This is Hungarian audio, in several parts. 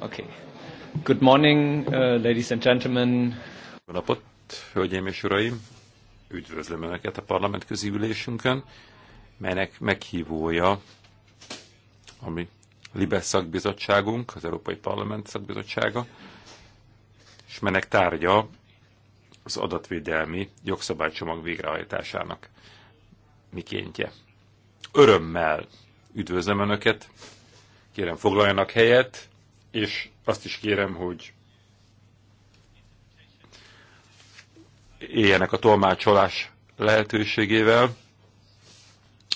Okay. Good morning, uh, ladies and gentlemen. Jó napot, hölgyeim és uraim! Üdvözlöm Önöket a parlament közülésünkön, melynek meghívója a mi Libes szakbizottságunk, az Európai Parlament szakbizottsága, és melynek tárgya az adatvédelmi jogszabálycsomag végrehajtásának mikéntje. Örömmel üdvözlöm Önöket, kérem foglaljanak helyet, és azt is kérem, hogy éljenek a tolmácsolás lehetőségével,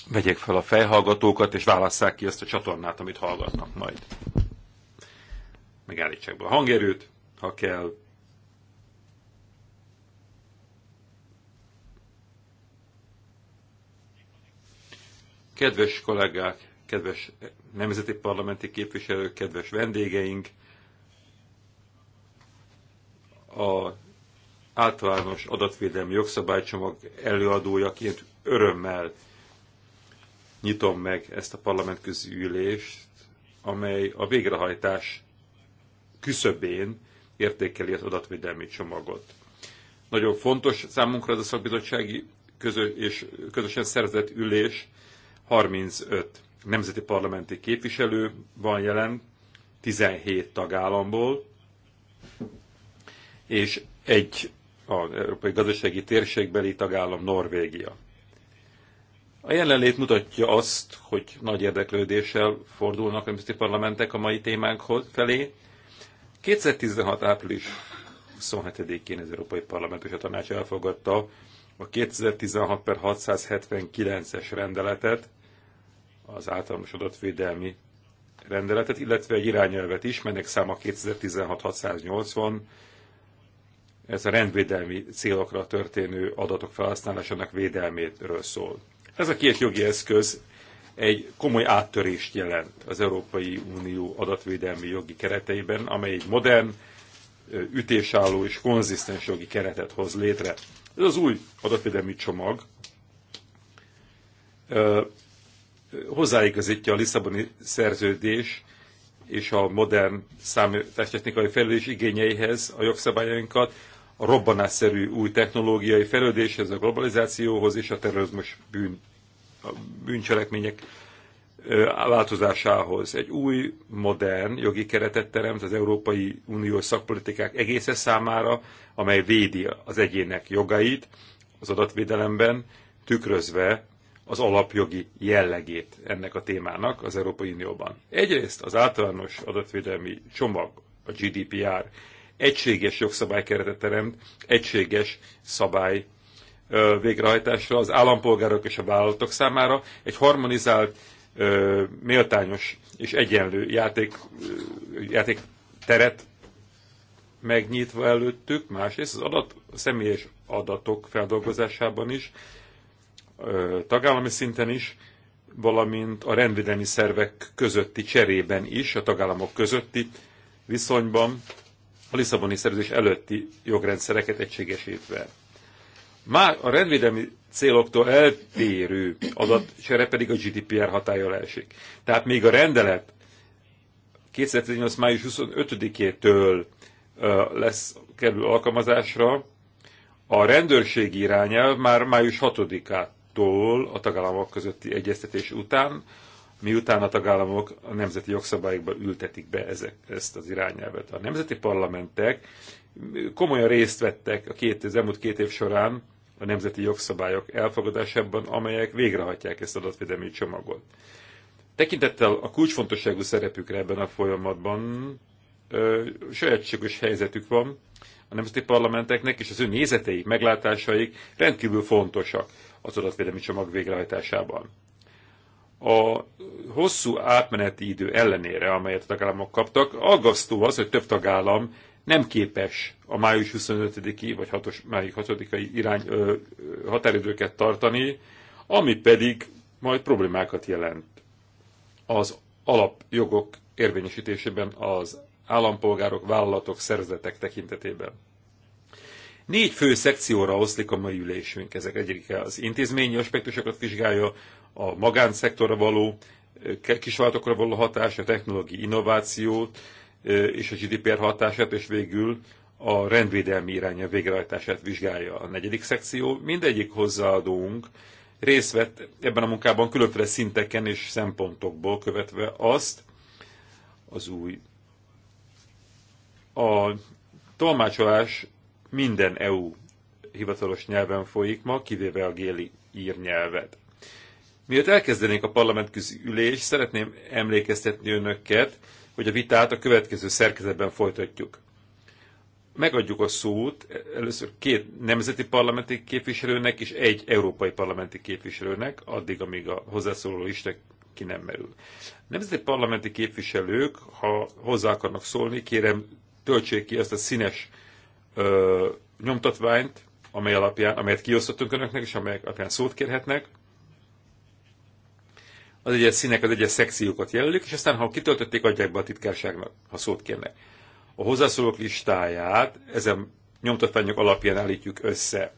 vegyék fel a fejhallgatókat, és válasszák ki ezt a csatornát, amit hallgatnak majd. Megállítsák be a hangerőt, ha kell, Kedves kollégák, kedves nemzeti parlamenti képviselők, kedves vendégeink, a általános adatvédelmi jogszabálycsomag előadójaként örömmel nyitom meg ezt a parlamentközi ülést, amely a végrehajtás küszöbén értékeli az adatvédelmi csomagot. Nagyon fontos számunkra ez a szakbizottsági közö és közösen szerzett ülés 35 nemzeti parlamenti képviselő van jelen 17 tagállamból, és egy az Európai Gazdasági Térségbeli tagállam Norvégia. A jelenlét mutatja azt, hogy nagy érdeklődéssel fordulnak a nemzeti parlamentek a mai témánk felé. 2016. április 27-én az Európai Parlament és a Tanács elfogadta a 2016 per 679-es rendeletet, az általános adatvédelmi rendeletet, illetve egy irányelvet is, melynek száma 2016-680, ez a rendvédelmi célokra történő adatok felhasználásának védelméről szól. Ez a két jogi eszköz egy komoly áttörést jelent az Európai Unió adatvédelmi jogi kereteiben, amely egy modern, ütésálló és konzisztens jogi keretet hoz létre. Ez az új adatvédelmi csomag hozzáigazítja a Lisszaboni szerződés és a modern számítástechnikai fejlődés igényeihez a jogszabályainkat, a robbanásszerű új technológiai fejlődéshez, a globalizációhoz és a terrorizmus bűn, a bűncselekmények változásához. Egy új, modern jogi keretet teremt az Európai Unió szakpolitikák egésze számára, amely védi az egyének jogait az adatvédelemben, tükrözve az alapjogi jellegét ennek a témának az Európai Unióban. Egyrészt az általános adatvédelmi csomag, a GDPR, egységes jogszabálykeretet teremt, egységes szabály végrehajtásra az állampolgárok és a vállalatok számára egy harmonizált, méltányos és egyenlő játék, teret megnyitva előttük, másrészt az adat, a személyes adatok feldolgozásában is tagállami szinten is, valamint a rendvédelmi szervek közötti cserében is, a tagállamok közötti viszonyban, a Lisszaboni szerződés előtti jogrendszereket egységesítve. Már a rendvédelmi céloktól eltérő adatcsere pedig a GDPR hatája esik. Tehát még a rendelet 2018. május 25-től lesz kerül alkalmazásra, a rendőrségi irányelv már május 6-át tól a tagállamok közötti egyeztetés után, miután a tagállamok a nemzeti jogszabályokba ültetik be ezek, ezt az irányelvet. A nemzeti parlamentek komolyan részt vettek a két, az elmúlt két év során a nemzeti jogszabályok elfogadásában, amelyek végrehajtják ezt adatvédelmi csomagot. Tekintettel a kulcsfontosságú szerepükre ebben a folyamatban sajátságos helyzetük van, a nemzeti parlamenteknek és az ő nézeteik, meglátásaik rendkívül fontosak az adatvédelmi csomag végrehajtásában. A hosszú átmeneti idő ellenére, amelyet a tagállamok kaptak, aggasztó az, hogy több tagállam nem képes a május 25-i vagy 6-os, május 6-ai irány, ö, határidőket tartani, ami pedig majd problémákat jelent az alapjogok érvényesítésében az állampolgárok, vállalatok, szerzetek tekintetében. Négy fő szekcióra oszlik a mai ülésünk. Ezek egyik az intézményi aspektusokat vizsgálja, a magánszektorra való, eh, kisvállalatokra való hatás, a technológiai innovációt eh, és a GDPR hatását, és végül a rendvédelmi iránya végrehajtását vizsgálja a negyedik szekció. Mindegyik hozzáadónk részt vett ebben a munkában különféle szinteken és szempontokból követve azt, az új a tolmácsolás minden EU hivatalos nyelven folyik ma, kivéve a géli írnyelvet. Miért elkezdenénk a parlament ülés, szeretném emlékeztetni önöket, hogy a vitát a következő szerkezetben folytatjuk. Megadjuk a szót először két nemzeti parlamenti képviselőnek és egy európai parlamenti képviselőnek, addig, amíg a hozzászóló lista ki nem merül. Nemzeti parlamenti képviselők, ha hozzá akarnak szólni, kérem, töltsék ki azt a színes ö, nyomtatványt, amely alapján, amelyet kiosztottunk önöknek, és amelyek alapján szót kérhetnek. Az egyes színek az egyes szekciókat jelölik, és aztán, ha kitöltötték, adják be a titkárságnak, ha szót kérnek. A hozzászólók listáját ezen nyomtatványok alapján állítjuk össze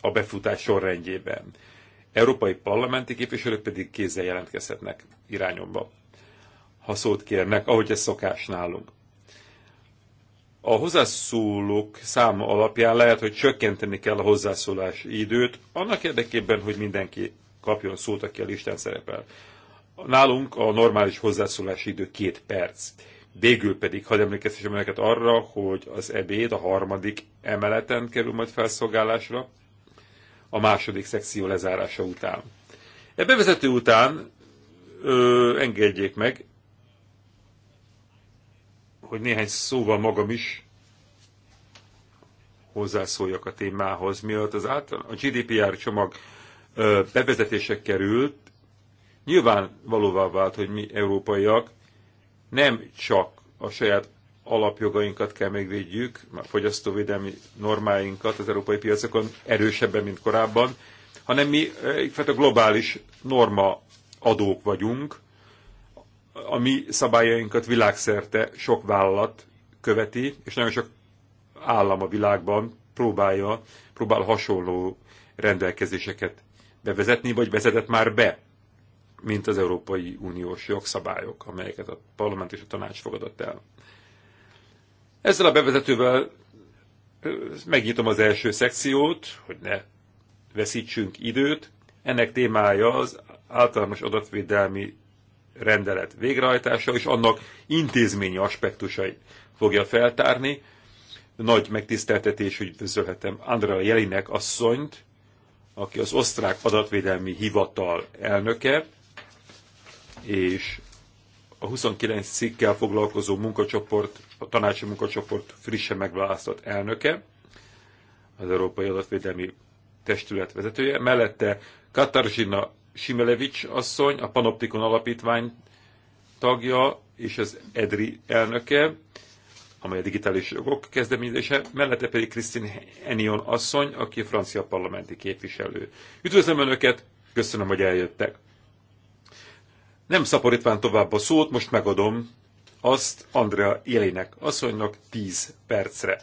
a befutás sorrendjében. Európai parlamenti képviselők pedig kézzel jelentkezhetnek irányomba, ha szót kérnek, ahogy ez szokás nálunk a hozzászólók száma alapján lehet, hogy csökkenteni kell a hozzászólás időt, annak érdekében, hogy mindenki kapjon szót, aki a listán szerepel. Nálunk a normális hozzászólási idő két perc. Végül pedig, hadd emlékeztessem önöket arra, hogy az ebéd a harmadik emeleten kerül majd felszolgálásra, a második szekció lezárása után. E bevezető után ö, engedjék meg, hogy néhány szóval magam is hozzászóljak a témához, mielőtt az által a GDPR csomag bevezetése került, nyilván valóvá vált, hogy mi európaiak nem csak a saját alapjogainkat kell megvédjük, a fogyasztóvédelmi normáinkat az európai piacokon erősebben, mint korábban, hanem mi egyfajta globális norma adók vagyunk, a mi szabályainkat világszerte sok vállalat követi, és nagyon sok állam a világban próbálja, próbál hasonló rendelkezéseket bevezetni, vagy vezetett már be, mint az Európai Uniós jogszabályok, amelyeket a parlament és a tanács fogadott el. Ezzel a bevezetővel megnyitom az első szekciót, hogy ne veszítsünk időt. Ennek témája az általános adatvédelmi rendelet végrehajtása és annak intézményi aspektusai fogja feltárni. Nagy megtiszteltetés, hogy üdvözölhetem Andrea Jelinek asszonyt, aki az osztrák adatvédelmi hivatal elnöke, és a 29 cikkel foglalkozó munkacsoport, a tanácsi munkacsoport frissen megválasztott elnöke, az Európai Adatvédelmi Testület vezetője, mellette Katarzyna Simelevics asszony, a Panoptikon Alapítvány tagja és az EDRI elnöke, amely a digitális jogok kezdeményezése, mellette pedig Krisztin Enion asszony, aki a francia parlamenti képviselő. Üdvözlöm Önöket, köszönöm, hogy eljöttek. Nem szaporítván tovább a szót, most megadom azt Andrea Jelinek asszonynak 10 percre.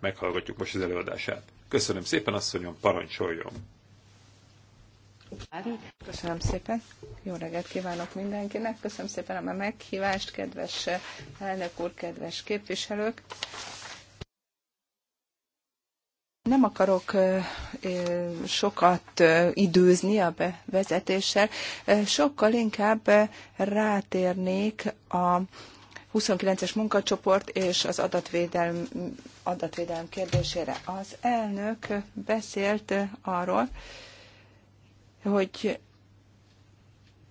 Meghallgatjuk most az előadását. Köszönöm szépen, asszonyom, parancsoljon! Köszönöm szépen. Jó reggelt kívánok mindenkinek. Köszönöm szépen a meghívást, kedves eh, elnök úr, kedves képviselők. Nem akarok eh, eh, sokat időzni a bevezetéssel, sokkal inkább rátérnék a 29-es munkacsoport és az adatvédelm, adatvédelm kérdésére. Az elnök beszélt arról, hogy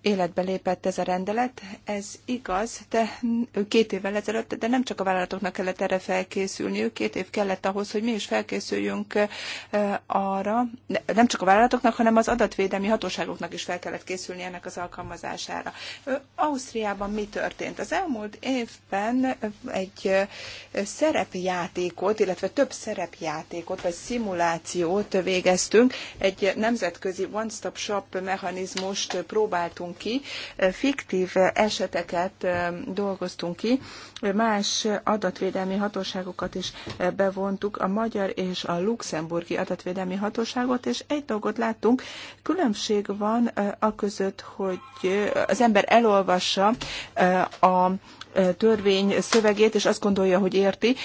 életbe lépett ez a rendelet. Ez igaz, de két évvel ezelőtt, de nem csak a vállalatoknak kellett erre felkészülniük, két év kellett ahhoz, hogy mi is felkészüljünk arra, nem csak a vállalatoknak, hanem az adatvédelmi hatóságoknak is fel kellett készülni ennek az alkalmazására. Ausztriában mi történt? Az elmúlt évben egy szerepjátékot, illetve több szerepjátékot, vagy szimulációt végeztünk, egy nemzetközi one-stop shop mechanizmust próbáltunk dolgoztunk ki, fiktív eseteket dolgoztunk ki, más adatvédelmi hatóságokat is bevontuk, a magyar és a luxemburgi adatvédelmi hatóságot, és egy dolgot láttunk, különbség van a között, hogy az ember elolvassa a törvény szövegét, és azt gondolja, hogy érti,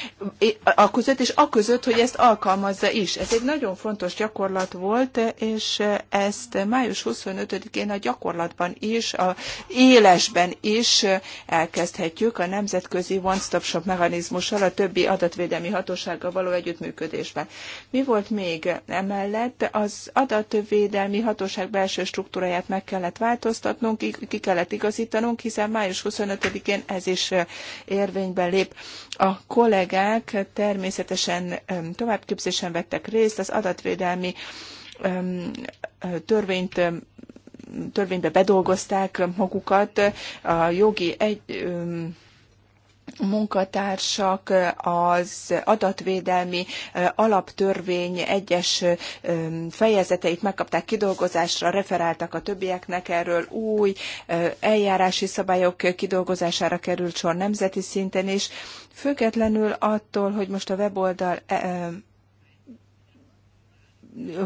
a között, és a között, hogy ezt alkalmazza is. Ez egy nagyon fontos gyakorlat volt, és ezt május 25-én a gyakorlatban is, a élesben is elkezdhetjük a nemzetközi one-stop shop mechanizmussal, a többi adatvédelmi hatósággal való együttműködésben. Mi volt még emellett? Az adatvédelmi hatóság belső struktúráját meg kellett változtatnunk, ki kellett igazítanunk, hiszen május 25-én ez is is érvénybe lép. A kollégák természetesen továbbképzésen vettek részt, az adatvédelmi törvényt törvénybe bedolgozták magukat, a jogi egy, munkatársak az adatvédelmi alaptörvény egyes fejezeteit megkapták kidolgozásra, referáltak a többieknek erről, új eljárási szabályok kidolgozására került sor nemzeti szinten is, függetlenül attól, hogy most a weboldal e,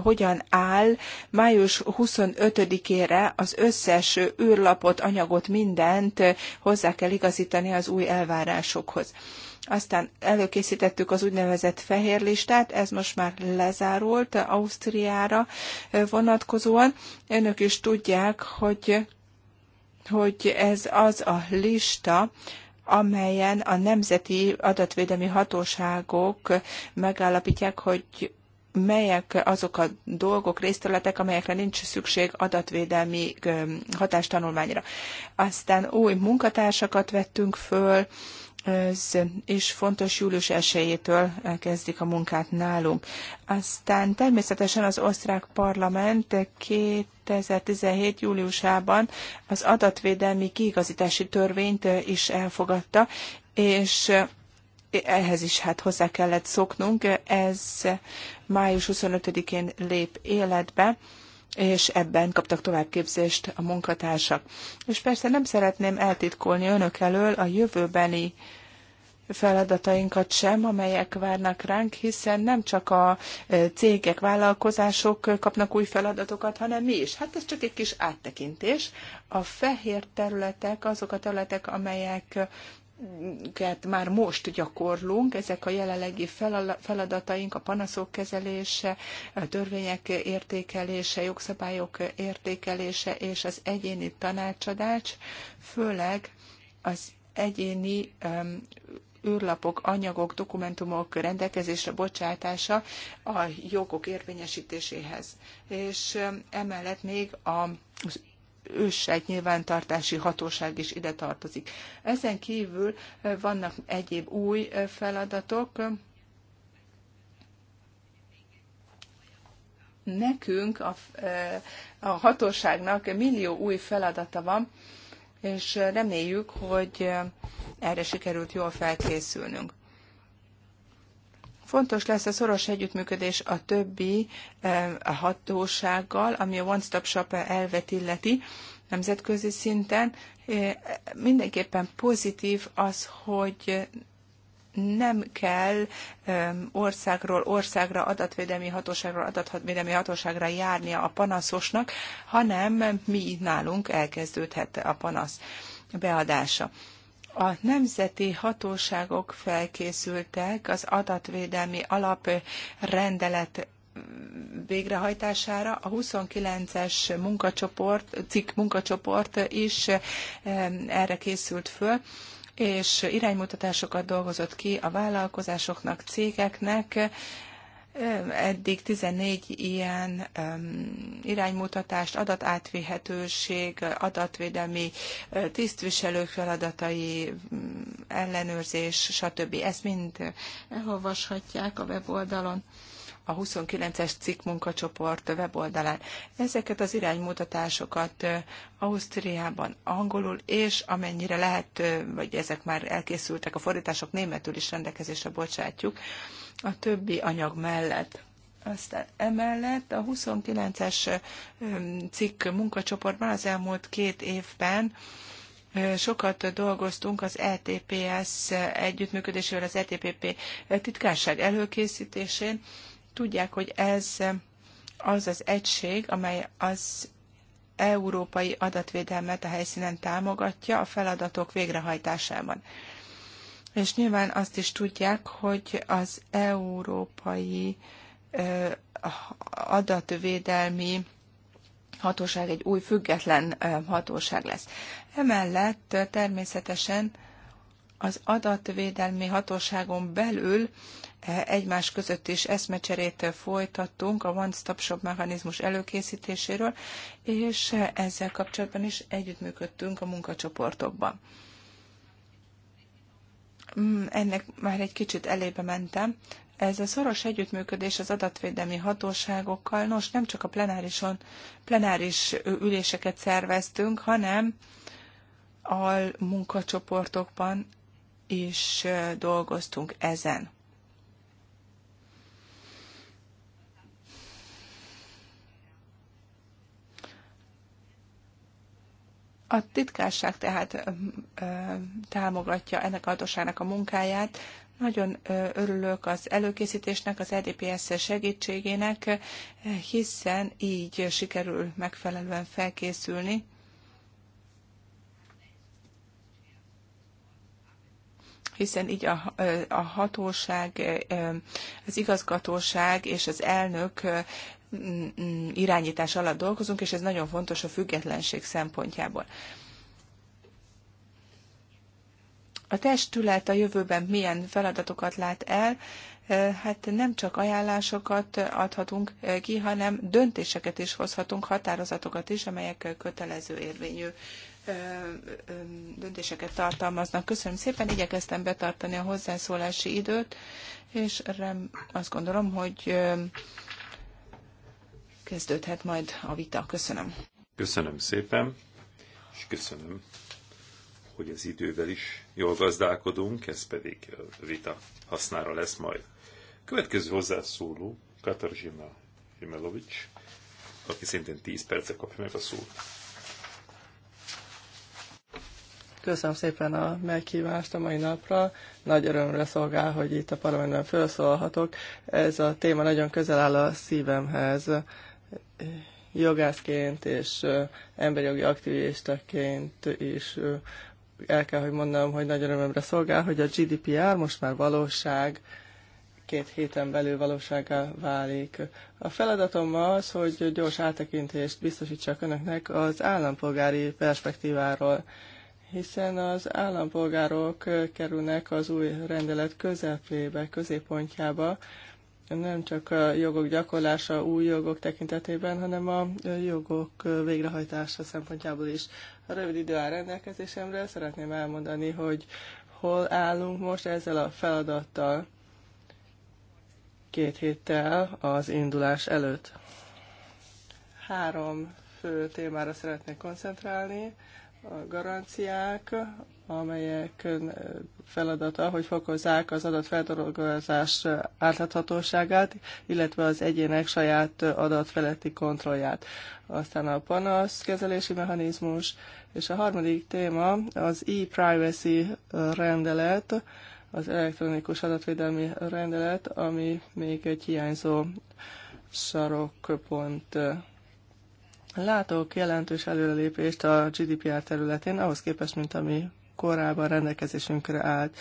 hogyan áll május 25-ére az összes űrlapot, anyagot, mindent hozzá kell igazítani az új elvárásokhoz. Aztán előkészítettük az úgynevezett fehér listát, ez most már lezárult Ausztriára vonatkozóan. Önök is tudják, hogy, hogy ez az a lista, amelyen a nemzeti adatvédelmi hatóságok megállapítják, hogy melyek azok a dolgok, részterületek, amelyekre nincs szükség adatvédelmi hatástanulmányra. Aztán új munkatársakat vettünk föl, ez is fontos, július 1-től kezdik a munkát nálunk. Aztán természetesen az osztrák parlament 2017. júliusában az adatvédelmi kiigazítási törvényt is elfogadta, és ehhez is hát hozzá kellett szoknunk. Ez május 25-én lép életbe és ebben kaptak továbbképzést a munkatársak. És persze nem szeretném eltitkolni önök elől a jövőbeni feladatainkat sem, amelyek várnak ránk, hiszen nem csak a e, cégek, vállalkozások kapnak új feladatokat, hanem mi is. Hát ez csak egy kis áttekintés. A fehér területek azok a területek, amelyek már most gyakorlunk, ezek a jelenlegi feladataink, a panaszok kezelése, a törvények értékelése, jogszabályok értékelése és az egyéni tanácsadás, főleg az egyéni um, űrlapok, anyagok, dokumentumok rendelkezésre bocsátása a jogok érvényesítéséhez. És um, emellett még a, az őssejt nyilvántartási hatóság is ide tartozik. Ezen kívül vannak egyéb új feladatok. Nekünk, a, a hatóságnak millió új feladata van, és reméljük, hogy erre sikerült jól felkészülnünk. Fontos lesz a szoros együttműködés a többi eh, a hatósággal, ami a one-stop shop elvet illeti nemzetközi szinten. Eh, mindenképpen pozitív az, hogy nem kell országról országra, adatvédelmi hatóságról adatvédelmi hatóságra járnia a panaszosnak, hanem mi nálunk elkezdődhet a panasz beadása a nemzeti hatóságok felkészültek az adatvédelmi alaprendelet végrehajtására a 29-es munkacsoport, cikk munkacsoport is erre készült föl, és iránymutatásokat dolgozott ki a vállalkozásoknak, cégeknek, Eddig 14 ilyen iránymutatást, adatátvihetőség, adatvédelmi tisztviselők feladatai, ellenőrzés, stb. Ezt mind elolvashatják a weboldalon a 29-es cikk munkacsoport weboldalán. Ezeket az iránymutatásokat Ausztriában angolul, és amennyire lehet, vagy ezek már elkészültek, a fordítások németül is rendelkezésre bocsátjuk a többi anyag mellett. Aztán emellett a 29-es cikk munkacsoportban az elmúlt két évben sokat dolgoztunk az ETPS együttműködésével, az ETPP titkárság előkészítésén. Tudják, hogy ez az az egység, amely az európai adatvédelmet a helyszínen támogatja a feladatok végrehajtásában és nyilván azt is tudják, hogy az európai adatvédelmi hatóság egy új független hatóság lesz. Emellett természetesen az adatvédelmi hatóságon belül egymás között is eszmecserét folytattunk a One Stop Shop mechanizmus előkészítéséről, és ezzel kapcsolatban is együttműködtünk a munkacsoportokban. Mm, ennek már egy kicsit elébe mentem. Ez a szoros együttműködés az adatvédelmi hatóságokkal, nos, nem csak a plenárison, plenáris üléseket szerveztünk, hanem a munkacsoportokban is dolgoztunk ezen. A titkárság tehát támogatja ennek a a munkáját. Nagyon örülök az előkészítésnek, az EDPS segítségének, hiszen így sikerül megfelelően felkészülni. hiszen így a, a hatóság, az igazgatóság és az elnök irányítás alatt dolgozunk, és ez nagyon fontos a függetlenség szempontjából. A testület a jövőben milyen feladatokat lát el, hát nem csak ajánlásokat adhatunk ki, hanem döntéseket is hozhatunk, határozatokat is, amelyek kötelező érvényű döntéseket tartalmaznak. Köszönöm szépen, igyekeztem betartani a hozzászólási időt, és rem, azt gondolom, hogy kezdődhet majd a vita. Köszönöm. Köszönöm szépen, és köszönöm, hogy az idővel is jól gazdálkodunk, ez pedig a vita hasznára lesz majd. Következő hozzászóló Katarzyna Jimelovics, aki szintén 10 percet kapja meg a szót. Köszönöm szépen a meghívást a mai napra. Nagy örömre szolgál, hogy itt a parlamentben felszólalhatok. Ez a téma nagyon közel áll a szívemhez jogászként és emberi jogi aktivistaként is el kell, hogy mondanom, hogy nagy örömömre szolgál, hogy a GDPR most már valóság, két héten belül valósággá válik. A feladatom az, hogy gyors áttekintést biztosítsak önöknek az állampolgári perspektíváról, hiszen az állampolgárok kerülnek az új rendelet közepébe, középpontjába, nem csak a jogok gyakorlása új jogok tekintetében, hanem a jogok végrehajtása szempontjából is. A rövid idő áll rendelkezésemre, szeretném elmondani, hogy hol állunk most ezzel a feladattal két héttel az indulás előtt. Három fő témára szeretnék koncentrálni a garanciák, amelyek feladata, hogy fokozzák az adatfeldolgozás átláthatóságát, illetve az egyének saját adatfeletti kontrollját. Aztán a kezelési mechanizmus, és a harmadik téma az e-privacy rendelet, az elektronikus adatvédelmi rendelet, ami még egy hiányzó sarokpont Látok jelentős előrelépést a GDPR területén, ahhoz képest, mint ami korábban rendelkezésünkre állt,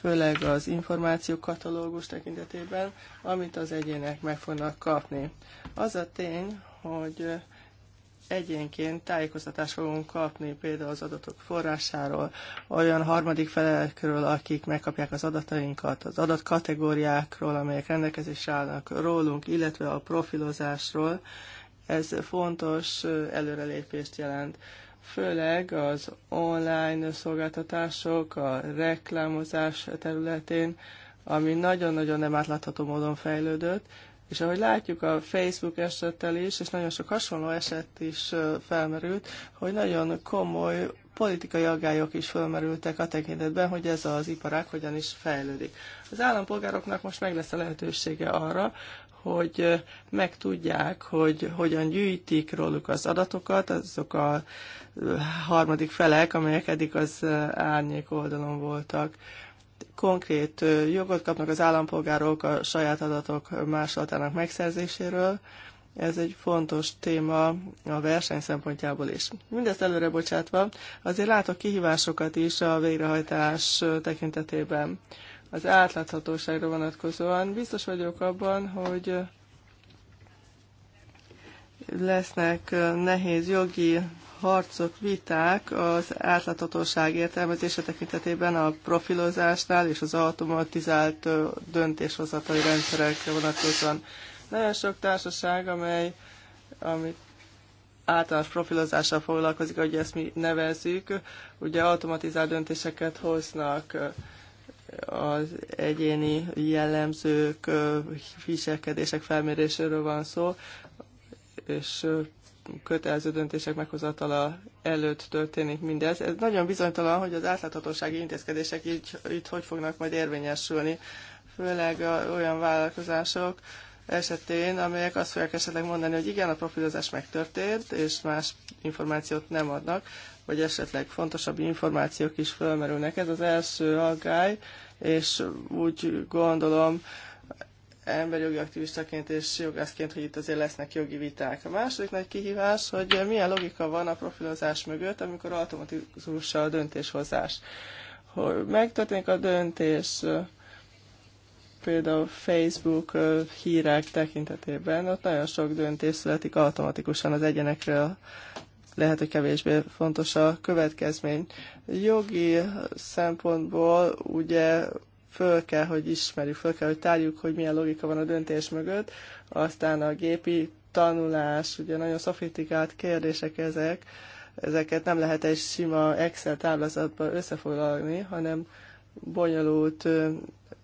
főleg az információkatalógus tekintetében, amit az egyének meg fognak kapni. Az a tény, hogy egyénként tájékoztatást fogunk kapni például az adatok forrásáról, olyan harmadik felekről, akik megkapják az adatainkat, az adatkategóriákról, amelyek rendelkezésre állnak rólunk, illetve a profilozásról, ez fontos előrelépést jelent. Főleg az online szolgáltatások, a reklámozás területén, ami nagyon-nagyon nem átlátható módon fejlődött, és ahogy látjuk a Facebook esettel is, és nagyon sok hasonló eset is felmerült, hogy nagyon komoly politikai aggályok is felmerültek a tekintetben, hogy ez az iparág hogyan is fejlődik. Az állampolgároknak most meg lesz a lehetősége arra, hogy megtudják, hogy hogyan gyűjtik róluk az adatokat, azok a harmadik felek, amelyek eddig az árnyék oldalon voltak. Konkrét jogot kapnak az állampolgárok a saját adatok másolatának megszerzéséről. Ez egy fontos téma a verseny szempontjából is. Mindezt előre bocsátva, azért látok kihívásokat is a végrehajtás tekintetében az átláthatóságra vonatkozóan. Biztos vagyok abban, hogy lesznek nehéz jogi harcok, viták az átláthatóság értelmezése tekintetében a profilozásnál és az automatizált döntéshozatai rendszerekre vonatkozóan. Nagyon sok társaság, amely amit általános profilozással foglalkozik, ahogy ezt mi nevezzük, ugye automatizált döntéseket hoznak az egyéni jellemzők, viselkedések felméréséről van szó, és kötelező döntések meghozatala előtt történik mindez. Ez nagyon bizonytalan, hogy az átláthatósági intézkedések így, itt hogy fognak majd érvényesülni, főleg a, olyan vállalkozások esetén, amelyek azt fogják esetleg mondani, hogy igen, a profilozás megtörtént, és más információt nem adnak vagy esetleg fontosabb információk is felmerülnek. Ez az első aggály, és úgy gondolom, emberi jogi aktivistaként és jogászként, hogy itt azért lesznek jogi viták. A második nagy kihívás, hogy milyen logika van a profilozás mögött, amikor automatikussal a döntéshozás. Hogy megtörténik a döntés, például Facebook hírek tekintetében, ott nagyon sok döntés születik automatikusan az egyenekről lehet, hogy kevésbé fontos a következmény. Jogi szempontból ugye föl kell, hogy ismerjük, föl kell, hogy tárjuk, hogy milyen logika van a döntés mögött, aztán a gépi tanulás, ugye nagyon szofisztikált kérdések ezek, ezeket nem lehet egy sima Excel táblázatban összefoglalni, hanem bonyolult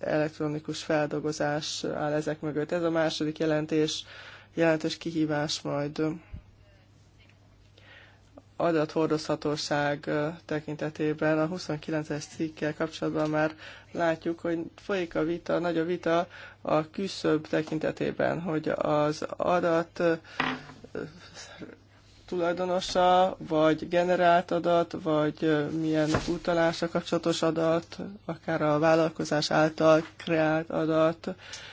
elektronikus feldolgozás áll ezek mögött. Ez a második jelentés, jelentős kihívás majd adathordozhatóság tekintetében a 29-es cikkkel kapcsolatban már látjuk, hogy folyik a vita, nagy a vita a küszöbb tekintetében, hogy az adat tulajdonosa, vagy generált adat, vagy milyen utalásra kapcsolatos adat, akár a vállalkozás által kreált adat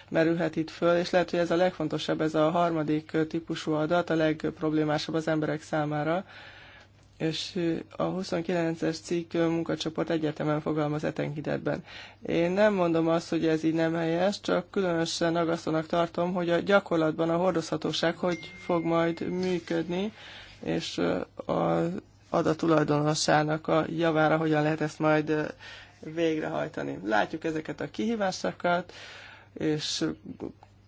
merülhet itt föl, és lehet, hogy ez a legfontosabb, ez a harmadik típusú adat, a legproblémásabb az emberek számára, és a 29-es cikk munkacsoport egyetemen fogalmaz etenkidetben. Én nem mondom azt, hogy ez így nem helyes, csak különösen agasztónak tartom, hogy a gyakorlatban a hordozhatóság hogy fog majd működni, és a adatulajdonosának a javára hogyan lehet ezt majd végrehajtani. Látjuk ezeket a kihívásokat, és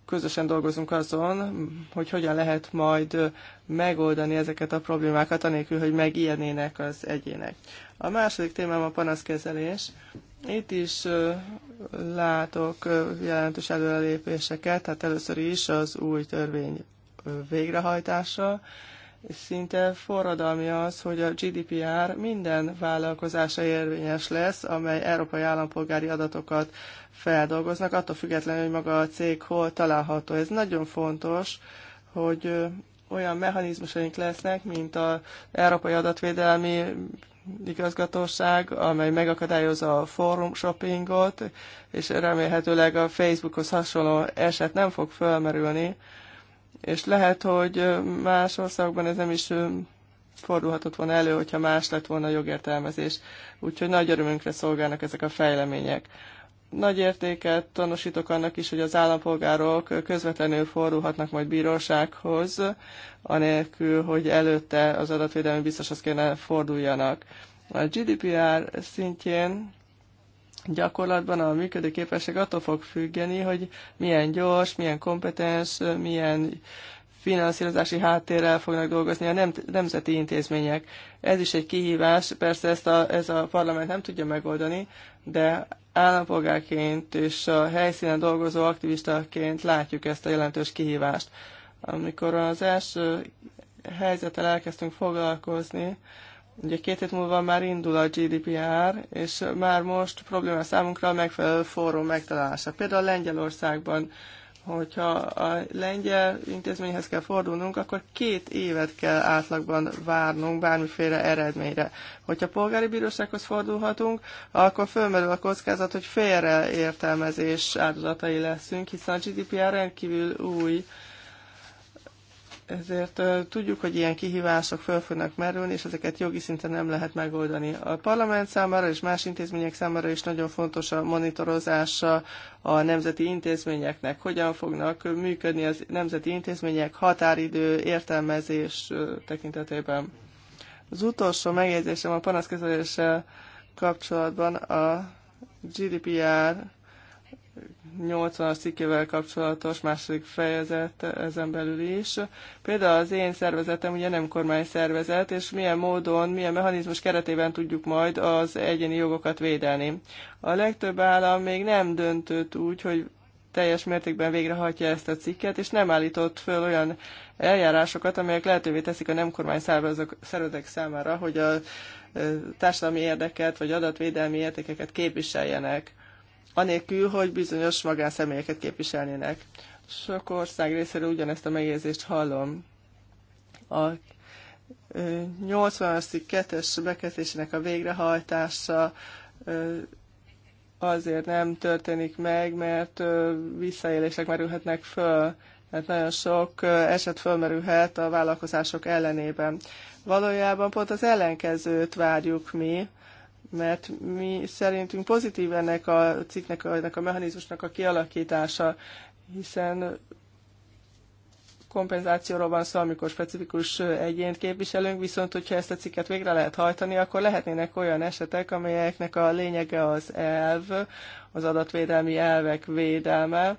közösen dolgozunk azon, hogy hogyan lehet majd megoldani ezeket a problémákat, anélkül, hogy megijednének az egyének. A második témám a panaszkezelés. Itt is látok jelentős előrelépéseket, tehát először is az új törvény végrehajtása, és Szinte forradalmi az, hogy a GDPR minden vállalkozása érvényes lesz, amely európai állampolgári adatokat feldolgoznak, attól függetlenül, hogy maga a cég hol található. Ez nagyon fontos, hogy olyan mechanizmusaink lesznek, mint az Európai Adatvédelmi igazgatóság, amely megakadályozza a fórum shoppingot, és remélhetőleg a Facebookhoz hasonló eset nem fog felmerülni, és lehet, hogy más országokban ez nem is fordulhatott volna elő, hogyha más lett volna a jogértelmezés. Úgyhogy nagy örömünkre szolgálnak ezek a fejlemények. Nagy értéket tanúsítok annak is, hogy az állampolgárok közvetlenül fordulhatnak majd bírósághoz, anélkül, hogy előtte az adatvédelmi biztoshoz kéne forduljanak. A GDPR szintjén Gyakorlatban a működőképesség attól fog függeni, hogy milyen gyors, milyen kompetens, milyen finanszírozási háttérrel fognak dolgozni a nem, nemzeti intézmények. Ez is egy kihívás, persze ezt a, ez a parlament nem tudja megoldani, de állampolgárként és a helyszínen dolgozó aktivistaként látjuk ezt a jelentős kihívást. Amikor az első helyzettel elkezdtünk foglalkozni, Ugye két hét múlva már indul a GDPR, és már most probléma számunkra a megfelelő fórum megtalálása. Például Lengyelországban, hogyha a lengyel intézményhez kell fordulnunk, akkor két évet kell átlagban várnunk bármiféle eredményre. Hogyha polgári bírósághoz fordulhatunk, akkor fölmerül a kockázat, hogy félreértelmezés áldozatai leszünk, hiszen a GDPR rendkívül új, ezért tudjuk, hogy ilyen kihívások föl fognak merülni, és ezeket jogi szinten nem lehet megoldani. A parlament számára és más intézmények számára is nagyon fontos a monitorozása a nemzeti intézményeknek, hogyan fognak működni az nemzeti intézmények határidő értelmezés tekintetében. Az utolsó megjegyzésem a panaszkezeléssel kapcsolatban a GDPR 80-as cikkével kapcsolatos második fejezet ezen belül is. Például az én szervezetem ugye nem kormány szervezet, és milyen módon, milyen mechanizmus keretében tudjuk majd az egyéni jogokat védeni. A legtöbb állam még nem döntött úgy, hogy teljes mértékben végrehajtja ezt a cikket, és nem állított föl olyan eljárásokat, amelyek lehetővé teszik a nem kormány szervezetek számára, hogy a társadalmi érdeket vagy adatvédelmi értékeket képviseljenek anélkül, hogy bizonyos magánszemélyeket képviselnének. Sok ország részéről ugyanezt a megjegyzést hallom. A 80-as 2-es bekezdésének a végrehajtása azért nem történik meg, mert visszaélések merülhetnek föl, mert nagyon sok eset fölmerülhet a vállalkozások ellenében. Valójában pont az ellenkezőt várjuk mi, mert mi szerintünk pozitív ennek a cikknek, ennek a mechanizmusnak a kialakítása, hiszen kompenzációról van szó, amikor specifikus egyént képviselünk, viszont hogyha ezt a cikket végre lehet hajtani, akkor lehetnének olyan esetek, amelyeknek a lényege az elv, az adatvédelmi elvek védelme,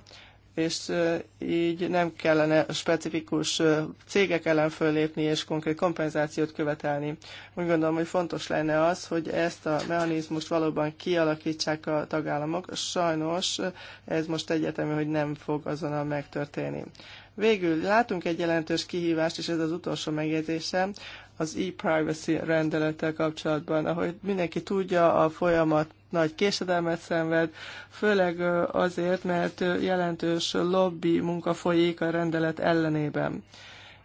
és így nem kellene specifikus cégek ellen föllépni és konkrét kompenzációt követelni. Úgy gondolom, hogy fontos lenne az, hogy ezt a mechanizmust valóban kialakítsák a tagállamok. Sajnos ez most egyetemű, hogy nem fog azonnal megtörténni. Végül látunk egy jelentős kihívást, és ez az utolsó megjegyzésem, az e-privacy rendelettel kapcsolatban. Ahogy mindenki tudja, a folyamat nagy késedelmet szenved, főleg azért, mert jelentős lobby munka folyik a rendelet ellenében.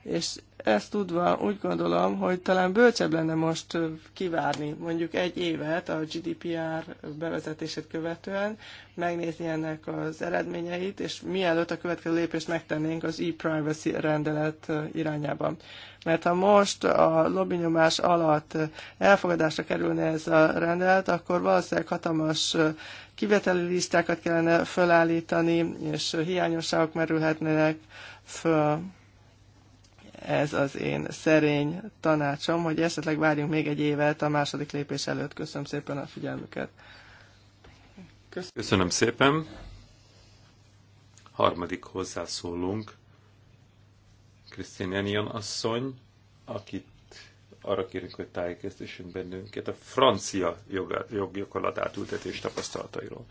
És ezt tudva úgy gondolom, hogy talán bölcsebb lenne most kivárni mondjuk egy évet a GDPR bevezetését követően, megnézni ennek az eredményeit, és mielőtt a következő lépést megtennénk az e-privacy rendelet irányában. Mert ha most a lobbynyomás alatt elfogadásra kerülne ez a rendelet, akkor valószínűleg hatalmas kiveteli listákat kellene felállítani, és hiányosságok merülhetnének föl ez az én szerény tanácsom, hogy esetleg várjunk még egy évet a második lépés előtt. Köszönöm szépen a figyelmüket. Köszönöm, Köszönöm szépen. Harmadik hozzászólunk. Krisztin Enion asszony, akit arra kérünk, hogy tájékeztessünk bennünket a francia joggyakorlat átültetés tapasztalatairól.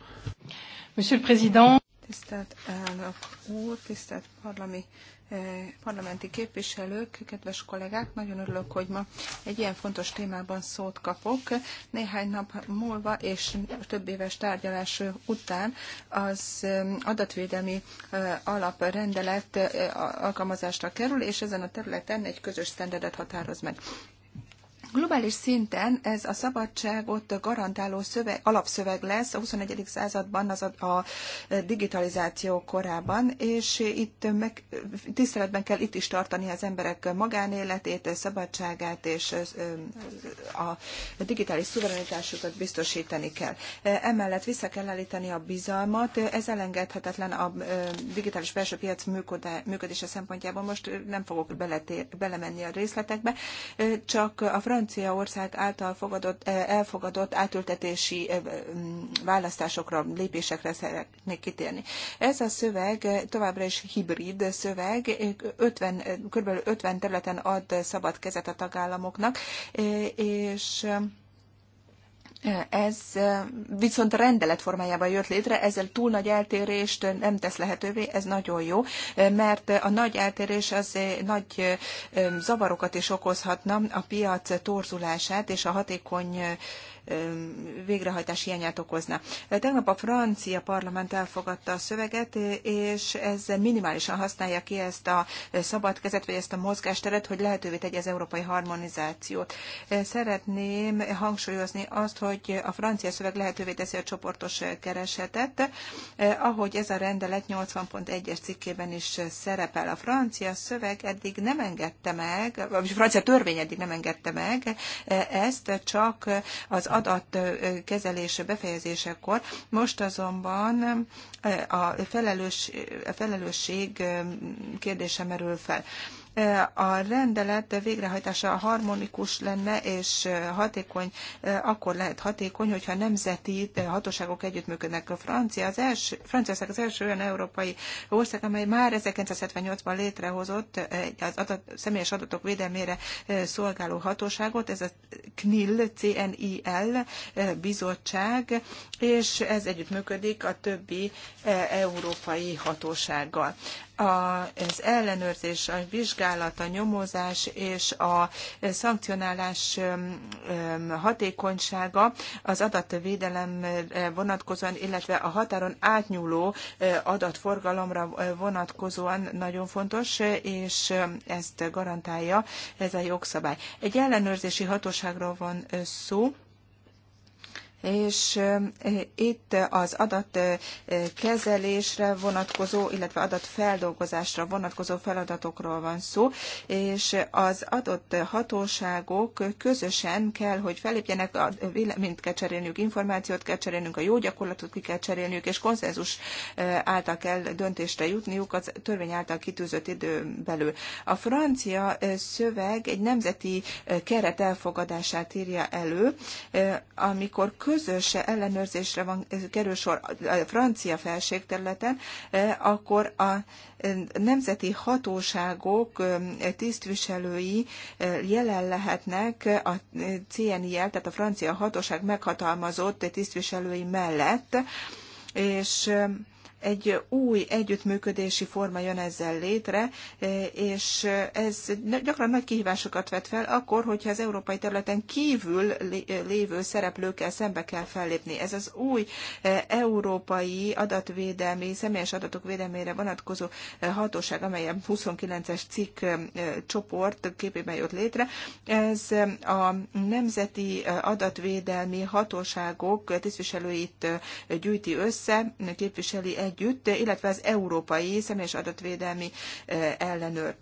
Monsieur le Président, Tisztelt elnök úr, tisztelt parlami, eh, parlamenti képviselők, kedves kollégák, nagyon örülök, hogy ma egy ilyen fontos témában szót kapok. Néhány nap múlva és több éves tárgyalás után az eh, adatvédelmi eh, alaprendelet alkalmazásra kerül, és ezen a területen egy közös standardet határoz meg. Globális szinten ez a szabadságot garantáló szöveg, alapszöveg lesz a XXI. században, az a, a digitalizáció korában, és itt meg, tiszteletben kell itt is tartani az emberek magánéletét, szabadságát, és a digitális szuverenitásukat biztosítani kell. Emellett vissza kell állítani a bizalmat, ez elengedhetetlen a digitális belső piac működése szempontjából. Most nem fogok beletér, belemenni a részletekbe, csak a francia Franciaország által fogadott, eh, elfogadott átültetési eh, mm, választásokra, lépésekre szeretnék kitérni. Ez a szöveg továbbra is hibrid szöveg, 50, kb. 50 területen ad szabad kezet a tagállamoknak, eh, és ez viszont rendelet formájában jött létre, ezzel túl nagy eltérést nem tesz lehetővé, ez nagyon jó, mert a nagy eltérés az nagy zavarokat is okozhatna, a piac torzulását és a hatékony végrehajtás hiányát okozna. Tegnap a francia parlament elfogadta a szöveget, és ez minimálisan használja ki ezt a szabad kezet, vagy ezt a mozgásteret, hogy lehetővé tegye az európai harmonizációt. Szeretném hangsúlyozni azt, hogy a francia szöveg lehetővé teszi a csoportos keresetet, ahogy ez a rendelet 80.1-es cikkében is szerepel. A francia szöveg eddig nem engedte meg, vagy a francia törvény eddig nem engedte meg ezt, csak az adat kezelése befejezésekor. Most azonban a, felelős, a felelősség kérdése merül fel a rendelet végrehajtása harmonikus lenne és hatékony, akkor lehet hatékony, hogyha nemzeti hatóságok együttműködnek. A Francia az első, Franciaország az első olyan európai ország, amely már 1978-ban létrehozott az adat, személyes adatok védelmére szolgáló hatóságot, ez a CNIL, CNIL bizottság, és ez együttműködik a többi e, európai hatósággal az ellenőrzés, a vizsgálat, a nyomozás és a szankcionálás hatékonysága az adatvédelem vonatkozóan, illetve a határon átnyúló adatforgalomra vonatkozóan nagyon fontos, és ezt garantálja ez a jogszabály. Egy ellenőrzési hatóságról van szó, és itt az adatkezelésre vonatkozó, illetve adatfeldolgozásra vonatkozó feladatokról van szó, és az adott hatóságok közösen kell, hogy felépjenek, mint kell cserélniük információt, kell cserélnünk a jó gyakorlatot, ki kell cserélniük, és konszenzus által kell döntésre jutniuk az törvény által kitűzött idő belül. A francia szöveg egy nemzeti keret elfogadását írja elő, amikor közös ellenőrzésre van, kerül sor a francia felségterületen, e, akkor a e, nemzeti hatóságok e, tisztviselői jelen lehetnek a CNI-el, tehát a francia hatóság meghatalmazott tisztviselői mellett, és egy új együttműködési forma jön ezzel létre, e, és ez gyakran nagy kihívásokat vet fel akkor, hogyha az európai területen kívül lévő szereplőkkel szembe kell fellépni. Ez az új e, európai adatvédelmi, személyes adatok védelmére vonatkozó e, hatóság, amely a 29-es cikk csoport képében jött létre, ez a nemzeti adatvédelmi hatóságok tisztviselőit gyűjti össze, képviseli egy együtt, illetve az Európai Személyes Adatvédelmi eh, Ellenőr.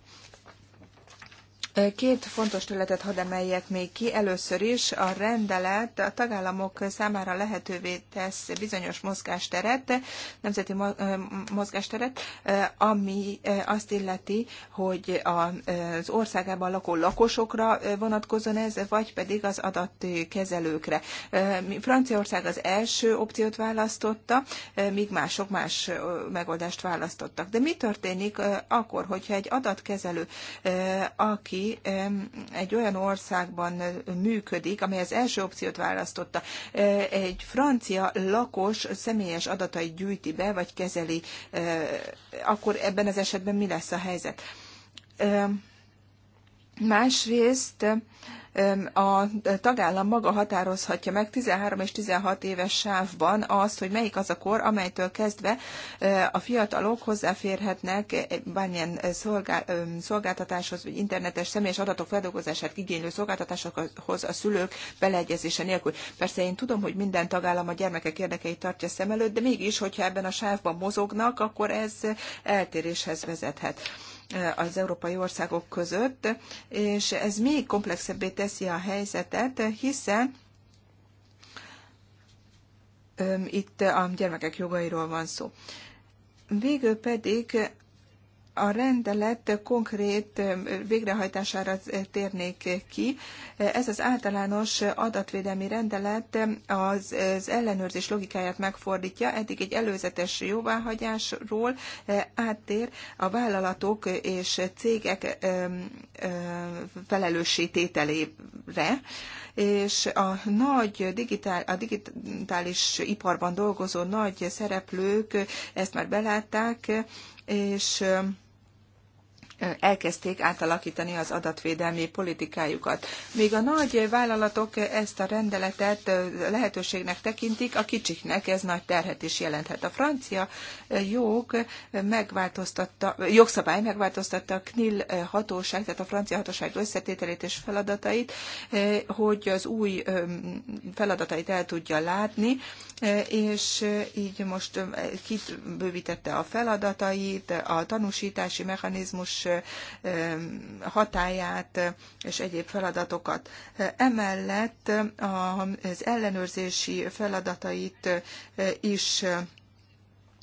Két fontos területet hadd emeljek még ki. Először is a rendelet a tagállamok számára lehetővé tesz bizonyos mozgásteret, nemzeti mozgásteret, ami azt illeti, hogy az országában lakó lakosokra vonatkozon ez, vagy pedig az adatkezelőkre. Franciaország az első opciót választotta, míg mások más megoldást választottak. De mi történik akkor, hogyha egy adatkezelő, aki egy olyan országban működik, amely az első opciót választotta, egy francia lakos személyes adatait gyűjti be, vagy kezeli, akkor ebben az esetben mi lesz a helyzet? Másrészt a tagállam maga határozhatja meg 13 és 16 éves sávban azt, hogy melyik az a kor, amelytől kezdve e, a fiatalok hozzáférhetnek bármilyen szolgáltatáshoz, vagy internetes személyes adatok feldolgozását igénylő szolgáltatásokhoz a szülők beleegyezése nélkül. Persze én tudom, hogy minden tagállam a gyermekek érdekeit tartja szem előtt, de mégis, hogyha ebben a sávban mozognak, akkor ez eltéréshez vezethet az európai országok között, és ez még komplexebbé teszi a helyzetet, hiszen itt a gyermekek jogairól van szó. Végül pedig a rendelet konkrét végrehajtására térnék ki. Ez az általános adatvédelmi rendelet az, az ellenőrzés logikáját megfordítja, eddig egy előzetes jóváhagyásról áttér a vállalatok és cégek felelőssétételére, és a nagy digitál, a digitális iparban dolgozó nagy szereplők ezt már belátták, és elkezdték átalakítani az adatvédelmi politikájukat. Míg a nagy vállalatok ezt a rendeletet lehetőségnek tekintik, a kicsiknek ez nagy terhet is jelenthet. A francia jog megváltoztatta, jogszabály megváltoztatta a KNIL hatóság, tehát a francia hatóság összetételét és feladatait, hogy az új feladatait el tudja látni, és így most kibővítette a feladatait, a tanúsítási mechanizmus hatáját és egyéb feladatokat. Emellett az ellenőrzési feladatait is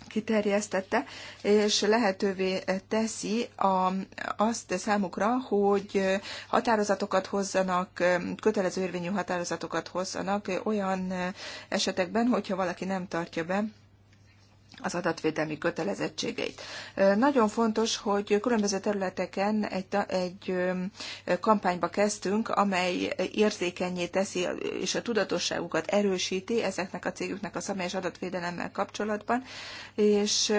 kiterjesztette, és lehetővé teszi a, azt számukra, hogy határozatokat hozzanak, kötelező érvényű határozatokat hozzanak olyan esetekben, hogyha valaki nem tartja be az adatvédelmi kötelezettségeit. Nagyon fontos, hogy különböző területeken egy, egy kampányba kezdtünk, amely érzékenyé teszi és a tudatosságukat erősíti ezeknek a cégüknek a személyes adatvédelemmel kapcsolatban, és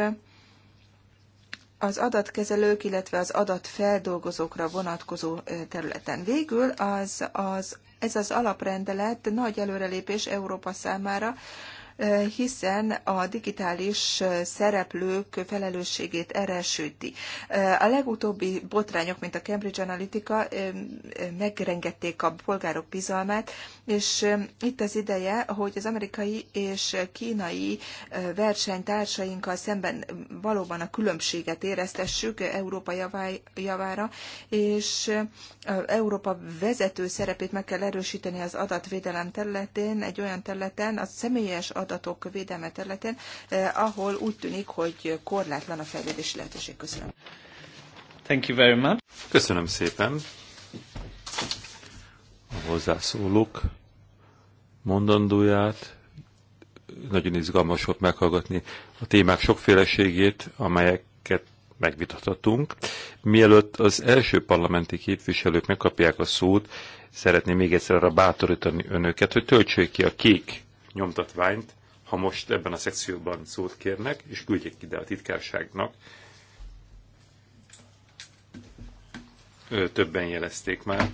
az adatkezelők, illetve az adatfeldolgozókra vonatkozó területen. Végül az, az, ez az alaprendelet nagy előrelépés Európa számára, hiszen a digitális szereplők felelősségét erősíti. A legutóbbi botrányok, mint a Cambridge Analytica, megrengették a polgárok bizalmát, és itt az ideje, hogy az amerikai és kínai versenytársainkkal szemben valóban a különbséget éreztessük Európa javára, és Európa vezető szerepét meg kell erősíteni az adatvédelem területén, egy olyan területen, a személyes adat adatok védelme területén, eh, ahol úgy tűnik, hogy korlátlan a fejlődés lehetőség. Köszönöm. Thank you very much. Köszönöm szépen. A hozzászólók mondandóját. Nagyon izgalmas volt meghallgatni a témák sokféleségét, amelyeket megvitathatunk. Mielőtt az első parlamenti képviselők megkapják a szót, szeretném még egyszer arra bátorítani önöket, hogy töltsék ki a kék nyomtatványt, ha most ebben a szekcióban szót kérnek, és küldjék ide a titkárságnak. Többen jelezték már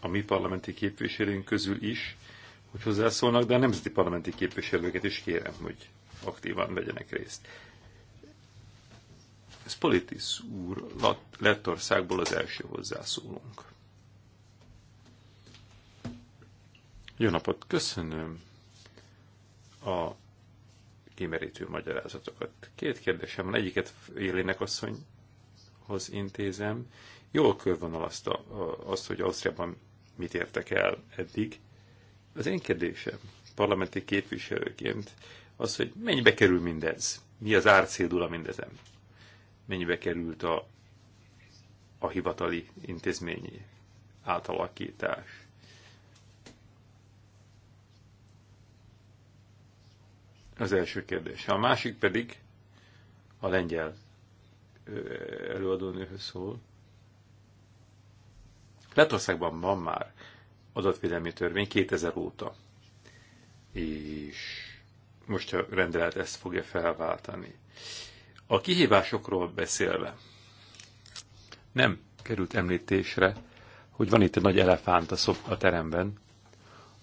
a mi parlamenti képviselőink közül is, hogy hozzászólnak, de a nemzeti parlamenti képviselőket is kérem, hogy aktívan vegyenek részt. Ez Politis úr Lettországból az első hozzászólunk. Jó napot, köszönöm. A kimerítő magyarázatokat. Két kérdésem van, egyiket Élének asszonyhoz intézem. Jól körvonalazta azt, hogy Ausztriában mit értek el eddig. Az én kérdésem parlamenti képviselőként az, hogy mennyibe kerül mindez? Mi az árcédula mindezem? Mennyibe került a, a hivatali intézményi átalakítás? az első kérdés. A másik pedig a lengyel előadónőhöz szól. Lettországban van már adatvédelmi törvény 2000 óta, és most a rendelet ezt fogja felváltani. A kihívásokról beszélve nem került említésre, hogy van itt egy nagy elefánt a, szop a teremben,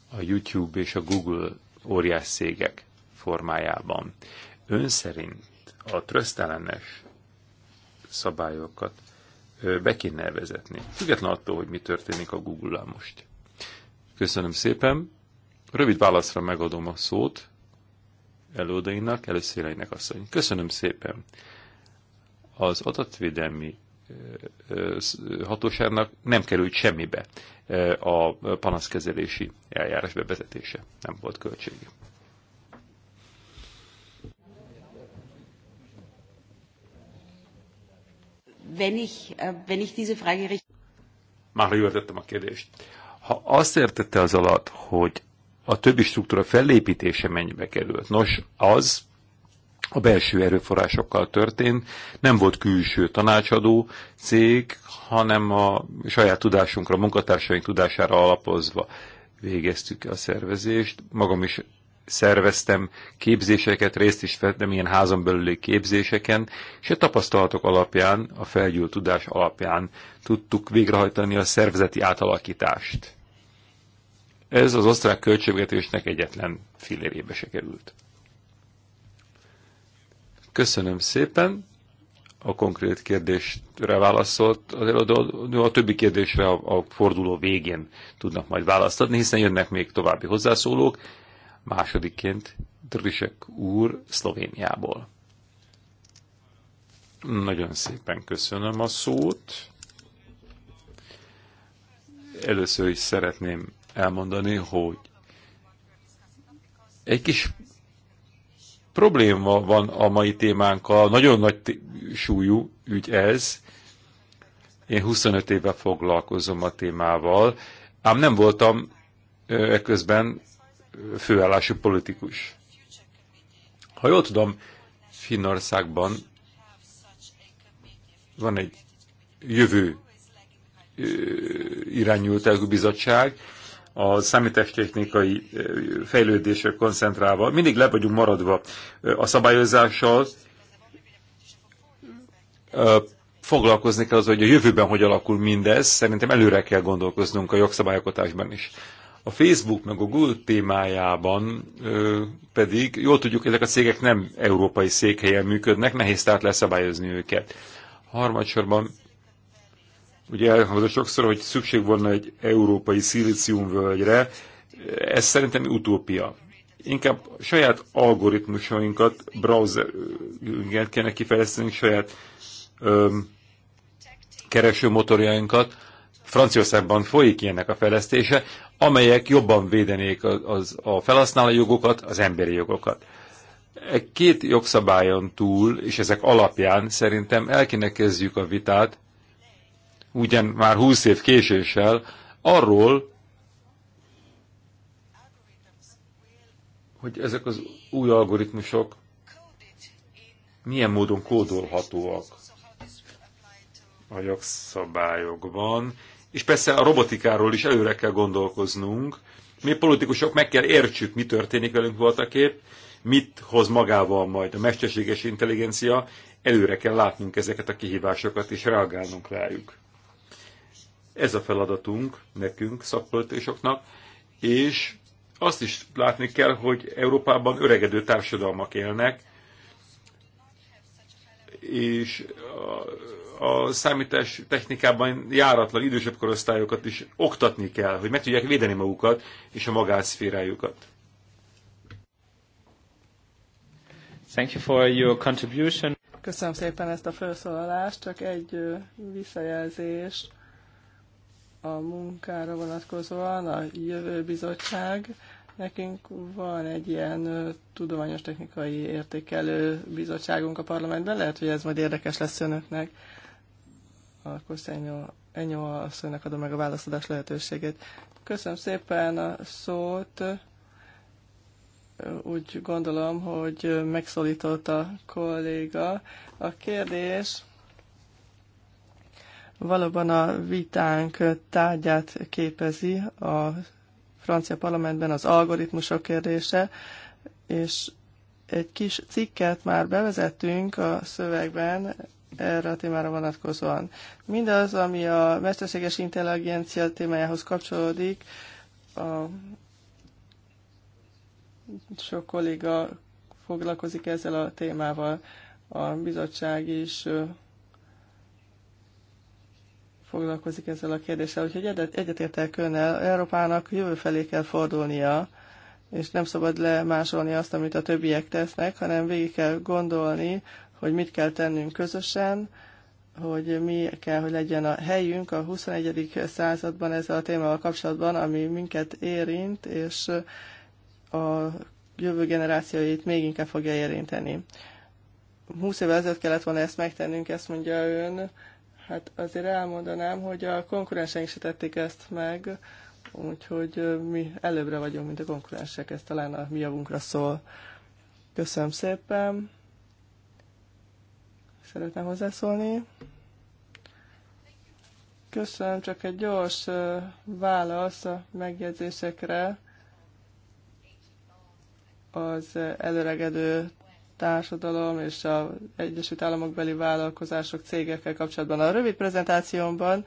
a YouTube és a Google óriás szégek formájában. Ön szerint a trösztelenes szabályokat be kéne vezetni, független attól, hogy mi történik a Google-lal most. Köszönöm szépen. Rövid válaszra megadom a szót előadainak, először Iránynek asszony. Köszönöm szépen. Az adatvédelmi hatóságnak nem került semmibe a panaszkezelési eljárás bevezetése. Nem volt költsége. Wenn ich, äh, wenn ich diese Frage richtig... Már jól a kérdést. Ha azt értette az alatt, hogy a többi struktúra felépítése mennyibe került, nos, az a belső erőforrásokkal történt, nem volt külső tanácsadó cég, hanem a saját tudásunkra, munkatársaink tudására alapozva végeztük a szervezést. Magam is szerveztem képzéseket, részt is vettem ilyen házon belüli képzéseken, és a tapasztalatok alapján, a felgyűlt tudás alapján tudtuk végrehajtani a szervezeti átalakítást. Ez az osztrák költségvetésnek egyetlen fillérébe se került. Köszönöm szépen. A konkrét kérdésre válaszolt az előadó, a többi kérdésre a, a forduló végén tudnak majd választ adni, hiszen jönnek még további hozzászólók másodikként Drisek úr Szlovéniából. Nagyon szépen köszönöm a szót. Először is szeretném elmondani, hogy egy kis probléma van a mai témánkkal, nagyon nagy súlyú ügy ez. Én 25 éve foglalkozom a témával, ám nem voltam ekközben főállású politikus. Ha jól tudom, Finnországban van egy jövő irányultságú bizottság, a számítástechnikai fejlődésre koncentrálva, mindig le vagyunk maradva a szabályozással, foglalkozni kell az, hogy a jövőben hogy alakul mindez, szerintem előre kell gondolkoznunk a jogszabályokatásban is. A Facebook meg a Google témájában ö, pedig jól tudjuk, ezek a cégek nem európai székhelyen működnek, nehéz tehát leszabályozni őket. Harmadsorban ugye elhangzott sokszor, hogy szükség volna egy európai szilíciumvölgyre, ez szerintem utópia. Inkább saját algoritmusainkat, browserünket kéne kifejlesztenünk, saját keresőmotorjainkat. Franciaországban folyik ilyennek a fejlesztése amelyek jobban védenék az, az, a felhasználói jogokat, az emberi jogokat. E két jogszabályon túl, és ezek alapján szerintem el kéne kezdjük a vitát, ugyan már 20 év késéssel, arról, hogy ezek az új algoritmusok milyen módon kódolhatóak a jogszabályokban, és persze a robotikáról is előre kell gondolkoznunk. Mi politikusok meg kell értsük, mi történik velünk voltaképp, mit hoz magával majd a mesterséges intelligencia, előre kell látnunk ezeket a kihívásokat és reagálnunk rájuk. Ez a feladatunk nekünk, szakpolitikusoknak, és azt is látni kell, hogy Európában öregedő társadalmak élnek, és a számítás technikában járatlan idősebb korosztályokat is oktatni kell, hogy meg tudják védeni magukat és a magánszférájukat. Thank you for your contribution. Köszönöm szépen ezt a felszólalást, csak egy visszajelzést a munkára vonatkozóan a jövő bizottság. Nekünk van egy ilyen tudományos technikai értékelő bizottságunk a parlamentben, lehet, hogy ez majd érdekes lesz önöknek akkor Enyó asszonynak adom meg a válaszadás lehetőségét. Köszönöm szépen a szót. Úgy gondolom, hogy megszólított a kolléga. A kérdés valóban a vitánk tárgyát képezi a francia parlamentben az algoritmusok kérdése, és egy kis cikket már bevezettünk a szövegben, erre a témára vonatkozóan. Mindaz, ami a mesterséges intelligencia témájához kapcsolódik, a sok kolléga foglalkozik ezzel a témával. A bizottság is foglalkozik ezzel a kérdéssel, úgyhogy egyetértek önnel, Európának jövő felé kell fordulnia, és nem szabad lemásolni azt, amit a többiek tesznek, hanem végig kell gondolni hogy mit kell tennünk közösen, hogy mi kell, hogy legyen a helyünk a 21. században ezzel a témával kapcsolatban, ami minket érint, és a jövő generációit még inkább fogja érinteni. 20 évvel ezelőtt kellett volna ezt megtennünk, ezt mondja ön. Hát azért elmondanám, hogy a konkurenseink se tették ezt meg, úgyhogy mi előbbre vagyunk, mint a konkurensek, ez talán a mi javunkra szól. Köszönöm szépen! szeretne hozzászólni. Köszönöm, csak egy gyors válasz a megjegyzésekre az előregedő társadalom és az Egyesült Államok beli vállalkozások, cégekkel kapcsolatban. A rövid prezentációmban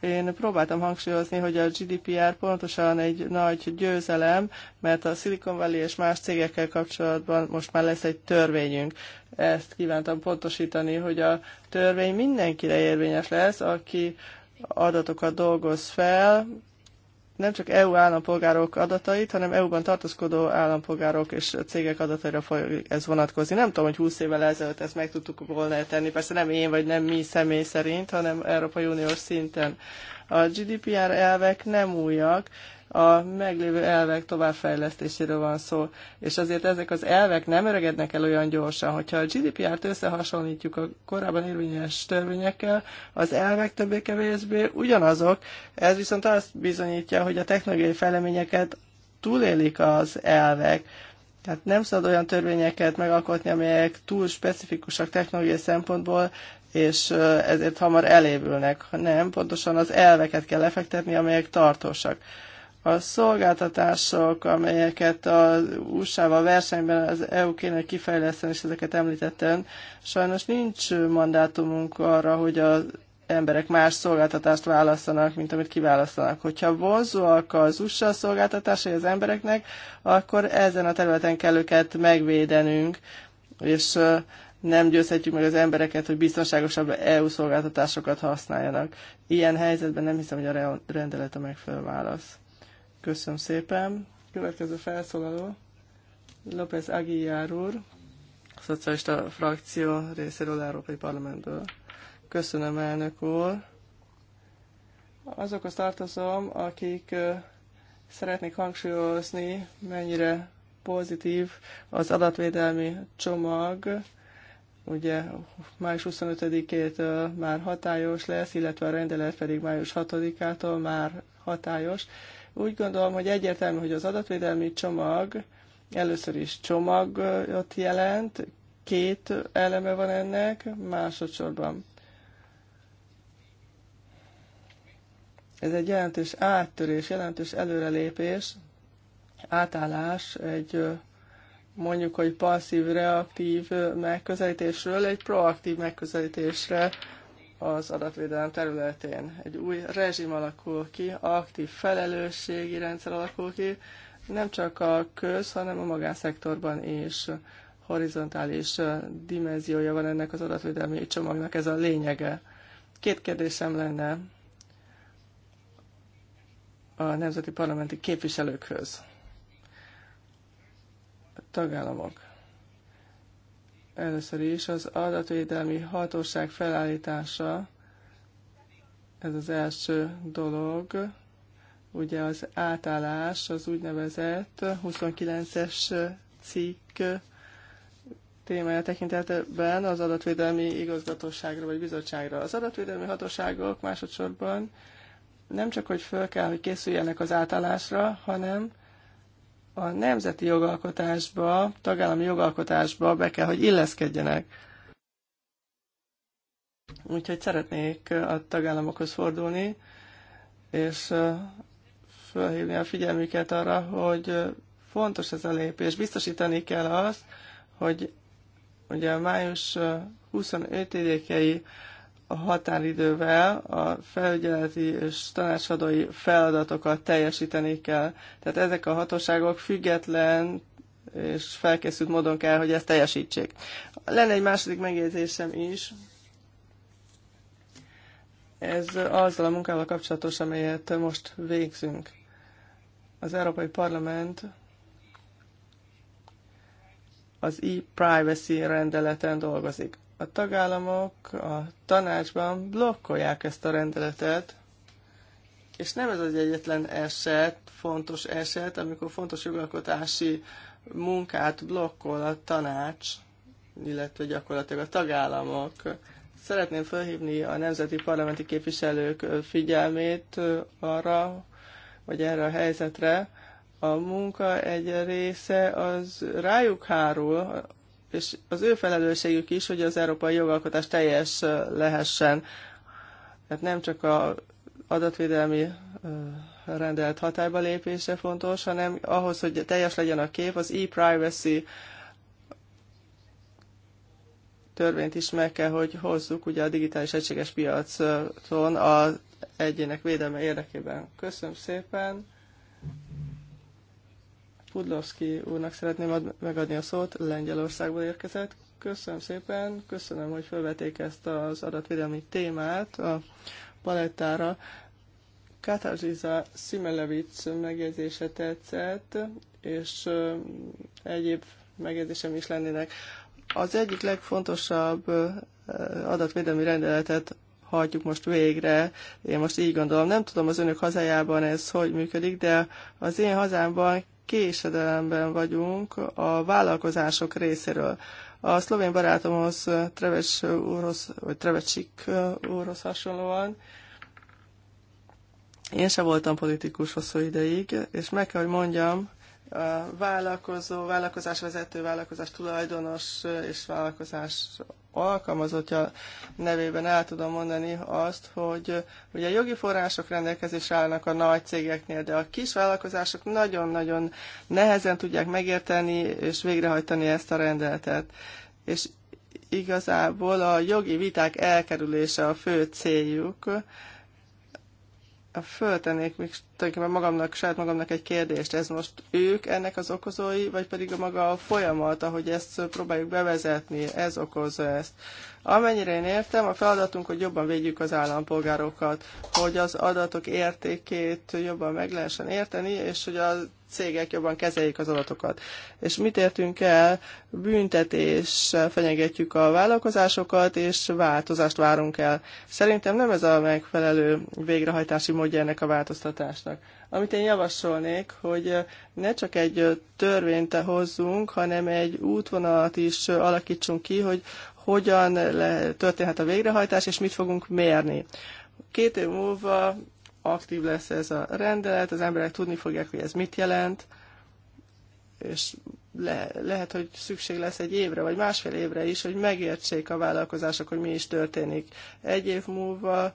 én próbáltam hangsúlyozni, hogy a GDPR pontosan egy nagy győzelem, mert a Silicon Valley és más cégekkel kapcsolatban most már lesz egy törvényünk. Ezt kívántam pontosítani, hogy a törvény mindenkire érvényes lesz, aki adatokat dolgoz fel, nem csak EU állampolgárok adatait, hanem EU-ban tartózkodó állampolgárok és cégek adataira fog ez vonatkozni. Nem tudom, hogy 20 évvel ezelőtt ezt meg tudtuk volna tenni, persze nem én vagy nem mi személy szerint, hanem Európai Uniós szinten. A GDPR elvek nem újak, a meglévő elvek továbbfejlesztéséről van szó, és azért ezek az elvek nem öregednek el olyan gyorsan. Hogyha a GDPR-t összehasonlítjuk a korábban érvényes törvényekkel, az elvek többé-kevésbé ugyanazok, ez viszont azt bizonyítja, hogy a technológiai fejleményeket túlélik az elvek. Tehát nem szabad olyan törvényeket megalkotni, amelyek túl specifikusak technológiai szempontból, és ezért hamar elévülnek. Nem, pontosan az elveket kell lefektetni, amelyek tartósak. A szolgáltatások, amelyeket a usa a versenyben az EU kéne kifejleszteni, és ezeket említettem, sajnos nincs mandátumunk arra, hogy a emberek más szolgáltatást választanak, mint amit kiválasztanak. Hogyha vonzóak az USA szolgáltatásai az embereknek, akkor ezen a területen kell őket megvédenünk, és nem győzhetjük meg az embereket, hogy biztonságosabb EU szolgáltatásokat használjanak. Ilyen helyzetben nem hiszem, hogy a rendelet a megfelelő válasz. Köszönöm szépen. Következő felszólaló López Aguiar úr, szocialista frakció részéről Európai Parlamentből. Köszönöm, elnök úr. Azokhoz tartozom, akik szeretnék hangsúlyozni, mennyire pozitív az adatvédelmi csomag, ugye május 25-től már hatályos lesz, illetve a rendelet pedig május 6-ától már hatályos, úgy gondolom, hogy egyértelmű, hogy az adatvédelmi csomag először is csomagot jelent, két eleme van ennek, másodszorban. Ez egy jelentős áttörés, jelentős előrelépés, átállás egy mondjuk, hogy passzív, reaktív megközelítésről egy proaktív megközelítésre az adatvédelem területén. Egy új rezsim alakul ki, aktív felelősségi rendszer alakul ki, nem csak a köz, hanem a magánszektorban is horizontális dimenziója van ennek az adatvédelmi csomagnak, ez a lényege. Két kérdésem lenne a nemzeti parlamenti képviselőkhöz. A tagállamok. Először is az adatvédelmi hatóság felállítása, ez az első dolog, ugye az átállás, az úgynevezett 29-es cikk témája tekintetben az adatvédelmi igazgatóságra vagy bizottságra. Az adatvédelmi hatóságok másodszorban nem csak, hogy föl kell, hogy készüljenek az átállásra, hanem a nemzeti jogalkotásba, tagállami jogalkotásba be kell, hogy illeszkedjenek. Úgyhogy szeretnék a tagállamokhoz fordulni, és felhívni a figyelmüket arra, hogy fontos ez a lépés. Biztosítani kell azt, hogy ugye a május 25-i a határidővel a felügyeleti és tanácsadói feladatokat teljesíteni kell. Tehát ezek a hatóságok független és felkészült módon kell, hogy ezt teljesítsék. Lenne egy második megjegyzésem is. Ez azzal a munkával kapcsolatos, amelyet most végzünk. Az Európai Parlament az e-privacy rendeleten dolgozik a tagállamok a tanácsban blokkolják ezt a rendeletet, és nem ez az egyetlen eset, fontos eset, amikor fontos jogalkotási munkát blokkol a tanács, illetve gyakorlatilag a tagállamok. Szeretném felhívni a nemzeti parlamenti képviselők figyelmét arra, vagy erre a helyzetre. A munka egy része az rájuk hárul, és az ő felelősségük is, hogy az európai jogalkotás teljes lehessen. Tehát nem csak a adatvédelmi rendelt hatályba lépése fontos, hanem ahhoz, hogy teljes legyen a kép, az e-privacy törvényt is meg kell, hogy hozzuk ugye a digitális egységes piacon az egyének védelme érdekében. Köszönöm szépen! Pudlovski úrnak szeretném ad, megadni a szót, Lengyelországból érkezett. Köszönöm szépen, köszönöm, hogy felvették ezt az adatvédelmi témát a palettára. Katarzyza Szimelevic megjegyzése tetszett, és egyéb megjegyzésem is lennének. Az egyik legfontosabb adatvédelmi rendeletet hagyjuk most végre. Én most így gondolom. Nem tudom az önök hazájában ez hogy működik, de az én hazámban késedelemben vagyunk a vállalkozások részéről. A szlovén barátomhoz, Treves úrhoz, vagy Trevesik úrhoz hasonlóan, én se voltam politikus hosszú ideig, és meg kell, hogy mondjam, a vállalkozó, vállalkozásvezető, vállalkozás tulajdonos és vállalkozás alkalmazottja nevében el tudom mondani azt, hogy ugye jogi források rendelkezés állnak a nagy cégeknél, de a kis vállalkozások nagyon-nagyon nehezen tudják megérteni és végrehajtani ezt a rendeletet. És igazából a jogi viták elkerülése a fő céljuk, föltennék még tulajdonképpen magamnak, saját magamnak egy kérdést. Ez most ők ennek az okozói, vagy pedig a maga a folyamat, ahogy ezt próbáljuk bevezetni, ez okozza ezt. Amennyire én értem, a feladatunk, hogy jobban védjük az állampolgárokat, hogy az adatok értékét jobban meg lehessen érteni, és hogy a cégek jobban kezeljék az adatokat. És mit értünk el? Büntetés, fenyegetjük a vállalkozásokat, és változást várunk el. Szerintem nem ez a megfelelő végrehajtási módja ennek a változtatásnak. Amit én javasolnék, hogy ne csak egy törvényt hozzunk, hanem egy útvonalat is alakítsunk ki, hogy hogyan le, történhet a végrehajtás, és mit fogunk mérni. Két év múlva aktív lesz ez a rendelet, az emberek tudni fogják, hogy ez mit jelent, és le, lehet, hogy szükség lesz egy évre, vagy másfél évre is, hogy megértsék a vállalkozások, hogy mi is történik. Egy év múlva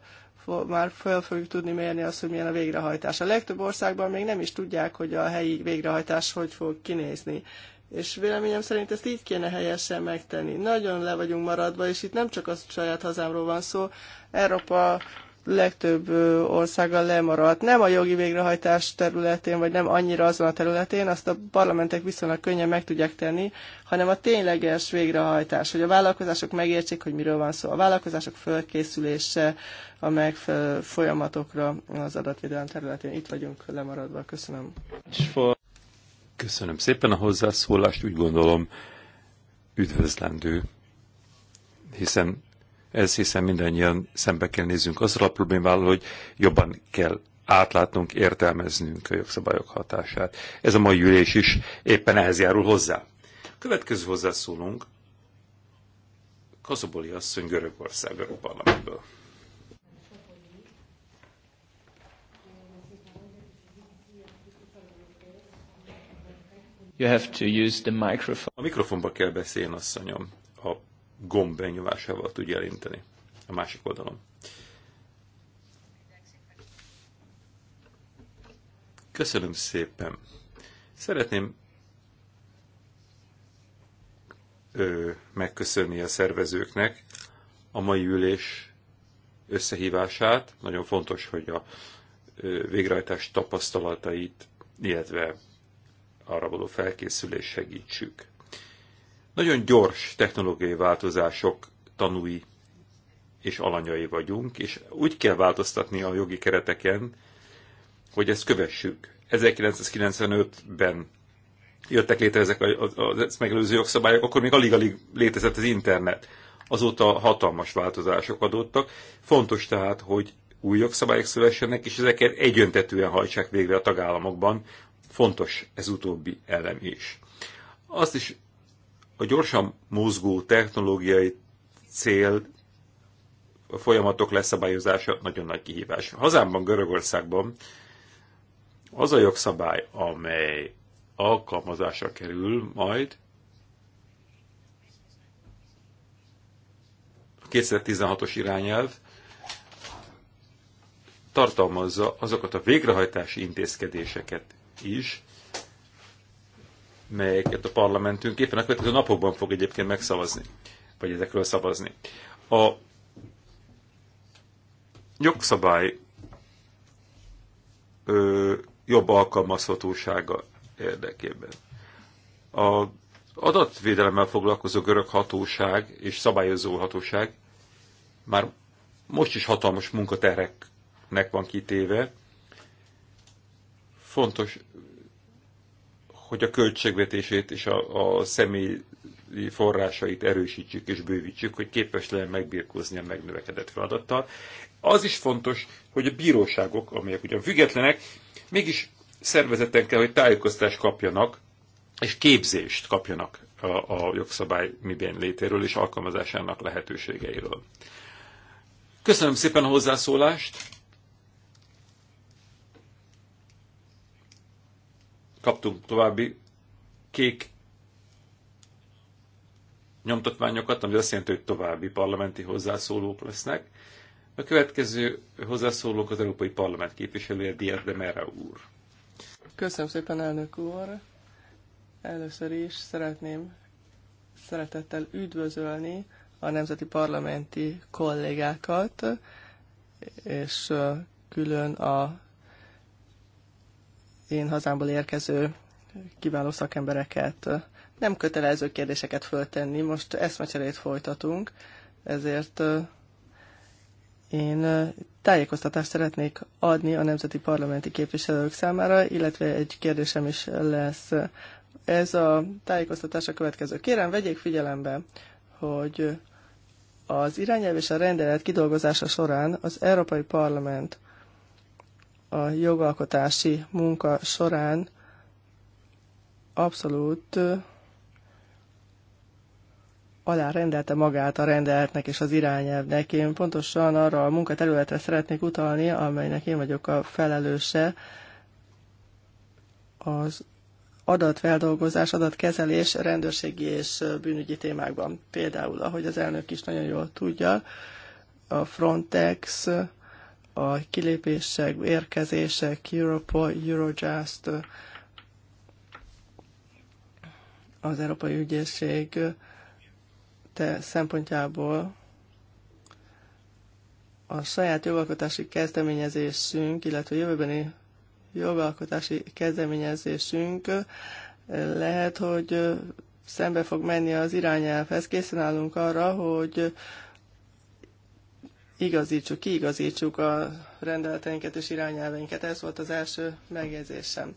már fel fogjuk tudni mérni azt, hogy milyen a végrehajtás. A legtöbb országban még nem is tudják, hogy a helyi végrehajtás hogy fog kinézni. És véleményem szerint ezt így kéne helyesen megtenni. Nagyon le vagyunk maradva, és itt nem csak a saját hazámról van szó, Európa legtöbb országgal lemaradt. Nem a jogi végrehajtás területén, vagy nem annyira azon a területén, azt a parlamentek viszonylag könnyen meg tudják tenni, hanem a tényleges végrehajtás, hogy a vállalkozások megértsék, hogy miről van szó. A vállalkozások fölkészülése a megfelelő folyamatokra az adatvédelem területén. Itt vagyunk lemaradva. Köszönöm. Köszönöm szépen a hozzászólást, úgy gondolom üdvözlendő, hiszen ez hiszen mindannyian szembe kell nézzünk azzal a problémával, hogy jobban kell átlátnunk, értelmeznünk a jogszabályok hatását. Ez a mai ülés is éppen ehhez járul hozzá. Következő hozzászólunk, Kazoboli asszony Görögország, Görög parlamentből. You have to use the microphone. A mikrofonba kell beszélni, asszonyom, A gomb megnyomásával tudja elinteni a másik oldalon. Köszönöm szépen. Szeretném ö, megköszönni a szervezőknek a mai ülés összehívását. Nagyon fontos, hogy a ö, végrehajtás tapasztalatait, illetve arra való felkészülés segítsük. Nagyon gyors technológiai változások tanúi és alanyai vagyunk, és úgy kell változtatni a jogi kereteken, hogy ezt kövessük. 1995-ben jöttek létre ezek az megelőző jogszabályok, akkor még alig-alig létezett az internet. Azóta hatalmas változások adottak. Fontos tehát, hogy új jogszabályok szülessenek, és ezeket egyöntetően hajtsák végre a tagállamokban. Fontos ez utóbbi elem is. Azt is a gyorsan mozgó technológiai cél a folyamatok leszabályozása nagyon nagy kihívás. Hazámban, Görögországban az a jogszabály, amely alkalmazásra kerül majd 2016-os irányelv tartalmazza azokat a végrehajtási intézkedéseket is, melyeket a parlamentünk éppen a következő napokban fog egyébként megszavazni, vagy ezekről szavazni. A jogszabály ö, jobb alkalmazhatósága érdekében. A adatvédelemmel foglalkozó görög hatóság és szabályozó hatóság már most is hatalmas munkatereknek van kitéve. Fontos hogy a költségvetését és a, a személy forrásait erősítsük és bővítsük, hogy képes legyen megbírkozni a megnövekedett feladattal. Az is fontos, hogy a bíróságok, amelyek ugyan függetlenek, mégis szervezeten kell, hogy tájékoztást kapjanak, és képzést kapjanak a, a jogszabály miben létéről és alkalmazásának lehetőségeiről. Köszönöm szépen a hozzászólást! Kaptunk további kék nyomtatványokat, ami azt jelenti, hogy további parlamenti hozzászólók lesznek. A következő hozzászólók az Európai Parlament képviselője, Diaz de Mera úr. Köszönöm szépen, elnök úr! Először is szeretném szeretettel üdvözölni a nemzeti parlamenti kollégákat, és külön a én hazámból érkező kiváló szakembereket. Nem kötelező kérdéseket föltenni, most eszmecserét folytatunk, ezért én tájékoztatást szeretnék adni a nemzeti parlamenti képviselők számára, illetve egy kérdésem is lesz. Ez a tájékoztatás a következő. Kérem, vegyék figyelembe, hogy az irányelv és a rendelet kidolgozása során az Európai Parlament a jogalkotási munka során abszolút alárendelte magát a rendeletnek és az irányelvnek. Én pontosan arra a munkaterületre szeretnék utalni, amelynek én vagyok a felelőse, az adatfeldolgozás, adatkezelés rendőrségi és bűnügyi témákban. Például, ahogy az elnök is nagyon jól tudja, a Frontex a kilépések, érkezések, Europol, Eurojust, az Európai Ügyészség te szempontjából a saját jogalkotási kezdeményezésünk, illetve jövőbeni jogalkotási kezdeményezésünk lehet, hogy szembe fog menni az irányelvhez. Készen állunk arra, hogy igazítsuk, kiigazítsuk a rendeleteinket és irányelveinket. Ez volt az első megjegyzésem.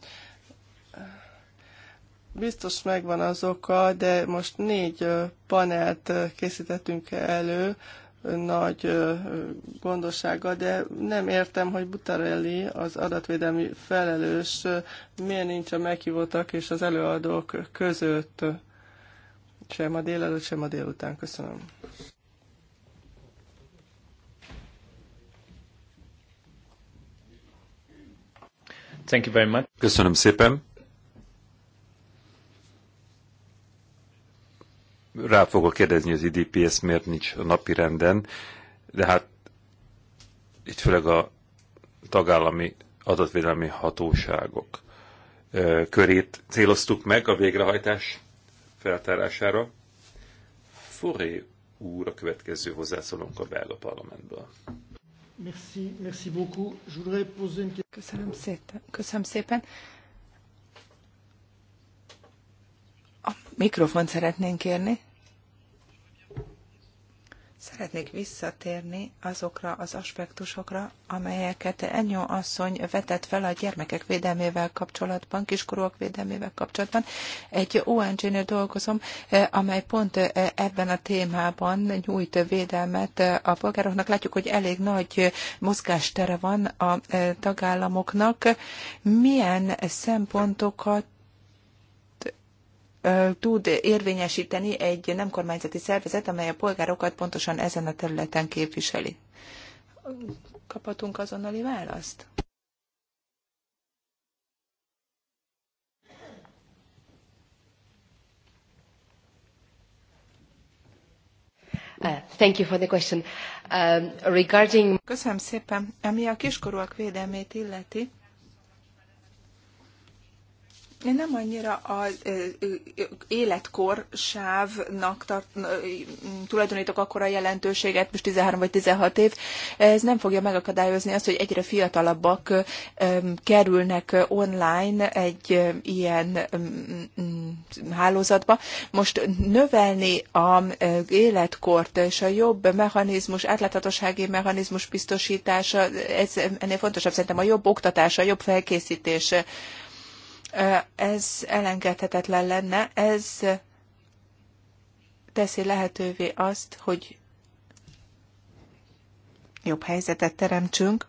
Biztos megvan az oka, de most négy panelt készítettünk elő, nagy gondossága, de nem értem, hogy Butarelli, az adatvédelmi felelős, miért nincs a meghívottak és az előadók között, sem a délelőtt, sem a délután. Köszönöm. Thank you very much. Köszönöm szépen. Rá fogok kérdezni az IDPS, miért nincs a napi renden, de hát itt főleg a tagállami adatvédelmi hatóságok körét céloztuk meg a végrehajtás feltárására. Foré úr a következő hozzászólónk a belga parlamentből. Merci, merci beaucoup. Je voudrais poser une... Köszönöm szépen. Köszönöm szépen. A mikrofon szeretnénk kérni. Szeretnék visszatérni azokra az aspektusokra, amelyeket Enyó asszony vetett fel a gyermekek védelmével kapcsolatban, kiskorúak védelmével kapcsolatban. Egy ONG-nél dolgozom, eh, amely pont eh, ebben a témában nyújt védelmet eh, a polgároknak. Látjuk, hogy elég nagy mozgástere van a tagállamoknak. Milyen szempontokat tud érvényesíteni egy nem kormányzati szervezet, amely a polgárokat pontosan ezen a területen képviseli? Kaphatunk azonnali választ? Uh, thank you for the question. Um, regarding... Köszönöm szépen. Ami a kiskorúak védelmét illeti, nem annyira az életkor sávnak tart, tulajdonítok akkora jelentőséget, most 13 vagy 16 év, ez nem fogja megakadályozni azt, hogy egyre fiatalabbak kerülnek online egy ilyen hálózatba. Most növelni a életkort és a jobb mechanizmus, átláthatósági mechanizmus biztosítása, ez ennél fontosabb szerintem a jobb oktatása, a jobb felkészítés ez elengedhetetlen lenne, ez teszi lehetővé azt, hogy jobb helyzetet teremtsünk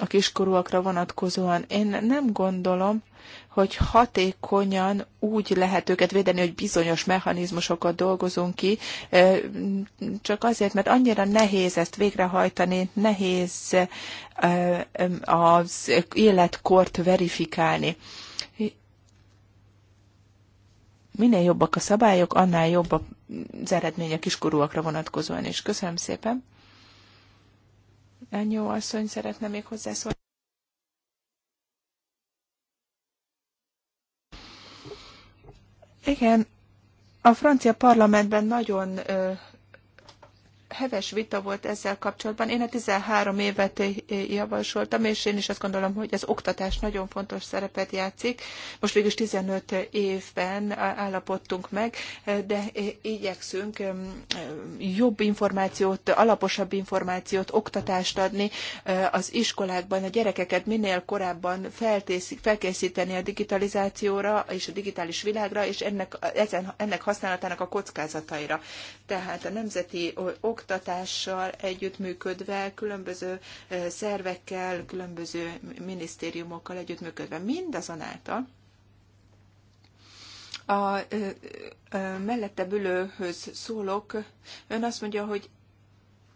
a kiskorúakra vonatkozóan. Én nem gondolom, hogy hatékonyan úgy lehet őket védeni, hogy bizonyos mechanizmusokat dolgozunk ki, csak azért, mert annyira nehéz ezt végrehajtani, nehéz az életkort verifikálni minél jobbak a szabályok, annál jobb az eredmény a kiskorúakra vonatkozóan is. Köszönöm szépen. Ányó asszony szeretne még hozzászólni. Igen, a francia parlamentben nagyon heves vita volt ezzel kapcsolatban. Én a 13 évet javasoltam, és én is azt gondolom, hogy az oktatás nagyon fontos szerepet játszik. Most végül 15 évben állapodtunk meg, de igyekszünk jobb információt, alaposabb információt, oktatást adni az iskolákban, a gyerekeket minél korábban feltészik, felkészíteni a digitalizációra és a digitális világra, és ennek, ezen, ennek használatának a kockázataira. Tehát a nemzeti oktatás oktatással együttműködve, különböző szervekkel, különböző minisztériumokkal együttműködve, mindazonáltal a mellette ülőhöz szólok, ön azt mondja, hogy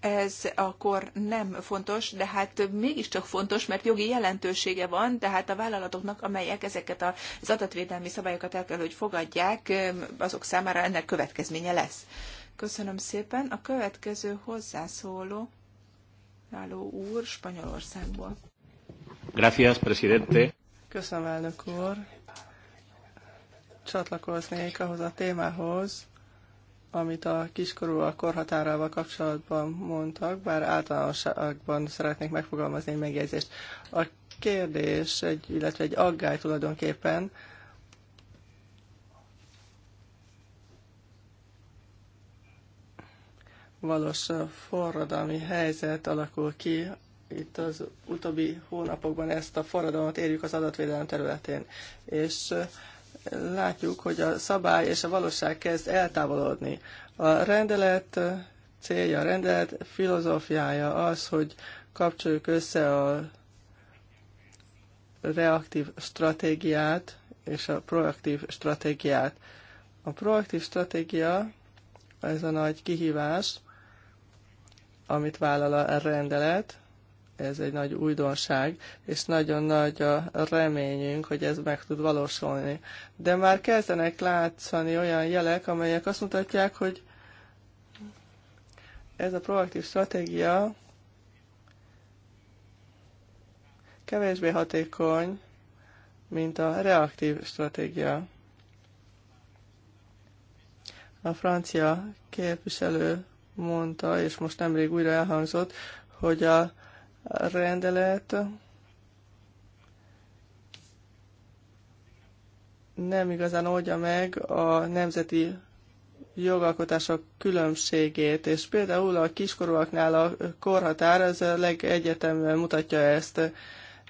ez akkor nem fontos, de hát mégiscsak fontos, mert jogi jelentősége van, tehát a vállalatoknak, amelyek ezeket az adatvédelmi szabályokat el kell, hogy fogadják, azok számára ennek következménye lesz. Köszönöm szépen. A következő hozzászóló álló úr Spanyolországból. Gracias, presidente. Köszönöm, elnök úr. Csatlakoznék ahhoz a témához, amit a kiskorúak korhatárával kapcsolatban mondtak, bár általánosságban szeretnék megfogalmazni egy megjegyzést. A kérdés, egy, illetve egy aggály tulajdonképpen valós forradalmi helyzet alakul ki. Itt az utóbbi hónapokban ezt a forradalmat érjük az adatvédelem területén. És látjuk, hogy a szabály és a valóság kezd eltávolodni. A rendelet célja, a rendelet filozófiája az, hogy kapcsoljuk össze a reaktív stratégiát és a proaktív stratégiát. A proaktív stratégia, ez a nagy kihívás, amit vállal a rendelet. Ez egy nagy újdonság, és nagyon nagy a reményünk, hogy ez meg tud valósulni. De már kezdenek látszani olyan jelek, amelyek azt mutatják, hogy ez a proaktív stratégia kevésbé hatékony, mint a reaktív stratégia. A francia képviselő mondta, és most nemrég újra elhangzott, hogy a rendelet nem igazán oldja meg a nemzeti jogalkotások különbségét, és például a kiskorúaknál a korhatár az legegyetemben mutatja ezt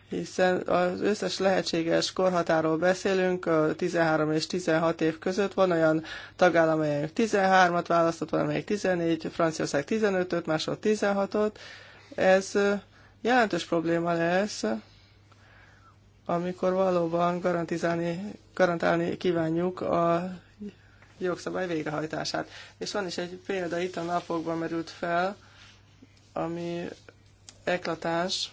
hiszen az összes lehetséges korhatáról beszélünk, 13 és 16 év között van olyan tagállam, amelyek 13-at választott, van amelyik 14, Franciaország 15-öt, másod 16-ot. Ez jelentős probléma lesz, amikor valóban garantizálni, garantálni kívánjuk a jogszabály végrehajtását. És van is egy példa, itt a napokban merült fel, ami eklatás,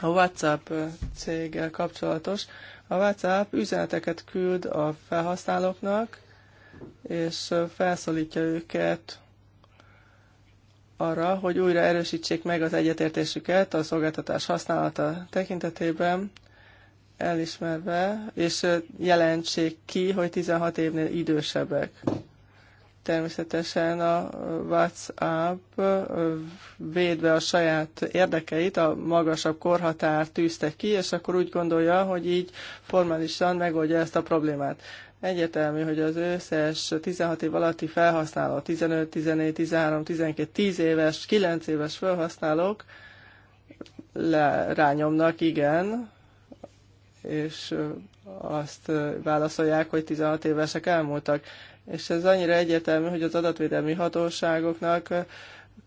a WhatsApp céggel kapcsolatos. A WhatsApp üzeneteket küld a felhasználóknak, és felszólítja őket arra, hogy újra erősítsék meg az egyetértésüket a szolgáltatás használata tekintetében, elismerve, és jelentsék ki, hogy 16 évnél idősebbek természetesen a WhatsApp védve a saját érdekeit, a magasabb korhatár tűzte ki, és akkor úgy gondolja, hogy így formálisan megoldja ezt a problémát. Egyértelmű, hogy az összes 16 év alatti felhasználó, 15, 14, 13, 12, 10 éves, 9 éves felhasználók le, rányomnak, igen, és azt válaszolják, hogy 16 évesek elmúltak és ez annyira egyértelmű, hogy az adatvédelmi hatóságoknak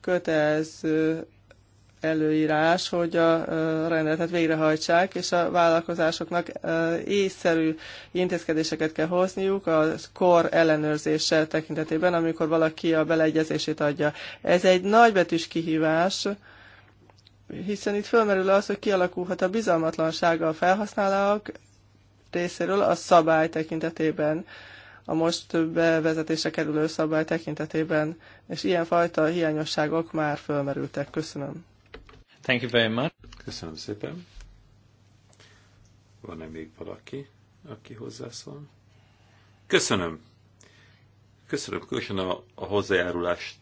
kötelező előírás, hogy a rendeletet végrehajtsák, és a vállalkozásoknak észszerű intézkedéseket kell hozniuk a kor ellenőrzése tekintetében, amikor valaki a beleegyezését adja. Ez egy nagybetűs kihívás, hiszen itt fölmerül az, hogy kialakulhat a bizalmatlansága a felhasználók részéről a szabály tekintetében a most bevezetése kerülő szabály tekintetében, és ilyenfajta hiányosságok már fölmerültek. Köszönöm. Thank you very much. Köszönöm szépen. Van-e még valaki, aki hozzászól? Köszönöm. Köszönöm köszönöm a, a hozzájárulás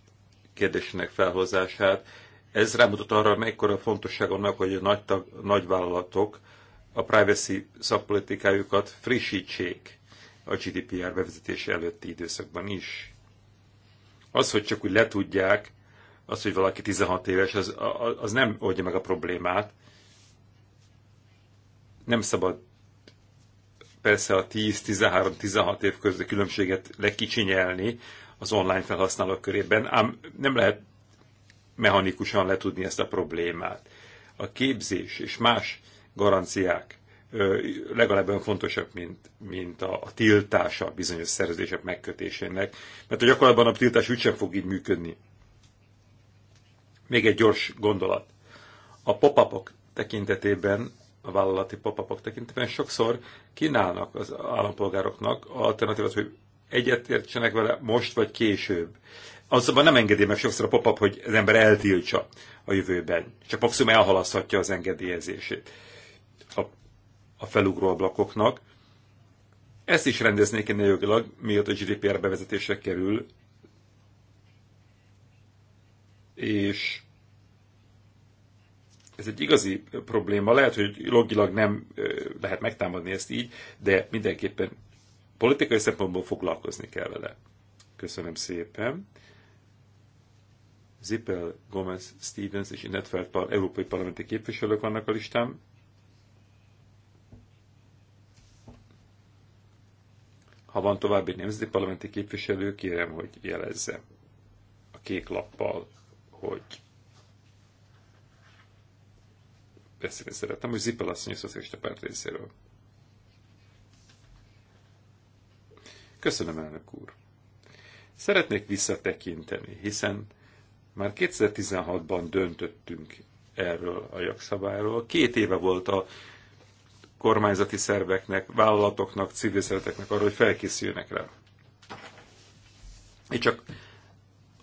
kérdésének felhozását. Ez rámutat arra, mekkora fontosság annak, hogy a nagy, tag, nagy vállalatok a privacy szakpolitikájukat frissítsék a GDPR bevezetése előtti időszakban is. Az, hogy csak úgy letudják, az, hogy valaki 16 éves, az, az nem oldja meg a problémát. Nem szabad persze a 10-13-16 év közötti különbséget lekicsinyelni az online felhasználók körében, ám nem lehet mechanikusan letudni ezt a problémát. A képzés és más garanciák legalább olyan fontosak, mint, mint a, a tiltása bizonyos szerződések megkötésének, mert a gyakorlatban a tiltás úgysem fog így működni. Még egy gyors gondolat. A papapok tekintetében, a vállalati pop tekintetében sokszor kínálnak az állampolgároknak alternatívát, hogy egyetértsenek vele most vagy később. Azonban nem engedi meg sokszor a papap, hogy az ember eltiltsa a jövőben, csak maximum elhalaszthatja az engedélyezését a felugró ablakoknak. Ezt is rendeznék ennél jogilag, miért a GDPR bevezetése kerül, és ez egy igazi probléma. Lehet, hogy logilag nem lehet megtámadni ezt így, de mindenképpen politikai szempontból foglalkozni kell vele. Köszönöm szépen. Zippel, Gomez, Stevens és Netfeld európai parlamenti képviselők vannak a listán. Ha van további nemzeti parlamenti képviselő, kérem, hogy jelezze a kék lappal, hogy beszélni szeretem, hogy Zippel asszony a párt részéről. Köszönöm, elnök úr. Szeretnék visszatekinteni, hiszen már 2016-ban döntöttünk erről a jogszabályról. Két éve volt a kormányzati szerveknek, vállalatoknak, civil szerveknek arra, hogy felkészüljenek rá. És csak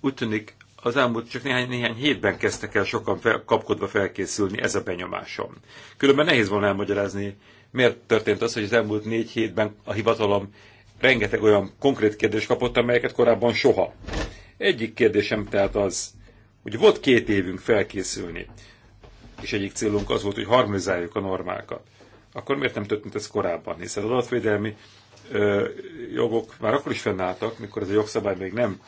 úgy tűnik, az elmúlt csak néhány, néhány hétben kezdtek el sokan fel, kapkodva felkészülni, ez a benyomásom. Különben nehéz volna elmagyarázni, miért történt az, hogy az elmúlt négy hétben a hivatalom rengeteg olyan konkrét kérdést kapott, amelyeket korábban soha. Egyik kérdésem tehát az, hogy volt két évünk felkészülni, és egyik célunk az volt, hogy harmonizáljuk a normákat akkor miért nem történt ez korábban? Hiszen az adatvédelmi ö, jogok már akkor is fennálltak, mikor ez a jogszabály még nem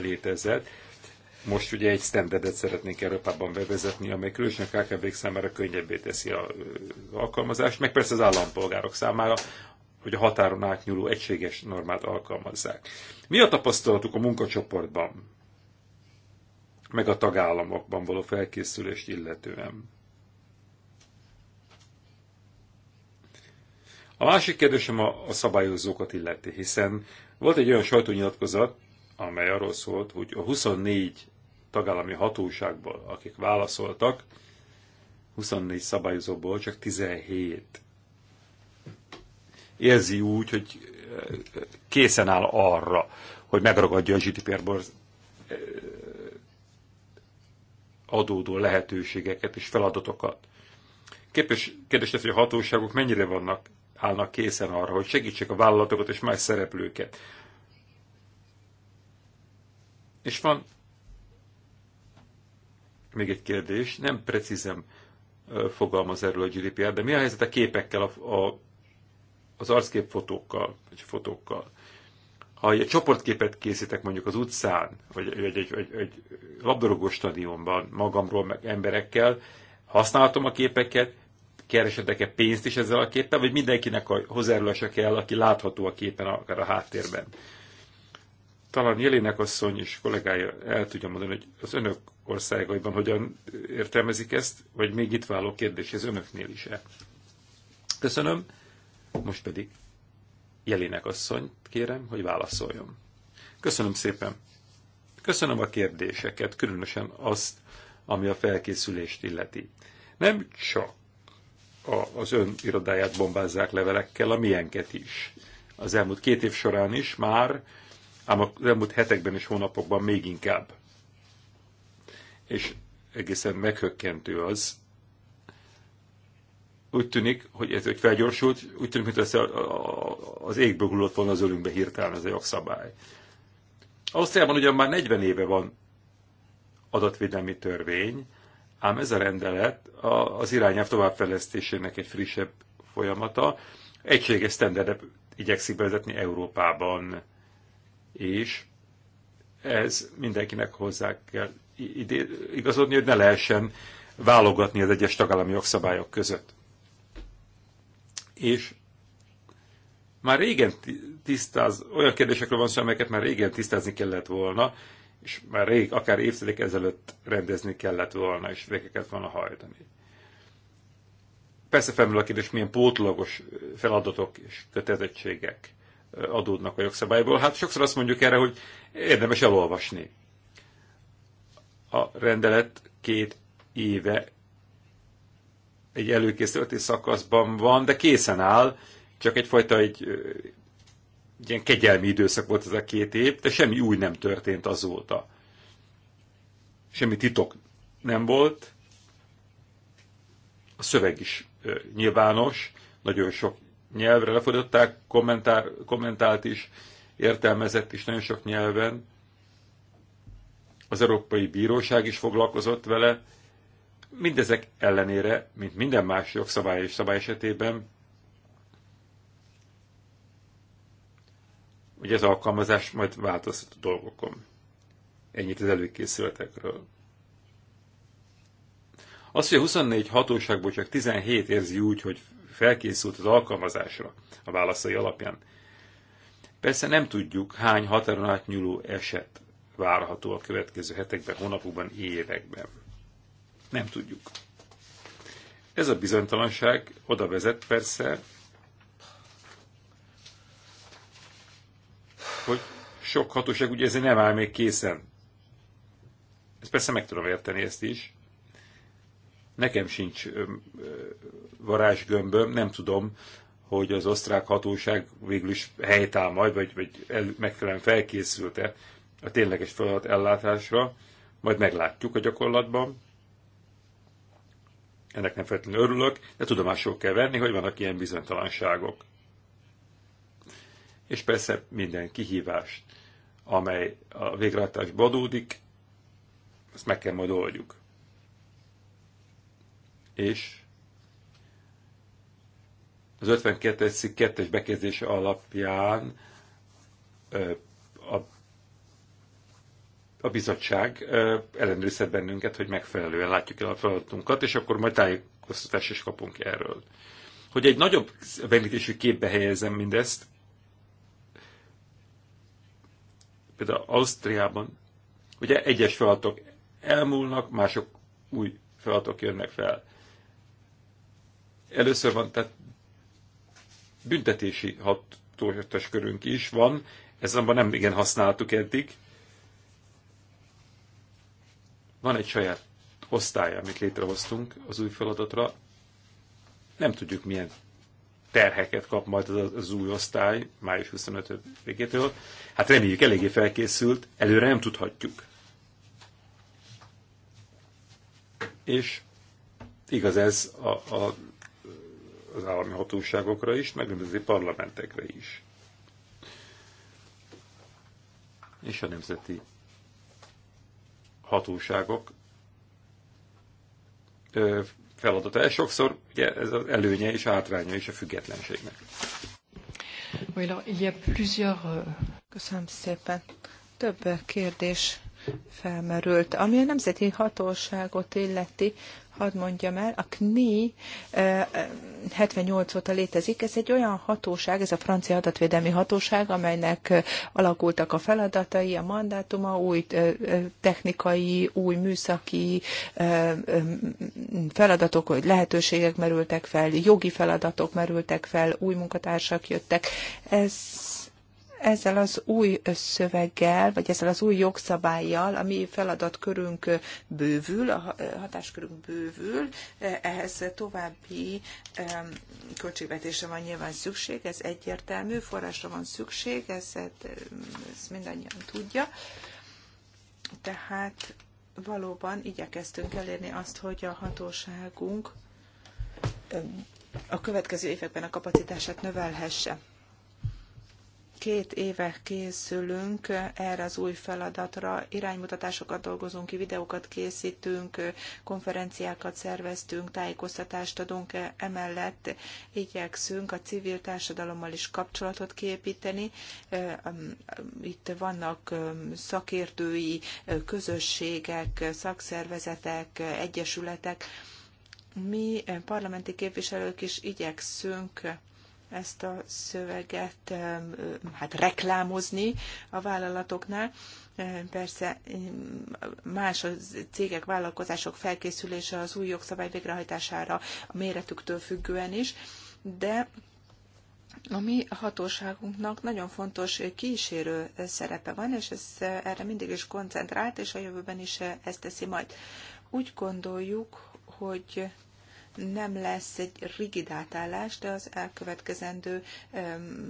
létezett. Most ugye egy standardet szeretnénk Európában bevezetni, amely különösen a kkv számára könnyebbé teszi az alkalmazást, meg persze az állampolgárok számára, hogy a határon átnyúló egységes normát alkalmazzák. Mi a tapasztalatuk a munkacsoportban, meg a tagállamokban való felkészülést illetően? A másik kérdésem a, a szabályozókat illeti, hiszen volt egy olyan sajtónyilatkozat, amely arról szólt, hogy a 24 tagállami hatóságból, akik válaszoltak, 24 szabályozóból csak 17 érzi úgy, hogy eh, készen áll arra, hogy megragadja a GDPR-ból eh, adódó lehetőségeket és feladatokat. Képes, kérdés lesz, hogy a hatóságok mennyire vannak állnak készen arra, hogy segítsék a vállalatokat és más szereplőket. És van még egy kérdés, nem precízen fogalmaz erről a GDPR, de mi a helyzet a képekkel, a, a, az arcképfotókkal, vagy fotókkal? Ha egy csoportképet készítek mondjuk az utcán, vagy egy, egy, egy, egy labdarúgó stadionban magamról, meg emberekkel, használhatom a képeket, keresetek-e pénzt is ezzel a képpel, vagy mindenkinek a hozzájárulása kell, aki látható a képen, akár a háttérben. Talán Jelének asszony és kollégája el tudja mondani, hogy az önök országaiban hogyan értelmezik ezt, vagy még itt váló kérdés ez önöknél is -e. Köszönöm. Most pedig Jelének asszony kérem, hogy válaszoljon. Köszönöm szépen. Köszönöm a kérdéseket, különösen azt, ami a felkészülést illeti. Nem csak az ön irodáját bombázzák levelekkel, a milyenket is. Az elmúlt két év során is már, ám az elmúlt hetekben és hónapokban még inkább. És egészen meghökkentő az, úgy tűnik, hogy ez egy felgyorsult, úgy tűnik, hogy az égből hullott volna az ölünkbe hirtelen ez a jogszabály. Ausztriában ugyan már 40 éve van adatvédelmi törvény, Ám ez a rendelet az irányelv továbbfejlesztésének egy frissebb folyamata. Egységes standardet igyekszik bevezetni Európában, és ez mindenkinek hozzá kell igazodni, hogy ne lehessen válogatni az egyes tagállami jogszabályok között. És már régen tisztáz, olyan kérdésekről van szó, amelyeket már régen tisztázni kellett volna, és már rég, akár évtizedek ezelőtt rendezni kellett volna, és végeket volna hajtani. Persze felmerül a kérdés, milyen pótlagos feladatok és kötelezettségek adódnak a jogszabályból. Hát sokszor azt mondjuk erre, hogy érdemes elolvasni. A rendelet két éve egy előkészületi szakaszban van, de készen áll, csak egyfajta egy egy ilyen kegyelmi időszak volt ez a két év, de semmi új nem történt azóta. Semmi titok nem volt. A szöveg is ö, nyilvános, nagyon sok nyelvre lefordították, kommentár, kommentált is, értelmezett is nagyon sok nyelven. Az Európai Bíróság is foglalkozott vele. Mindezek ellenére, mint minden más jogszabály és szabály esetében, hogy az alkalmazás majd változtat a dolgokon. Ennyit az előkészületekről. Az, hogy a 24 hatóságból csak 17 érzi úgy, hogy felkészült az alkalmazásra a válaszai alapján. Persze nem tudjuk, hány határon átnyúló eset várható a következő hetekben, hónapokban, években. Nem tudjuk. Ez a bizonytalanság oda vezet persze, hogy sok hatóság ugye ezért nem áll még készen. Ezt persze meg tudom érteni ezt is. Nekem sincs varázsgömböm, nem tudom, hogy az osztrák hatóság végül is helytáll majd, vagy, vagy el, megfelelően felkészült-e a tényleges feladat ellátásra, majd meglátjuk a gyakorlatban. Ennek nem feltétlenül örülök, de tudomásul kell venni, hogy vannak ilyen bizonytalanságok és persze minden kihívást, amely a végrehajtásba adódik, ezt meg kell majd oldjuk. És az 52. cikk 2 bekezdése alapján a, a bizottság ellenőrizhet bennünket, hogy megfelelően látjuk el a feladatunkat, és akkor majd tájékoztatást is kapunk erről. Hogy egy nagyobb megítésű képbe helyezem mindezt, például Ausztriában, ugye egyes feladatok elmúlnak, mások új feladatok jönnek fel. Először van, tehát büntetési hatóságos körünk is van, ez azonban nem igen használtuk eddig. Van egy saját osztály, amit létrehoztunk az új feladatra. Nem tudjuk, milyen terheket kap majd az, az új osztály május 25-től. Hát reméljük eléggé felkészült, előre nem tudhatjuk. És igaz ez a, a, az állami hatóságokra is, meg nemzeti parlamentekre is. És a nemzeti hatóságok feladata. Ez sokszor ugye, ez az előnye és hátránya is a függetlenségnek. Euh, Köszönöm szépen. Több kérdés felmerült. Ami a nemzeti hatóságot illeti, hadd mondjam el, a CNI 78 eh, eh, óta létezik. Ez egy olyan hatóság, ez a francia adatvédelmi hatóság, amelynek eh, alakultak a feladatai, a mandátuma, új technikai, új műszaki feladatok, hogy lehetőségek merültek fel, jogi feladatok merültek fel, új munkatársak jöttek. Ez ezzel az új szöveggel, vagy ezzel az új jogszabályjal a mi feladatkörünk bővül, a hatáskörünk bővül, ehhez további költségvetésre van nyilván szükség, ez egyértelmű, forrásra van szükség, ezt, ezt mindannyian tudja. Tehát valóban igyekeztünk elérni azt, hogy a hatóságunk a következő években a kapacitását növelhesse két éve készülünk erre az új feladatra, iránymutatásokat dolgozunk ki, videókat készítünk, konferenciákat szerveztünk, tájékoztatást adunk e- emellett, igyekszünk a civil társadalommal is kapcsolatot képíteni. E, itt vannak szakértői közösségek, szakszervezetek, egyesületek. Mi parlamenti képviselők is igyekszünk ezt a szöveget hát reklámozni a vállalatoknál. Persze más a cégek, vállalkozások felkészülése az új jogszabály végrehajtására a méretüktől függően is, de a mi hatóságunknak nagyon fontos kísérő szerepe van, és ez erre mindig is koncentrált, és a jövőben is ezt teszi majd. Úgy gondoljuk, hogy nem lesz egy rigid átállás, de az elkövetkezendő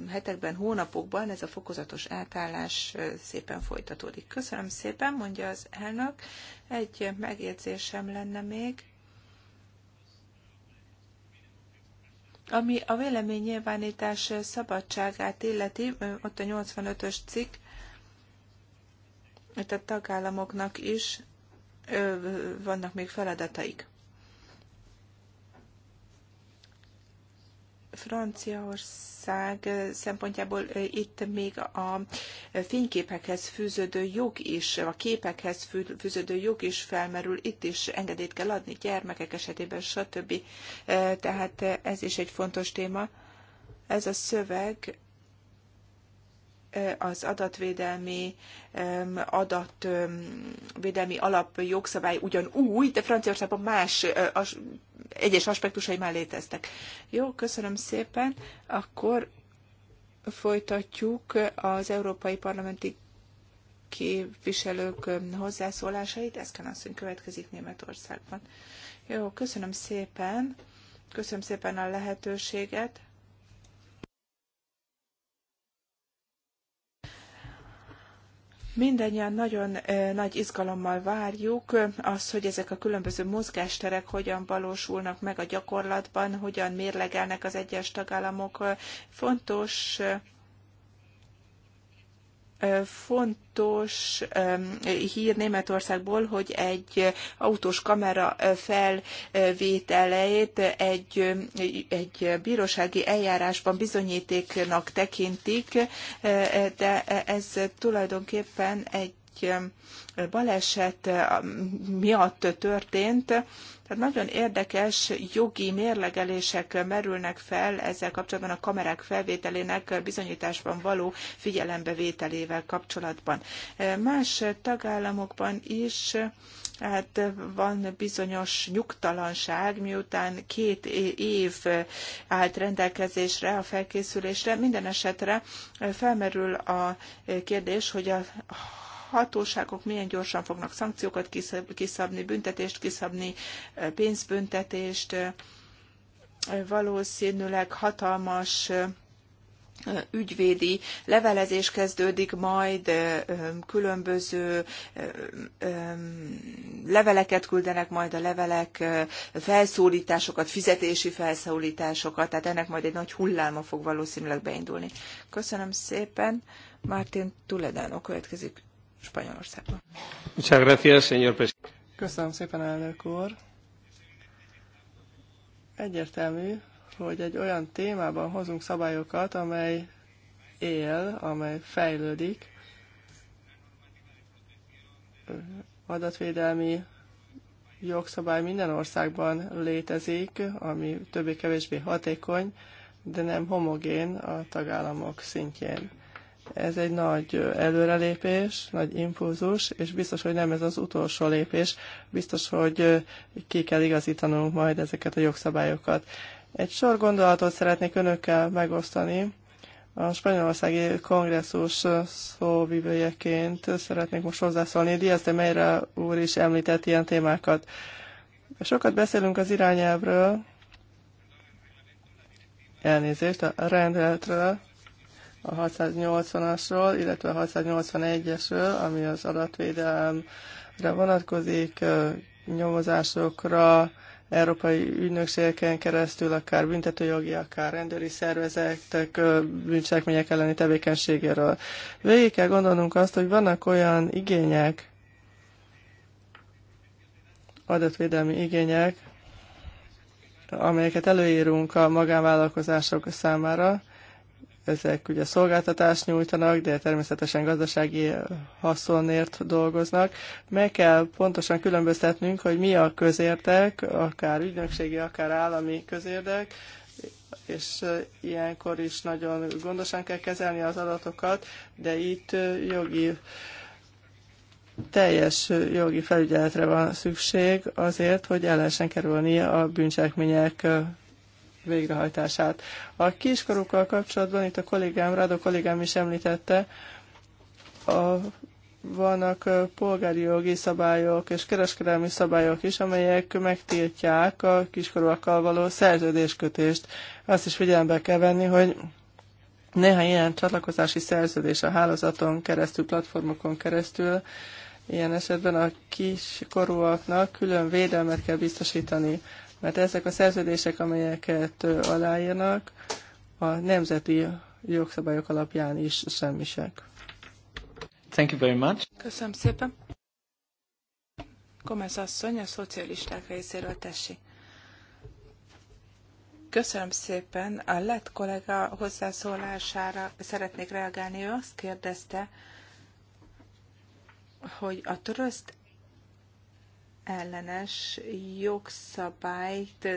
hetekben, hónapokban ez a fokozatos átállás szépen folytatódik. Köszönöm szépen, mondja az elnök. Egy megjegyzésem lenne még. Ami a véleménynyilvánítás szabadságát illeti, ott a 85-ös cikk, itt a tagállamoknak is vannak még feladataik. Franciaország szempontjából itt még a fényképekhez fűződő jog is, a képekhez fűződő jog is felmerül, itt is engedélyt kell adni gyermekek esetében, stb. Tehát ez is egy fontos téma. Ez a szöveg az adatvédelmi adatvédelmi alap jogszabály ugyan új, de Franciaországban más as, egyes aspektusai már léteztek. Jó, köszönöm szépen. Akkor folytatjuk az európai parlamenti képviselők hozzászólásait. Eszken asszony következik Németországban. Jó, köszönöm szépen. Köszönöm szépen a lehetőséget. Mindennyian nagyon nagy izgalommal várjuk azt, hogy ezek a különböző mozgásterek hogyan valósulnak meg a gyakorlatban, hogyan mérlegelnek az egyes tagállamok. Fontos fontos hír Németországból, hogy egy autós kamera felvételeit egy, egy bírósági eljárásban bizonyítéknak tekintik, de ez tulajdonképpen egy baleset miatt történt, tehát nagyon érdekes jogi mérlegelések merülnek fel ezzel kapcsolatban a kamerák felvételének bizonyításban való figyelembevételével kapcsolatban. Más tagállamokban is Hát van bizonyos nyugtalanság, miután két év állt rendelkezésre a felkészülésre. Minden esetre felmerül a kérdés, hogy a hatóságok milyen gyorsan fognak szankciókat kiszabni, büntetést kiszabni, pénzbüntetést, valószínűleg hatalmas ügyvédi levelezés kezdődik majd, különböző leveleket küldenek majd a levelek, felszólításokat, fizetési felszólításokat, tehát ennek majd egy nagy hulláma fog valószínűleg beindulni. Köszönöm szépen. Martin Tuledano következik. Spanyolországban. Köszönöm szépen, elnök úr. Egyértelmű, hogy egy olyan témában hozunk szabályokat, amely él, amely fejlődik, adatvédelmi jogszabály minden országban létezik, ami többé-kevésbé hatékony, de nem homogén a tagállamok szintjén. Ez egy nagy előrelépés, nagy impulzus, és biztos, hogy nem ez az utolsó lépés. Biztos, hogy ki kell igazítanunk majd ezeket a jogszabályokat. Egy sor gondolatot szeretnék önökkel megosztani. A spanyolországi kongresszus szóvivőjeként szeretnék most hozzászólni. Diaz de Meira úr is említett ilyen témákat. Sokat beszélünk az irányelvről, elnézést, a rendeletről, a 680-asról, illetve a 681-esről, ami az adatvédelemre vonatkozik, nyomozásokra, európai ügynökségeken keresztül, akár büntetőjogi, akár rendőri szervezetek bűncselekmények elleni tevékenységéről. Végig kell gondolnunk azt, hogy vannak olyan igények, adatvédelmi igények, amelyeket előírunk a magánvállalkozások számára, ezek ugye szolgáltatást nyújtanak, de természetesen gazdasági eh, haszonért dolgoznak. Meg kell pontosan különböztetnünk, hogy mi a közérdek, akár ügynökségi, akár állami közérdek, és eh, ilyenkor is nagyon gondosan kell kezelni az adatokat, de itt eh, jogi teljes jogi felügyeletre van szükség azért, hogy el lehessen kerülni a bűncselekmények végrehajtását. A kiskorúkkal kapcsolatban itt a kollégám, Rado kollégám is említette, a, vannak polgári jogi szabályok és kereskedelmi szabályok is, amelyek megtiltják a kiskorúakkal való szerződéskötést. Azt is figyelembe kell venni, hogy néhány ilyen csatlakozási szerződés a hálózaton keresztül, platformokon keresztül, ilyen esetben a kiskorúaknak külön védelmet kell biztosítani mert ezek a szerződések, amelyeket aláírnak, a nemzeti jogszabályok alapján is semmisek. Thank you very much. Köszönöm szépen. Gomez asszony, a szocialisták részéről tessi. Köszönöm szépen. A lett kollega hozzászólására szeretnék reagálni. Ő azt kérdezte, hogy a tröszt ellenes jogszabályt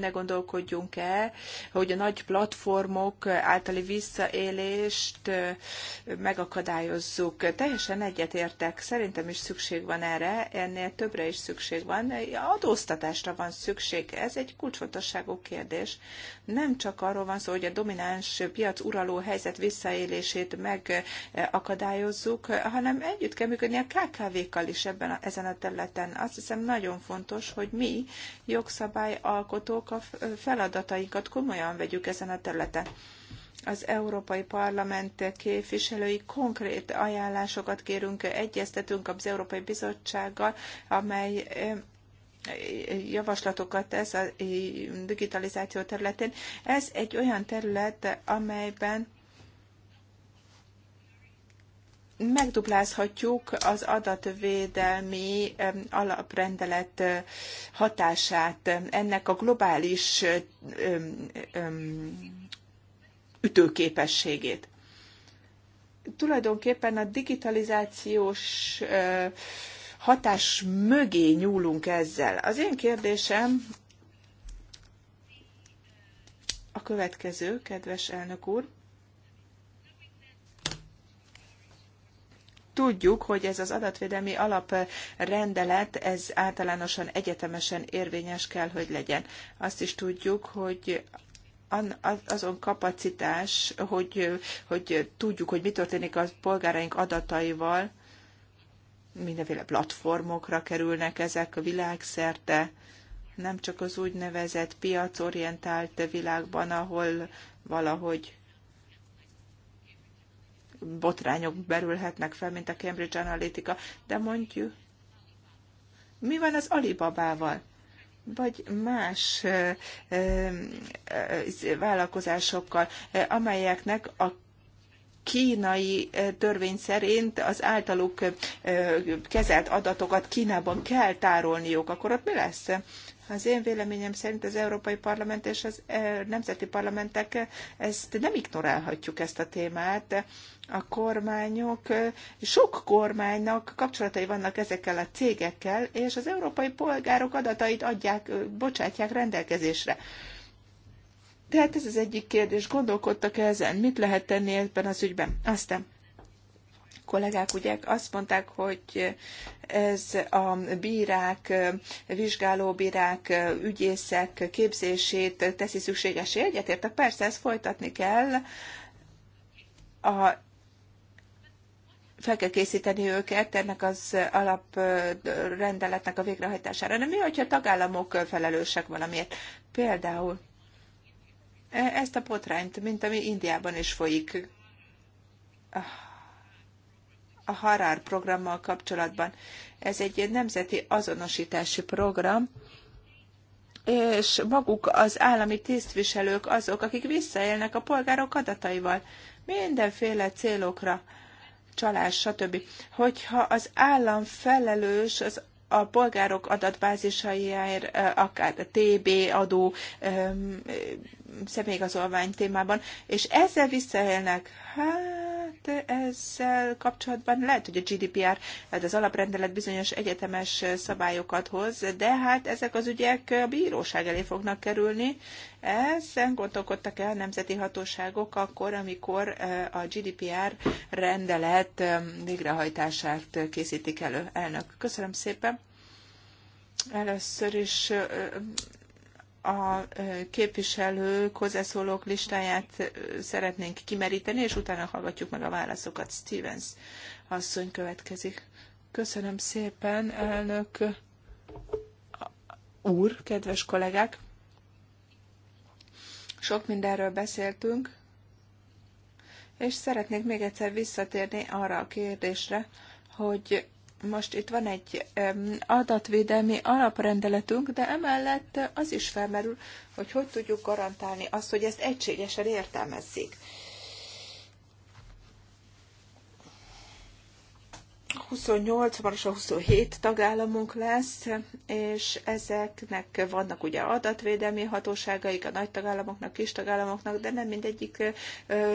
ne gondolkodjunk el, hogy a nagy platformok általi visszaélést megakadályozzuk. Teljesen egyetértek, szerintem is szükség van erre, ennél többre is szükség van. Adóztatásra van szükség, ez egy kulcsfontosságú kérdés. Nem csak arról van szó, hogy a domináns piac uraló helyzet visszaélését megakadályozzuk, hanem együtt kell működni a KKV-kkal is ebben a, ezen a területen. Azt hiszem nagyon fontos, hogy mi jogszabályalkotók a feladatainkat komolyan vegyük ezen a területen az Európai Parlament képviselői konkrét ajánlásokat kérünk, egyeztetünk az Európai Bizottsággal, amely javaslatokat tesz a digitalizáció területén. Ez egy olyan terület, amelyben megduplázhatjuk az adatvédelmi alaprendelet hatását, ennek a globális ütőképességét. Tulajdonképpen a digitalizációs hatás mögé nyúlunk ezzel. Az én kérdésem a következő, kedves elnök úr. Tudjuk, hogy ez az adatvédelmi alaprendelet, ez általánosan egyetemesen érvényes kell, hogy legyen. Azt is tudjuk, hogy azon kapacitás, hogy, hogy tudjuk, hogy mi történik a polgáraink adataival, mindenféle platformokra kerülnek ezek a világszerte, nem csak az úgynevezett piacorientált világban, ahol valahogy botrányok berülhetnek fel, mint a Cambridge Analytica, de mondjuk, mi van az Alibabával? vagy más vállalkozásokkal, amelyeknek a kínai törvény szerint az általuk kezelt adatokat Kínában kell tárolniuk, akkor ott mi lesz? Az én véleményem szerint az Európai Parlament és az nemzeti parlamentek ezt nem ignorálhatjuk ezt a témát. A kormányok, sok kormánynak kapcsolatai vannak ezekkel a cégekkel, és az európai polgárok adatait adják, bocsátják rendelkezésre. Tehát ez az egyik kérdés. Gondolkodtak -e ezen? Mit lehet tenni ebben az ügyben? Aztán kollégák ugye azt mondták, hogy ez a bírák, vizsgálóbírák, ügyészek képzését teszi szükségesé. Egyetértek, persze ezt folytatni kell. A fel kell készíteni őket ennek az alaprendeletnek a végrehajtására. De mi, hogyha tagállamok felelősek valamiért? Például ezt a potrányt, mint ami Indiában is folyik a Harar programmal kapcsolatban. Ez egy nemzeti azonosítási program, és maguk az állami tisztviselők azok, akik visszaélnek a polgárok adataival mindenféle célokra, csalás, stb. Hogyha az állam felelős az a polgárok adatbázisaiért, eh, akár a TB adó, személyigazolvány témában, és ezzel visszaélnek. Hát ezzel kapcsolatban lehet, hogy a GDPR, tehát az alaprendelet bizonyos egyetemes szabályokat hoz, de hát ezek az ügyek a bíróság elé fognak kerülni. Ezen gondolkodtak el nemzeti hatóságok akkor, amikor e, a GDPR rendelet e, végrehajtását készítik elő. Elnök, köszönöm szépen. Először is e, a képviselők hozzászólók listáját szeretnénk kimeríteni, és utána hallgatjuk meg a válaszokat. Stevens asszony következik. Köszönöm szépen, elnök úr, kedves kollégák! Sok mindenről beszéltünk, és szeretnék még egyszer visszatérni arra a kérdésre, hogy most itt van egy adatvédelmi alaprendeletünk, de emellett az is felmerül, hogy hogy tudjuk garantálni azt, hogy ezt egységesen értelmezzék. 28, hamarosan 27 tagállamunk lesz, és ezeknek vannak ugye adatvédelmi hatóságaik, a nagy tagállamoknak, kis tagállamoknak, de nem mindegyik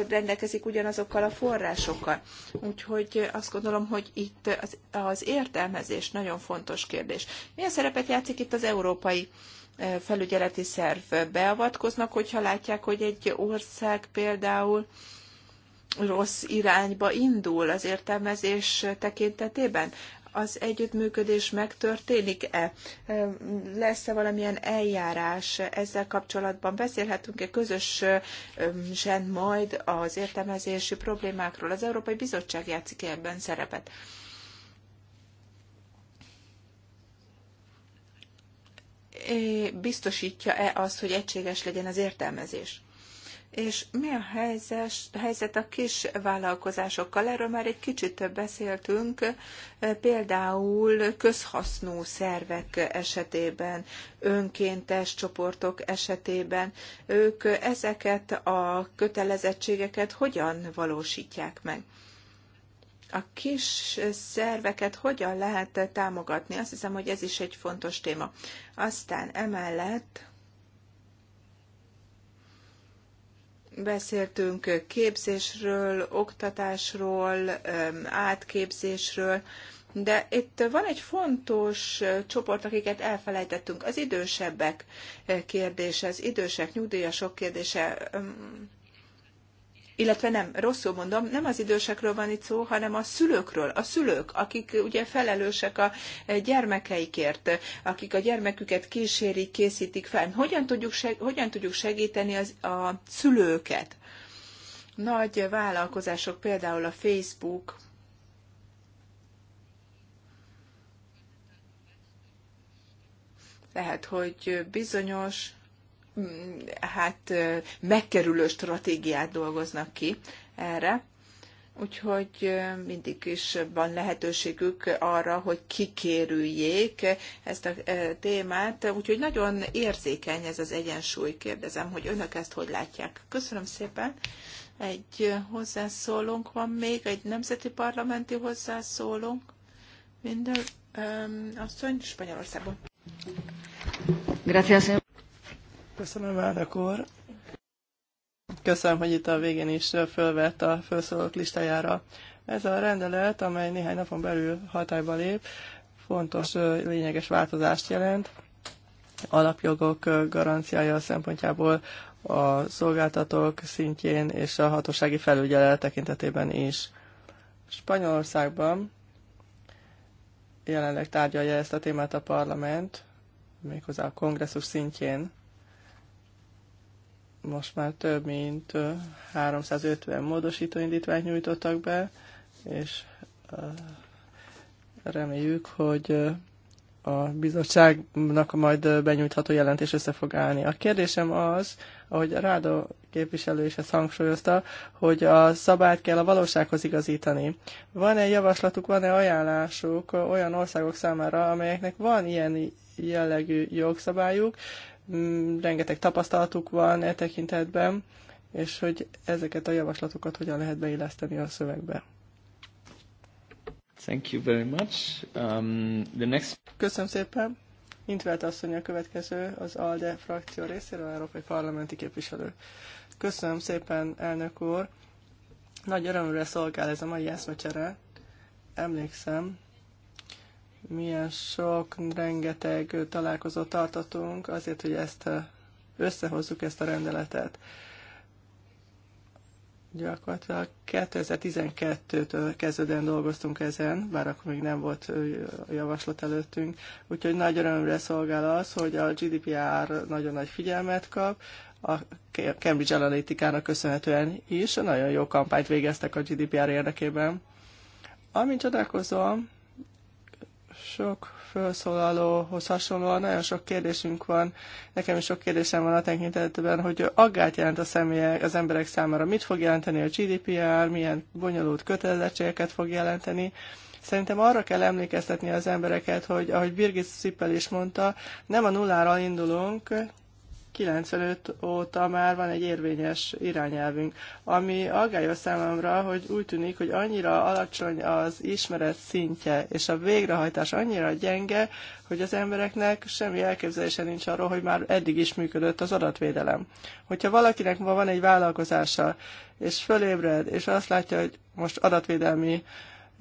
rendelkezik ugyanazokkal a forrásokkal. Úgyhogy azt gondolom, hogy itt az, az értelmezés nagyon fontos kérdés. Milyen szerepet játszik itt az európai felügyeleti szerv? Beavatkoznak, hogyha látják, hogy egy ország például rossz irányba indul az értelmezés tekintetében? Az együttműködés megtörténik-e? Lesz-e valamilyen eljárás ezzel kapcsolatban? Beszélhetünk-e közösen majd az értelmezési problémákról? Az Európai Bizottság játszik -e ebben szerepet? Biztosítja-e azt, hogy egységes legyen az értelmezés? És mi a helyzet, a kis vállalkozásokkal? Erről már egy kicsit beszéltünk, e, például közhasznú szervek esetében, önkéntes csoportok esetében. Ők ezeket a kötelezettségeket hogyan valósítják meg? a kis szerveket hogyan lehet támogatni. Azt hiszem, hogy ez is egy fontos téma. Aztán emellett Beszéltünk képzésről, oktatásról, átképzésről, de itt van egy fontos csoport, akiket elfelejtettünk, az idősebbek kérdése, az idősek, nyugdíjasok kérdése illetve nem, rosszul mondom, nem az idősekről van itt szó, hanem a szülőkről, a szülők, akik ugye felelősek a e, gyermekeikért, akik a gyermeküket kísérik, készítik fel. Hogyan tudjuk, seg- hogyan tudjuk segíteni az, a szülőket? Nagy vállalkozások, például a Facebook, lehet, hogy bizonyos Mm, hát megkerülő stratégiát dolgoznak ki erre. Úgyhogy mindig is van lehetőségük arra, hogy kikérüljék ezt a témát. Úgyhogy nagyon érzékeny ez az egyensúly. Kérdezem, hogy önök ezt hogy látják. Köszönöm szépen. Egy hozzászólónk van még, egy nemzeti parlamenti hozzászólónk. Minden um, asszony Spanyolországban. Gracias. Köszönöm, elnök úr. Köszönöm, hogy itt a végén is fölvett a felszólók listájára. Ez a rendelet, amely néhány napon belül hatályba lép, fontos, lényeges változást jelent. Alapjogok garanciája szempontjából a szolgáltatók szintjén és a hatósági felügyelet tekintetében is. Spanyolországban jelenleg tárgyalja ezt a témát a parlament, méghozzá a kongresszus szintjén most már több mint 350 módosító indítványt nyújtottak be, és reméljük, hogy a bizottságnak majd benyújtható jelentés össze fog állni. A kérdésem az, ahogy Rádó képviselő is ezt hangsúlyozta, hogy a szabályt kell a valósághoz igazítani. Van-e javaslatuk, van-e ajánlásuk olyan országok számára, amelyeknek van ilyen jellegű jogszabályuk, Mm, rengeteg tapasztalatuk van e tekintetben, és hogy ezeket a javaslatokat hogyan lehet beilleszteni a szövegbe. Thank you very much. Um, the next... Köszönöm szépen. Intvelt asszony a következő, az ALDE frakció részéről, Európai Parlamenti Képviselő. Köszönöm szépen, elnök úr. Nagy örömre szolgál ez a mai eszmecsere. Emlékszem, milyen sok, rengeteg találkozót tartatunk azért, hogy ezt összehozzuk ezt a rendeletet. Gyakorlatilag 2012-től kezdődően dolgoztunk ezen, bár akkor még nem volt javaslat előttünk, úgyhogy nagy örömre szolgál az, hogy a GDPR nagyon nagy figyelmet kap, a Cambridge Analytica-nak köszönhetően is nagyon jó kampányt végeztek a GDPR érdekében. Amint csodálkozom, sok felszólalóhoz hasonlóan nagyon sok kérdésünk van. Nekem is sok kérdésem van a tekintetben, hogy aggát jelent a személyek, az emberek számára. Mit fog jelenteni a GDPR, milyen bonyolult kötelezettségeket fog jelenteni. Szerintem arra kell emlékeztetni az embereket, hogy ahogy Birgit Szippel is mondta, nem a nulláról indulunk, 95 óta már van egy érvényes irányelvünk, ami aggályos számomra, hogy úgy tűnik, hogy annyira alacsony az ismeret szintje, és a végrehajtás annyira gyenge, hogy az embereknek semmi elképzelése nincs arról, hogy már eddig is működött az adatvédelem. Hogyha valakinek ma van egy vállalkozása, és fölébred, és azt látja, hogy most adatvédelmi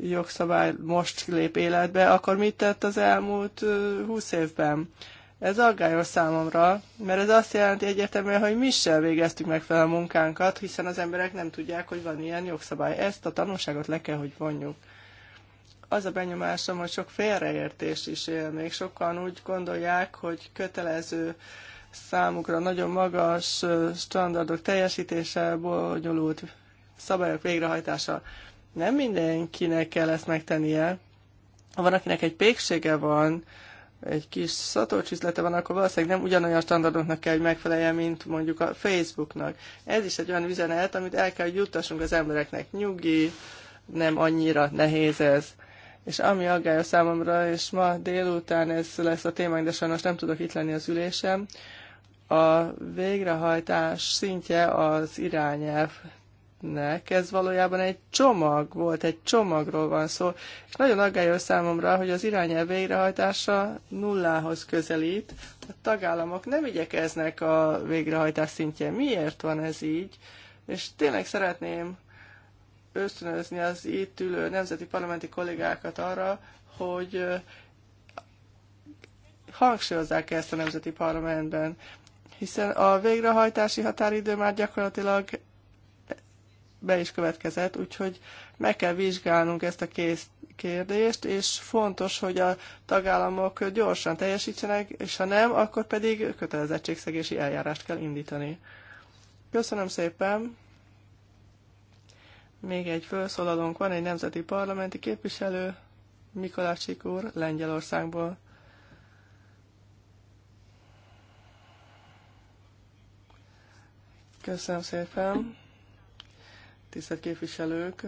jogszabály most lép életbe, akkor mit tett az elmúlt 20 évben? Ez aggályos számomra, mert ez azt jelenti egyértelműen, hogy mi sem végeztük meg fel a munkánkat, hiszen az emberek nem tudják, hogy van ilyen jogszabály. Ezt a tanulságot le kell, hogy vonjuk. Az a benyomásom, hogy sok félreértés is él még. Sokan úgy gondolják, hogy kötelező számukra nagyon magas standardok teljesítése, bonyolult szabályok végrehajtása. Nem mindenkinek kell ezt megtennie. Van, akinek egy péksége van, egy kis szatócsüzlete van, akkor valószínűleg nem ugyanolyan standardoknak kell, hogy megfeleljen, mint mondjuk a Facebooknak. Ez is egy olyan üzenet, amit el kell, hogy juttassunk az embereknek. Nyugi, nem annyira nehéz ez. És ami a számomra, és ma délután ez lesz a témánk, de sajnos nem tudok itt lenni az ülésem, a végrehajtás szintje az irányelv Nek, Ez valójában egy csomag volt, egy csomagról van szó, és nagyon aggályos számomra, hogy az irányelv végrehajtása nullához közelít. A tagállamok nem igyekeznek a végrehajtás szintje. Miért van ez így? És tényleg szeretném ösztönözni az itt ülő nemzeti parlamenti kollégákat arra, hogy hangsúlyozzák ezt a nemzeti parlamentben, hiszen a végrehajtási határidő már gyakorlatilag be is következett, úgyhogy meg kell vizsgálnunk ezt a kész kérdést, és fontos, hogy a tagállamok gyorsan teljesítsenek, és ha nem, akkor pedig kötelezettségszegési eljárást kell indítani. Köszönöm szépen! Még egy felszólalónk van, egy nemzeti parlamenti képviselő, Mikolácsik úr, Lengyelországból. Köszönöm szépen! tisztelt képviselők!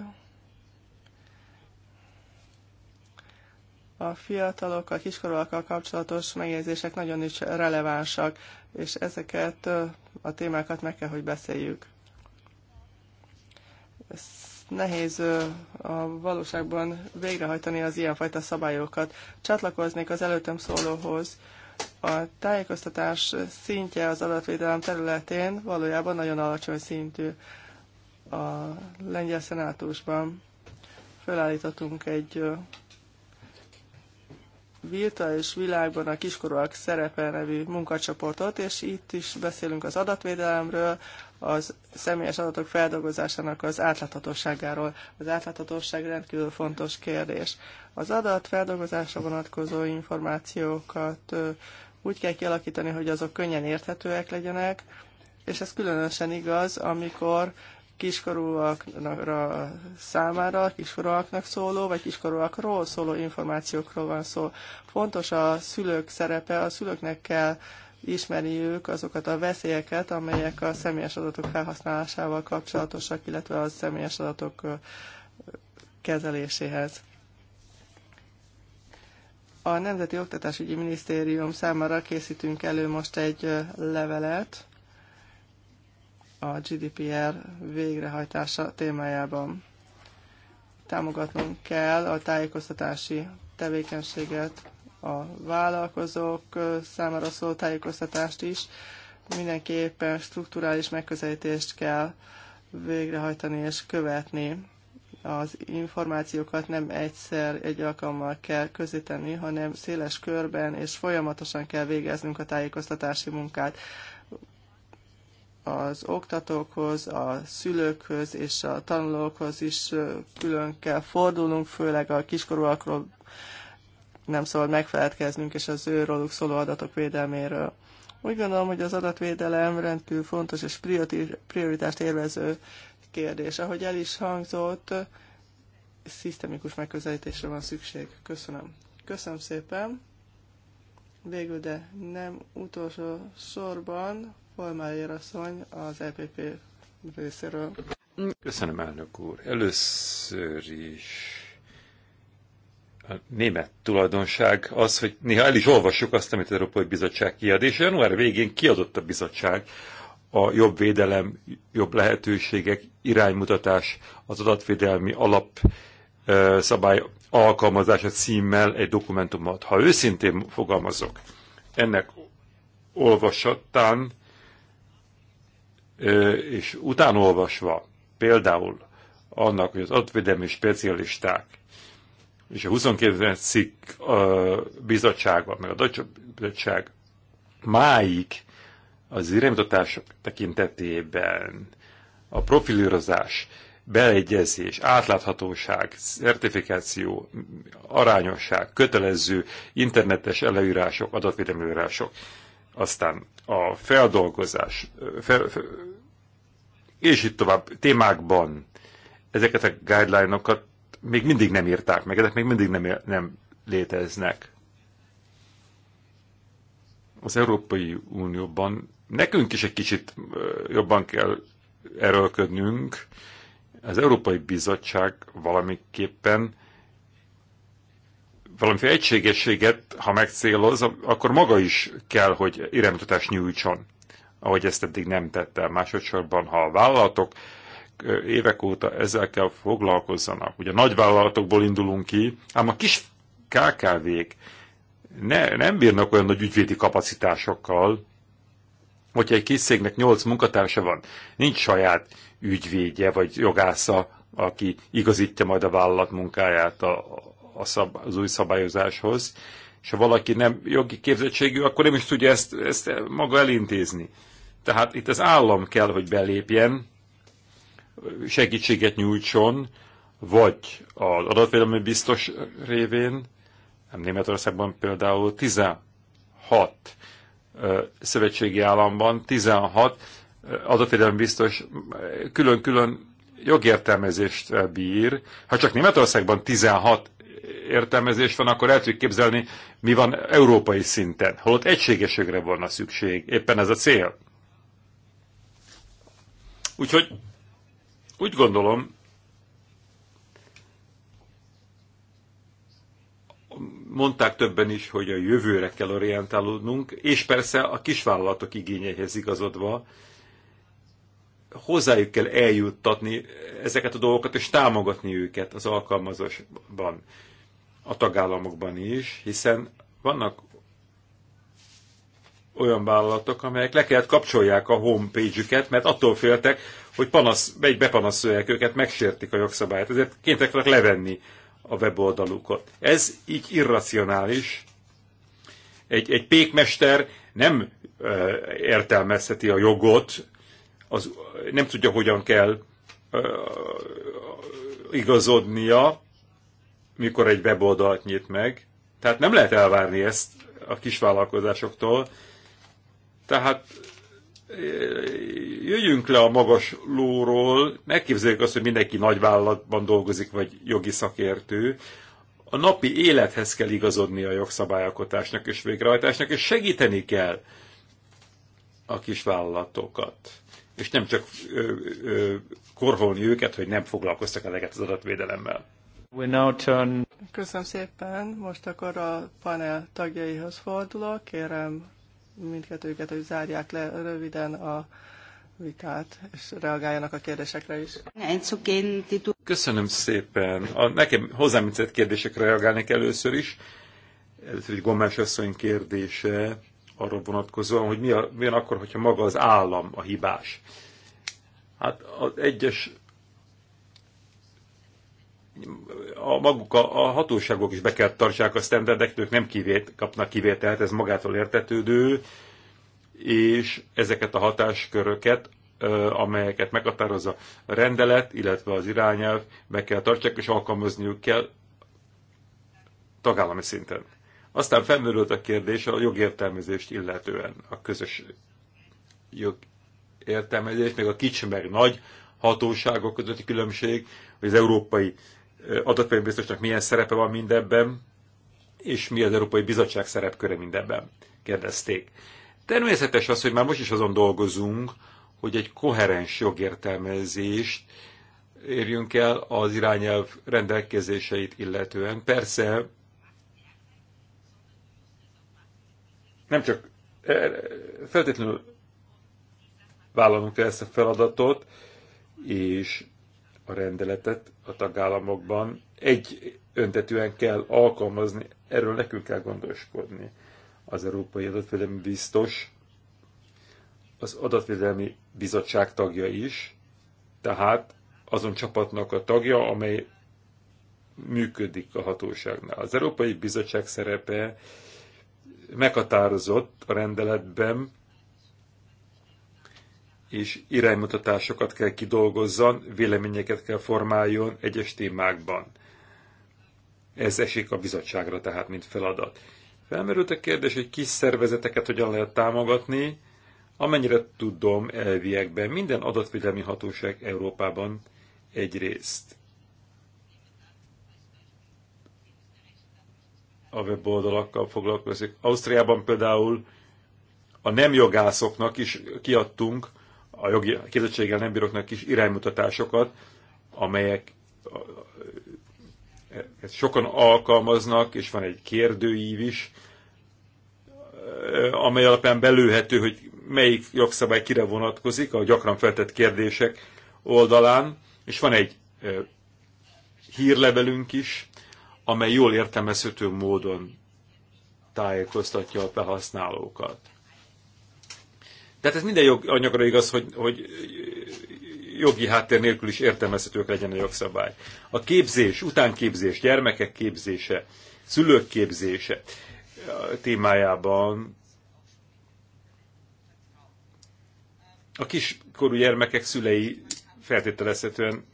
A fiatalokkal, kiskorúakkal kapcsolatos megjegyzések nagyon is relevánsak, és ezeket a témákat meg kell, hogy beszéljük. Ez nehéz a valóságban végrehajtani az ilyenfajta szabályokat. Csatlakoznék az előttem szólóhoz. A tájékoztatás szintje az adatvédelem területén valójában nagyon alacsony szintű a lengyel szenátusban felállítottunk egy Vilta és világban a kiskorúak szerepe nevű munkacsoportot, és itt is beszélünk az adatvédelemről, az személyes adatok feldolgozásának az átláthatóságáról. Az átláthatóság rendkívül fontos kérdés. Az adat feldolgozásra vonatkozó információkat úgy kell kialakítani, hogy azok könnyen érthetőek legyenek, és ez különösen igaz, amikor kiskorúakra számára, kiskorúaknak szóló, vagy kiskorúakról szóló információkról van szó. Fontos a szülők szerepe, a szülőknek kell ismerniük azokat a veszélyeket, amelyek a személyes adatok felhasználásával kapcsolatosak, illetve a személyes adatok kezeléséhez. A Nemzeti Oktatásügyi Minisztérium számára készítünk elő most egy levelet, a GDPR végrehajtása témájában. Támogatnunk kell a tájékoztatási tevékenységet, a vállalkozók számára szóló tájékoztatást is. Mindenképpen strukturális megközelítést kell végrehajtani és követni. Az információkat nem egyszer, egy alkalommal kell közíteni, hanem széles körben és folyamatosan kell végeznünk a tájékoztatási munkát az oktatókhoz, a szülőkhöz és a tanulókhoz is külön kell fordulnunk, főleg a kiskorúakról nem szabad megfeledkeznünk, és az őróluk szóló adatok védelméről. Úgy gondolom, hogy az adatvédelem rendkívül fontos és prioritást érvező kérdés. Ahogy el is hangzott, szisztemikus megközelítésre van szükség. Köszönöm. Köszönöm szépen. Végül, de nem utolsó sorban Holmájer asszony az EPP részéről. Köszönöm, elnök úr. Először is a német tulajdonság az, hogy néha el is olvassuk azt, amit az Európai Bizottság kiad, és január végén kiadott a bizottság a jobb védelem, jobb lehetőségek, iránymutatás, az adatvédelmi alap szabály alkalmazása címmel egy dokumentumot. Ha őszintén fogalmazok, ennek olvasattán és utánolvasva például annak, hogy az adatvédelmi specialisták és a 22 cikk bizottsága, meg a Deutsche Bizottság máig az iránymutatások tekintetében a profilírozás, beleegyezés, átláthatóság, certifikáció, arányosság, kötelező internetes előírások, adatvédelmi előírások aztán a feldolgozás, fel, fel, és itt tovább témákban ezeket a guideline-okat még mindig nem írták meg, ezek még mindig nem, nem léteznek. Az Európai Unióban nekünk is egy kicsit jobban kell erőlködnünk. Az Európai Bizottság valamiképpen valamiféle egységességet, ha megcéloz, akkor maga is kell, hogy iránymutatást nyújtson, ahogy ezt eddig nem tette. Másodszorban, ha a vállalatok évek óta ezzel kell foglalkozzanak, ugye nagy vállalatokból indulunk ki, ám a kis KKV-k ne, nem bírnak olyan nagy ügyvédi kapacitásokkal, hogyha egy kis cégnek 8 munkatársa van, nincs saját ügyvédje vagy jogásza, aki igazítja majd a vállalat munkáját a, a szab, az új szabályozáshoz, és ha valaki nem jogi képzettségű, akkor nem is tudja ezt, ezt maga elintézni. Tehát itt az állam kell, hogy belépjen, segítséget nyújtson, vagy az adatvédelmi biztos révén, nem Németországban például 16 szövetségi államban 16 adatvédelmi biztos külön-külön jogértelmezést bír. Ha csak Németországban 16 értelmezés van, akkor el tudjuk képzelni, mi van európai szinten. Holott egységességre volna szükség. Éppen ez a cél. Úgyhogy úgy gondolom, mondták többen is, hogy a jövőre kell orientálódnunk, és persze a kisvállalatok igényeihez igazodva hozzájuk kell eljuttatni ezeket a dolgokat, és támogatni őket az alkalmazásban a tagállamokban is, hiszen vannak olyan vállalatok, amelyek le kellett kapcsolják a homepage-üket, mert attól féltek, hogy panasz, be, bepanaszolják őket, megsértik a jogszabályt, ezért kénytek levenni a weboldalukat. Ez így irracionális. Egy, egy pékmester nem ö, értelmezheti a jogot, az, nem tudja, hogyan kell ö, igazodnia, mikor egy weboldalt nyit meg. Tehát nem lehet elvárni ezt a kisvállalkozásoktól. Tehát eh, jöjjünk le a magas lóról, megképzeljük azt, hogy mindenki nagyvállalatban dolgozik, vagy jogi szakértő. A napi élethez kell igazodni a jogszabályalkotásnak és végrehajtásnak, és segíteni kell a kisvállalatokat. És nem csak ö, ö, korholni őket, hogy nem foglalkoztak eleget az adatvédelemmel. We now turn... Köszönöm szépen. Most akkor a panel tagjaihoz fordulok. Kérem mindkettőket, hogy zárják le röviden a vitát, és reagáljanak a kérdésekre is. Köszönöm szépen. A nekem hozzám intézett kérdésekre reagálnék először is. Először egy Gomes asszony kérdése arra vonatkozóan, hogy mi, a, mi akkor, hogyha maga az állam a hibás. Hát az egyes a maguk a, a hatóságok is be kell tartsák a standardeket, ők nem kivét, kapnak kivételt, ez magától értetődő, és ezeket a hatásköröket, amelyeket meghatároz a rendelet, illetve az irányelv, be kell tartsák, és alkalmazniuk kell tagállami szinten. Aztán felmerült a kérdés a jogértelmezést illetően, a közös jogértelmezés, meg a kicsi meg nagy hatóságok közötti különbség, hogy az európai adatpénzbiztosnak milyen szerepe van mindebben, és mi az Európai Bizottság szerepköre mindebben, kérdezték. Természetes az, hogy már most is azon dolgozunk, hogy egy koherens jogértelmezést érjünk el az irányelv rendelkezéseit illetően. Persze nem csak e, feltétlenül vállalunk ezt a feladatot, és a rendeletet a tagállamokban egy öntetően kell alkalmazni, erről nekünk kell gondoskodni. Az Európai Adatvédelmi Biztos, az Adatvédelmi Bizottság tagja is, tehát azon csapatnak a tagja, amely működik a hatóságnál. Az Európai Bizottság szerepe meghatározott a rendeletben, és iránymutatásokat kell kidolgozzon, véleményeket kell formáljon egyes témákban. Ez esik a bizottságra tehát, mint feladat. Felmerült a kérdés, hogy kis szervezeteket hogyan lehet támogatni, amennyire tudom elviekben. Minden adatvédelmi hatóság Európában egyrészt a weboldalakkal foglalkozik. Ausztriában például a nem jogászoknak is kiadtunk a jogi képzettséggel nem bíróknak is iránymutatásokat, amelyek e, ezt sokan alkalmaznak, és van egy kérdőív is, e, amely alapján belőhető, hogy melyik jogszabály kire vonatkozik a gyakran feltett kérdések oldalán, és van egy e, hírlevelünk is, amely jól értelmezhető módon tájékoztatja a felhasználókat. Tehát ez minden jog, anyagra igaz, hogy, hogy jogi háttér nélkül is értelmezhetők legyen a jogszabály. A képzés, utánképzés, gyermekek képzése, szülők képzése témájában a kiskorú gyermekek szülei feltételezhetően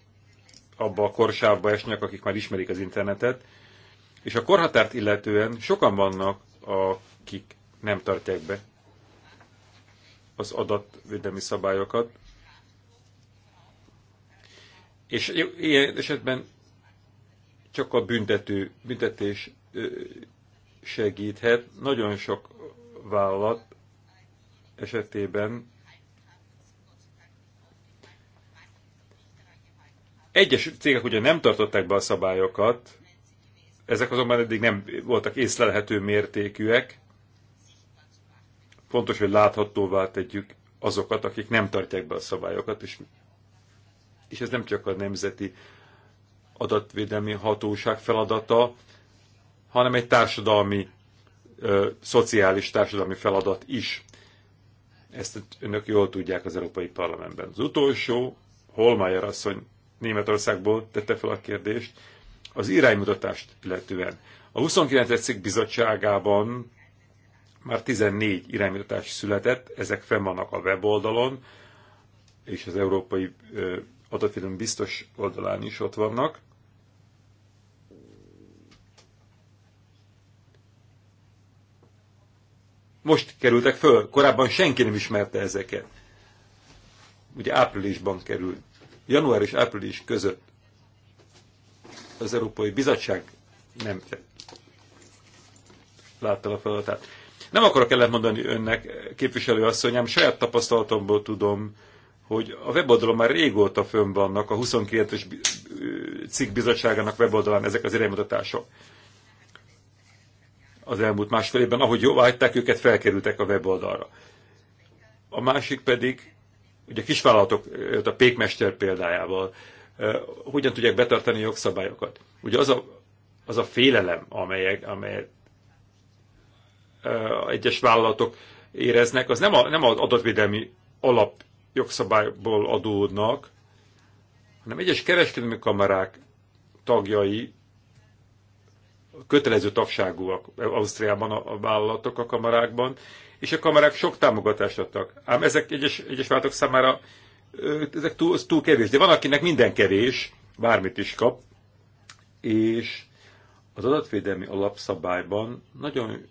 abba a korsávba esnek, akik már ismerik az internetet, és a korhatárt illetően sokan vannak, akik nem tartják be az adatvédelmi szabályokat. És ilyen esetben csak a büntető, büntetés segíthet. Nagyon sok vállalat esetében Egyes cégek ugye nem tartották be a szabályokat, ezek azonban eddig nem voltak észlelhető mértékűek, Fontos, hogy láthatóvá tegyük azokat, akik nem tartják be a szabályokat, és, és ez nem csak a nemzeti adatvédelmi hatóság feladata, hanem egy társadalmi, ö, szociális társadalmi feladat is. Ezt önök jól tudják az Európai Parlamentben. Az utolsó, Holmeyer asszony Németországból tette fel a kérdést, az iránymutatást illetően. A 29. cikk bizottságában már 14 irányítás született, ezek fenn vannak a weboldalon, és az Európai Adatvédelmi Biztos oldalán is ott vannak. Most kerültek föl, korábban senki nem ismerte ezeket. Ugye áprilisban került. Január és április között az Európai Bizottság nem látta a feladatát. Nem akarok ellentmondani önnek, képviselő asszonyám, saját tapasztalatomból tudom, hogy a weboldalon már régóta fönn vannak a 22 es cikk bizottságának weboldalán ezek az iránymutatások. Az elmúlt másfél évben, ahogy jóvá hagyták őket, felkerültek a weboldalra. A másik pedig, ugye a kisvállalatok, a pékmester példájával, eh, hogyan tudják betartani jogszabályokat. Ugye az a, az a félelem, amelyek, amelyet egyes vállalatok éreznek, az nem, a, nem az adatvédelmi alap jogszabályból adódnak, hanem egyes kereskedelmi kamarák tagjai kötelező tagságúak Ausztriában a vállalatok a kamarákban, és a kamarák sok támogatást adtak. Ám ezek egyes, egyes vállalatok számára ezek túl, túl kevés, de van, akinek minden kevés, bármit is kap, és az adatvédelmi alapszabályban nagyon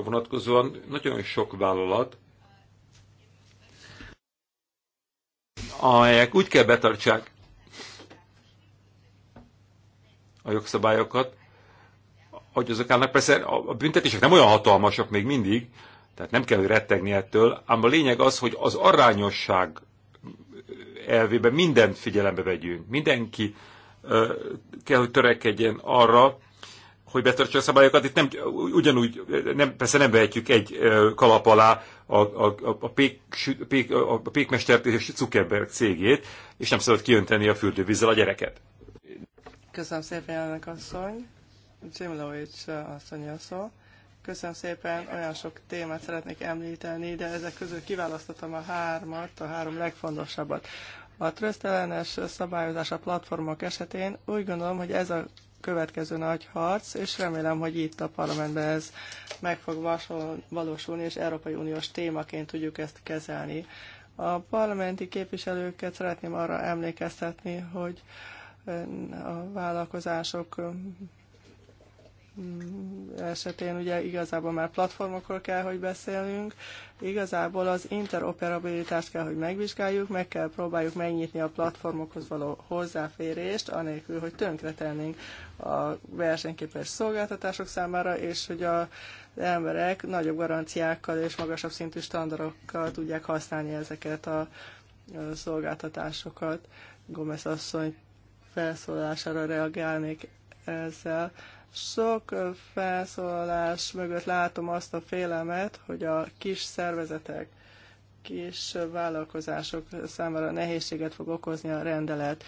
vonatkozóan nagyon sok vállalat, amelyek úgy kell betartsák a jogszabályokat, hogy azok állnak. Persze a büntetések nem olyan hatalmasak még mindig, tehát nem kell rettegni ettől, ám a lényeg az, hogy az arányosság elvében mindent figyelembe vegyünk. Mindenki kell, hogy törekedjen arra, hogy betartsa a szabályokat. Itt nem, ugyanúgy, nem, persze nem vehetjük egy kalap alá a, a, a, pék, pék, a pékmestert és Zuckerberg cégét, és nem szabad kiönteni a fürdővízzel a gyereket. Köszönöm szépen, Jelenek asszony. Jim Lovics asszony a szó. Köszönöm szépen, olyan sok témát szeretnék említeni, de ezek közül kiválasztottam a hármat, a három legfontosabbat. A trösztelenes szabályozás a platformok esetén úgy gondolom, hogy ez a következő nagy harc, és remélem, hogy itt a parlamentben ez meg fog valósulni, és Európai Uniós témaként tudjuk ezt kezelni. A parlamenti képviselőket szeretném arra emlékeztetni, hogy eh, a vállalkozások esetén ugye igazából már platformokról kell, hogy beszélünk. Igazából az interoperabilitást kell, hogy megvizsgáljuk, meg kell próbáljuk megnyitni a platformokhoz való hozzáférést, anélkül, hogy tönkretennénk a versenyképes szolgáltatások számára, és hogy a emberek nagyobb garanciákkal és magasabb szintű standardokkal tudják használni ezeket a szolgáltatásokat. Gomez asszony felszólására reagálnék ezzel sok felszólalás mögött látom azt a félelmet, hogy a kis szervezetek, kis vállalkozások számára nehézséget fog okozni a rendelet.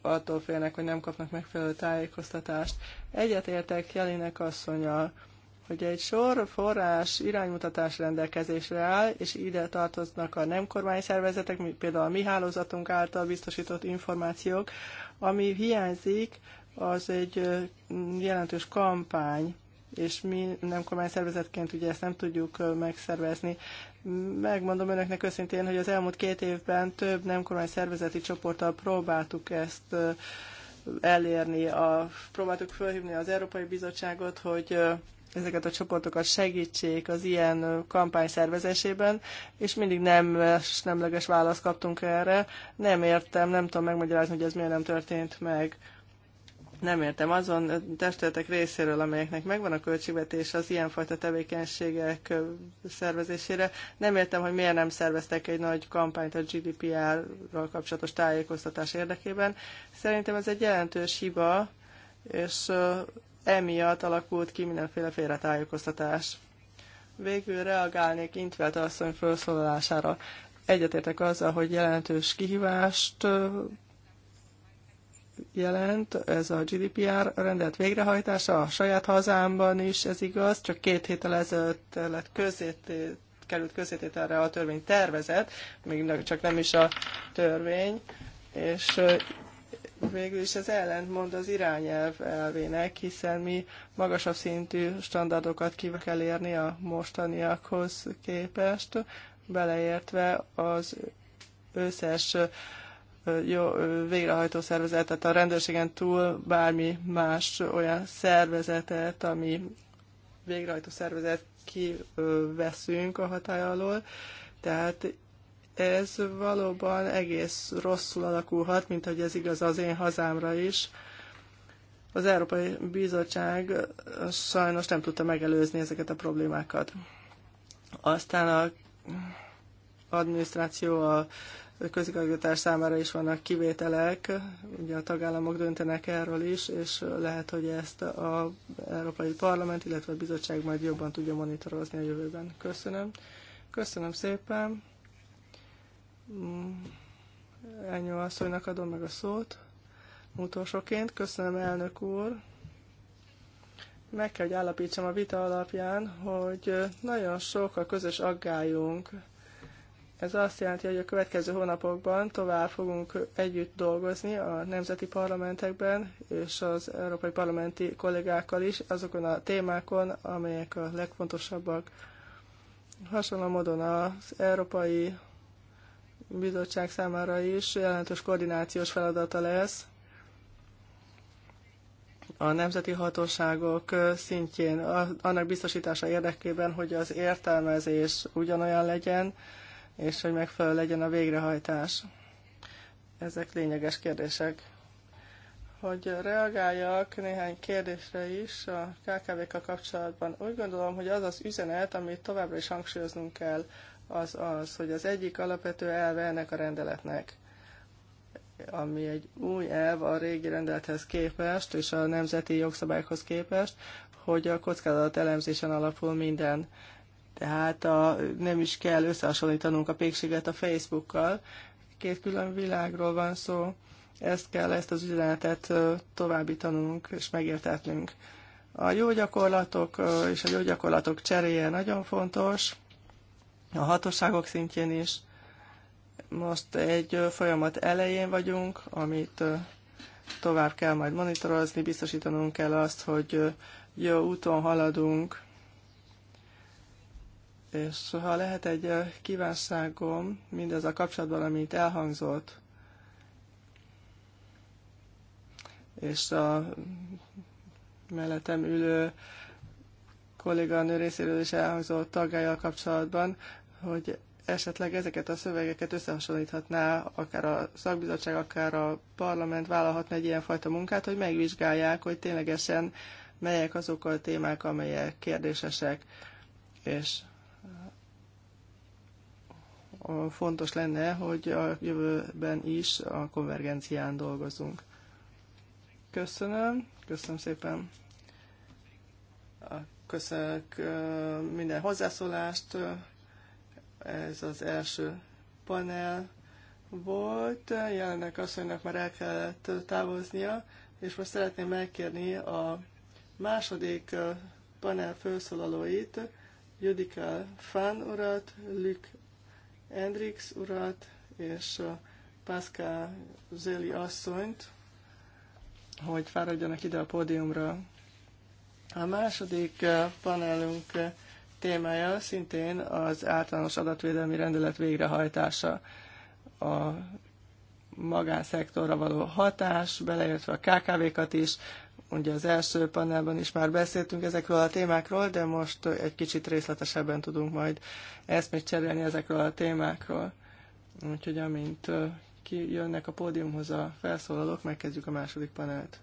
Attól félnek, hogy nem kapnak megfelelő tájékoztatást. Egyetértek Jelinek asszonyal, hogy egy sor forrás iránymutatás rendelkezésre áll, és ide tartoznak a nem kormány szervezetek, például a mi hálózatunk által biztosított információk, ami hiányzik az egy jelentős kampány, és mi nem kormány szervezetként ugye ezt nem tudjuk megszervezni. Megmondom önöknek őszintén, hogy az elmúlt két évben több nem kormány szervezeti csoporttal próbáltuk ezt elérni. A, próbáltuk felhívni az Európai Bizottságot, hogy ezeket a csoportokat segítsék az ilyen kampány szervezésében, és mindig nem nemleges választ kaptunk erre. Nem értem, nem tudom megmagyarázni, hogy ez miért nem történt meg nem értem azon testületek részéről, amelyeknek megvan a költségvetés az ilyenfajta tevékenységek szervezésére. Nem értem, hogy miért nem szerveztek egy nagy kampányt a GDPR-ral kapcsolatos tájékoztatás érdekében. Szerintem ez egy jelentős hiba, és emiatt alakult ki mindenféle félretájékoztatás. Végül reagálnék Intvelt asszony felszólalására. Egyetértek azzal, hogy jelentős kihívást jelent, ez a GDPR rendelet végrehajtása a saját hazámban is, ez igaz, csak két héttel ezelőtt lett közzétét, került közzétételre a törvény tervezet, még csak nem is a törvény, és végül is ez ellentmond az irányelv elvének, hiszen mi magasabb szintű standardokat ki kell érni a mostaniakhoz képest, beleértve az összes jó végrehajtó szervezet, tehát a rendőrségen túl bármi más olyan szervezetet, ami végrehajtó szervezet kiveszünk a hatály alól. Tehát ez valóban egész rosszul alakulhat, mint hogy ez igaz az én hazámra is. Az Európai Bizottság sajnos nem tudta megelőzni ezeket a problémákat. Aztán a adminisztráció, a közigazgatás számára is vannak kivételek, ugye a tagállamok döntenek erről is, és lehet, hogy ezt az Európai Parlament, illetve a bizottság majd jobban tudja monitorozni a jövőben. Köszönöm. Köszönöm szépen. Ennyi asszonynak adom meg a szót. Utolsóként köszönöm, elnök úr. Meg kell, hogy állapítsam a vita alapján, hogy nagyon sok a közös aggályunk ez azt jelenti, hogy a következő hónapokban tovább fogunk együtt dolgozni a nemzeti parlamentekben és az európai parlamenti kollégákkal is azokon a témákon, amelyek a legfontosabbak. Hasonló módon az Európai Bizottság számára is jelentős koordinációs feladata lesz a nemzeti hatóságok szintjén annak biztosítása érdekében, hogy az értelmezés ugyanolyan legyen, és hogy megfelelő legyen a végrehajtás. Ezek lényeges kérdések. Hogy reagáljak néhány kérdésre is a KKV-kkal kapcsolatban, úgy gondolom, hogy az az üzenet, amit továbbra is hangsúlyoznunk kell, az az, hogy az egyik alapvető elve ennek a rendeletnek, ami egy új elv a régi rendelethez képest és a nemzeti jogszabályhoz képest, hogy a kockázat elemzésen alapul minden. Tehát a, nem is kell összehasonlítanunk a pékséget a Facebookkal. Két külön világról van szó. Ezt kell, ezt az üzenetet továbbítanunk és megértetnünk. A jó gyakorlatok és a jó gyakorlatok cseréje nagyon fontos, a hatóságok szintjén is. Most egy folyamat elején vagyunk, amit tovább kell majd monitorozni, biztosítanunk kell azt, hogy jó úton haladunk, és ha lehet egy kívánságom mindez a kapcsolatban, amit elhangzott, és a mellettem ülő kolléganő részéről is elhangzott a kapcsolatban, hogy esetleg ezeket a szövegeket összehasonlíthatná, akár a szakbizottság, akár a parlament vállalhatna egy ilyenfajta munkát, hogy megvizsgálják, hogy ténylegesen melyek azok a témák, amelyek kérdésesek, és fontos lenne, hogy a jövőben is a konvergencián dolgozunk. Köszönöm, köszönöm szépen. Köszönök minden hozzászólást. Ez az első panel volt. Jelenleg asszonynak már el kellett távoznia, és most szeretném megkérni a második panel felszólalóit, Judika Fán urat, Lük Hendrix urat és Pascal Zeli asszonyt, hogy fáradjanak ide a pódiumra. A második panelünk témája szintén az általános adatvédelmi rendelet végrehajtása. A magánszektorra való hatás, beleértve a KKV-kat is, Ugye az első panelban is már beszéltünk ezekről a témákról, de most egy kicsit részletesebben tudunk majd ezt még cserélni ezekről a témákról. Úgyhogy amint kijönnek a pódiumhoz a felszólalók, megkezdjük a második panelt.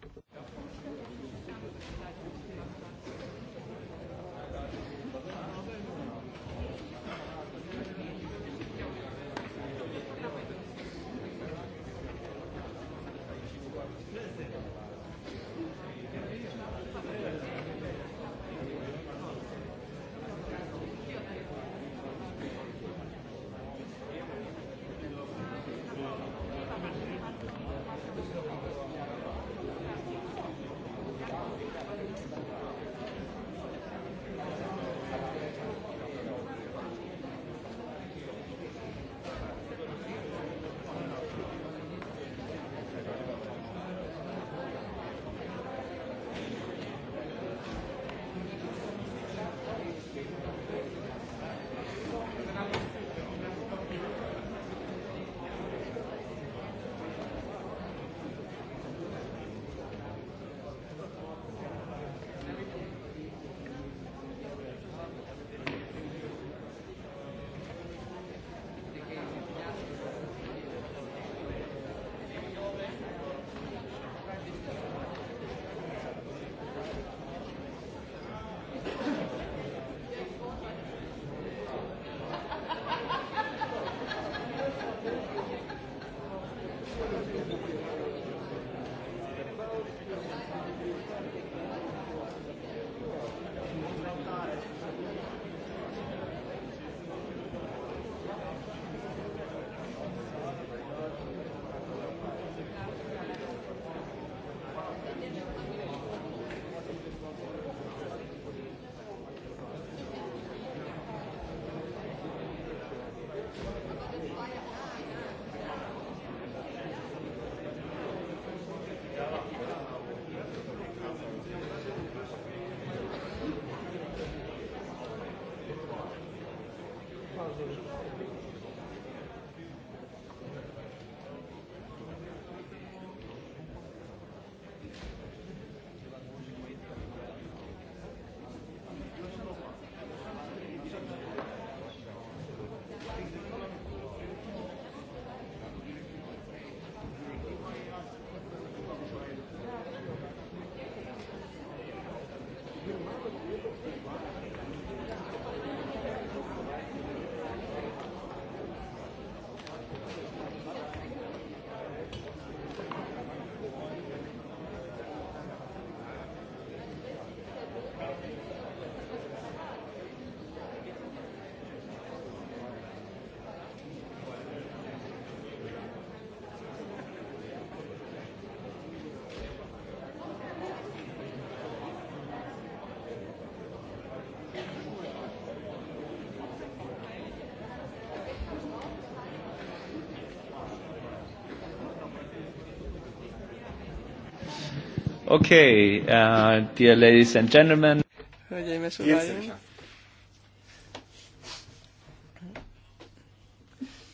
Okay, uh, dear ladies and gentlemen. Hölgyeim és uraim.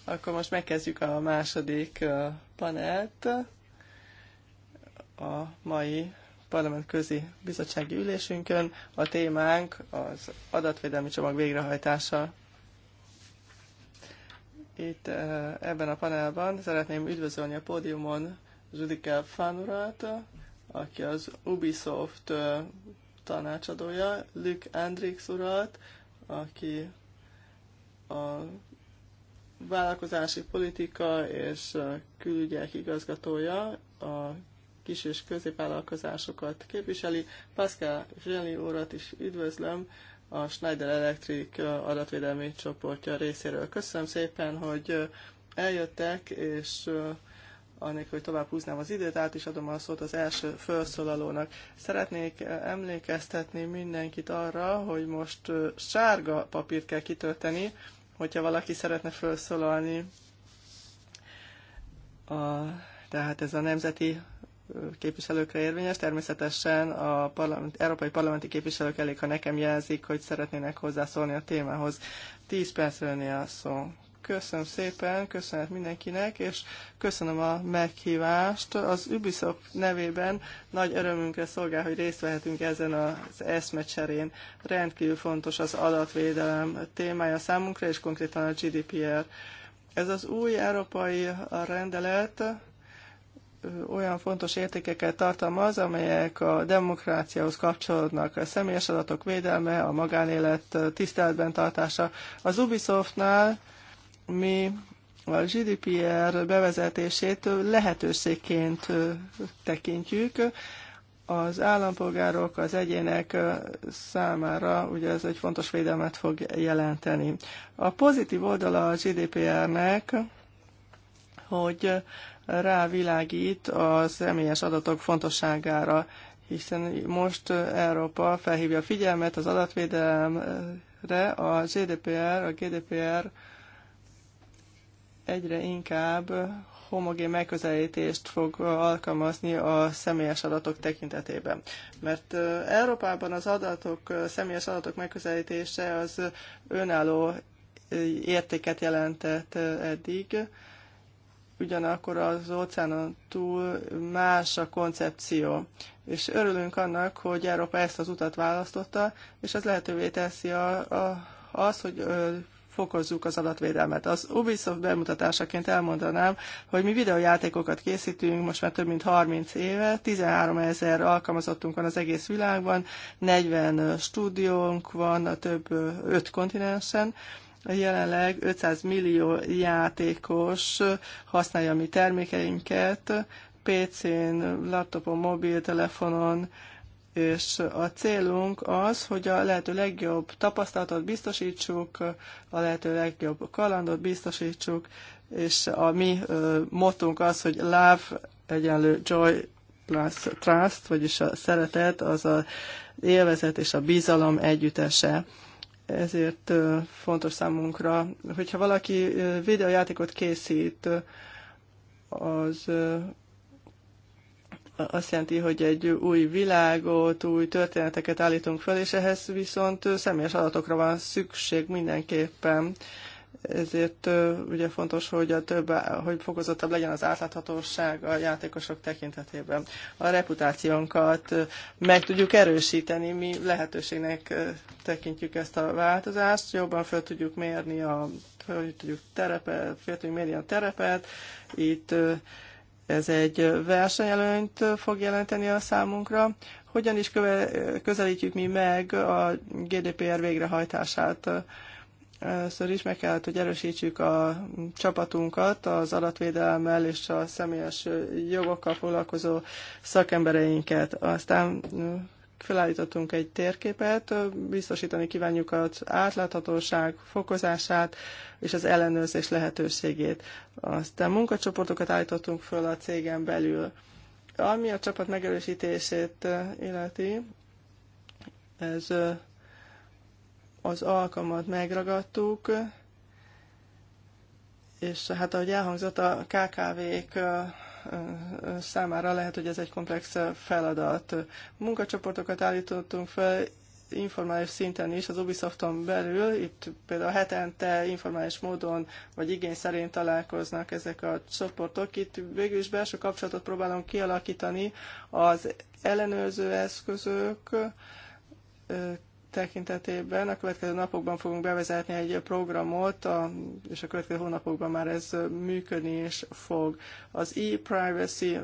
Akkor most megkezdjük a második uh, panelt a mai parlament közi bizottsági ülésünkön. A témánk az adatvédelmi csomag végrehajtása. Itt uh, ebben a panelban szeretném üdvözölni a pódiumon Zsudike Fánurát aki az Ubisoft tanácsadója, Luke Andrix urat, aki a vállalkozási politika és külügyek igazgatója, a kis és középvállalkozásokat képviseli. Pascal Zseli urat is üdvözlöm, a Schneider Electric adatvédelmi csoportja részéről. Köszönöm szépen, hogy eljöttek, és anélkül, hogy tovább húznám az időt, át is adom a szót az első felszólalónak. Szeretnék eh, emlékeztetni mindenkit arra, hogy most eh, sárga papírt kell kitölteni, hogyha valaki szeretne felszólalni. A, tehát ez a nemzeti eh, képviselőkre érvényes. Természetesen a parlament, európai parlamenti képviselők elég, ha nekem jelzik, hogy szeretnének hozzászólni a témához. 10 perc a szó. Köszönöm szépen, köszönet mindenkinek, és köszönöm a meghívást. Az Ubisoft nevében nagy örömünkre szolgál, hogy részt vehetünk ezen az eszmecserén. Rendkívül fontos az adatvédelem témája számunkra, és konkrétan a GDPR. Ez az új európai rendelet olyan fontos értékeket tartalmaz, amelyek a demokráciához kapcsolódnak, a személyes adatok védelme, a magánélet tiszteletben tartása. Az Ubisoftnál mi a GDPR bevezetését lehetőségként tekintjük. Az állampolgárok, az egyének számára ugye ez egy fontos védelmet fog jelenteni. A pozitív oldala a GDPR-nek, hogy rávilágít a személyes adatok fontosságára, hiszen most Európa felhívja a figyelmet az adatvédelemre, a GDPR, a GDPR egyre inkább homogén megközelítést fog alkalmazni a személyes adatok tekintetében. Mert Európában az adatok, személyes adatok megközelítése az önálló értéket jelentett eddig, ugyanakkor az óceánon túl más a koncepció. És örülünk annak, hogy Európa ezt az utat választotta, és ez lehetővé teszi a, a, az, hogy fokozzuk az adatvédelmet. Az Ubisoft bemutatásaként elmondanám, hogy mi videójátékokat készítünk most már több mint 30 éve, 13 ezer alkalmazottunk van az egész világban, 40 stúdiónk van a több 5 kontinensen, jelenleg 500 millió játékos használja a mi termékeinket, PC-n, laptopon, mobiltelefonon, és a célunk az, hogy a lehető legjobb tapasztalatot biztosítsuk, a lehető legjobb kalandot biztosítsuk, és a mi motunk az, hogy love egyenlő joy plus trust, vagyis a szeretet, az a élvezet és a bizalom együttese. Ezért fontos számunkra, hogyha valaki videójátékot készít, az azt jelenti, hogy egy új világot, új történeteket állítunk föl, és ehhez viszont személyes adatokra van szükség mindenképpen. Ezért ugye fontos, hogy, a több, hogy fokozottabb legyen az átláthatóság a játékosok tekintetében. A reputációnkat meg tudjuk erősíteni, mi lehetőségnek tekintjük ezt a változást, jobban fel tudjuk mérni a fel tudjuk, terepet, fel tudjuk mérni a terepet, itt ez egy versenyelőnyt fog jelenteni a számunkra. Hogyan is köve, közelítjük mi meg a GDPR végrehajtását? Először is meg kellett, hogy erősítsük a csapatunkat, az adatvédelemmel és a személyes jogokkal foglalkozó szakembereinket. Aztán felállítottunk egy térképet, biztosítani kívánjuk az átláthatóság fokozását és az ellenőrzés lehetőségét. Aztán munkacsoportokat állítottunk föl a cégen belül. Ami a csapat megerősítését illeti, ez az alkalmat megragadtuk, és hát ahogy elhangzott, a KKV-k számára lehet, hogy ez egy komplex feladat. Munkacsoportokat állítottunk fel informális szinten is, az Ubisofton belül, itt például hetente informális módon, vagy igény szerint találkoznak ezek a csoportok. Itt végül is belső kapcsolatot próbálom kialakítani az ellenőrző eszközök tekintetében. A következő napokban fogunk bevezetni egy programot, a, és a következő hónapokban már ez működni is fog. Az e-privacy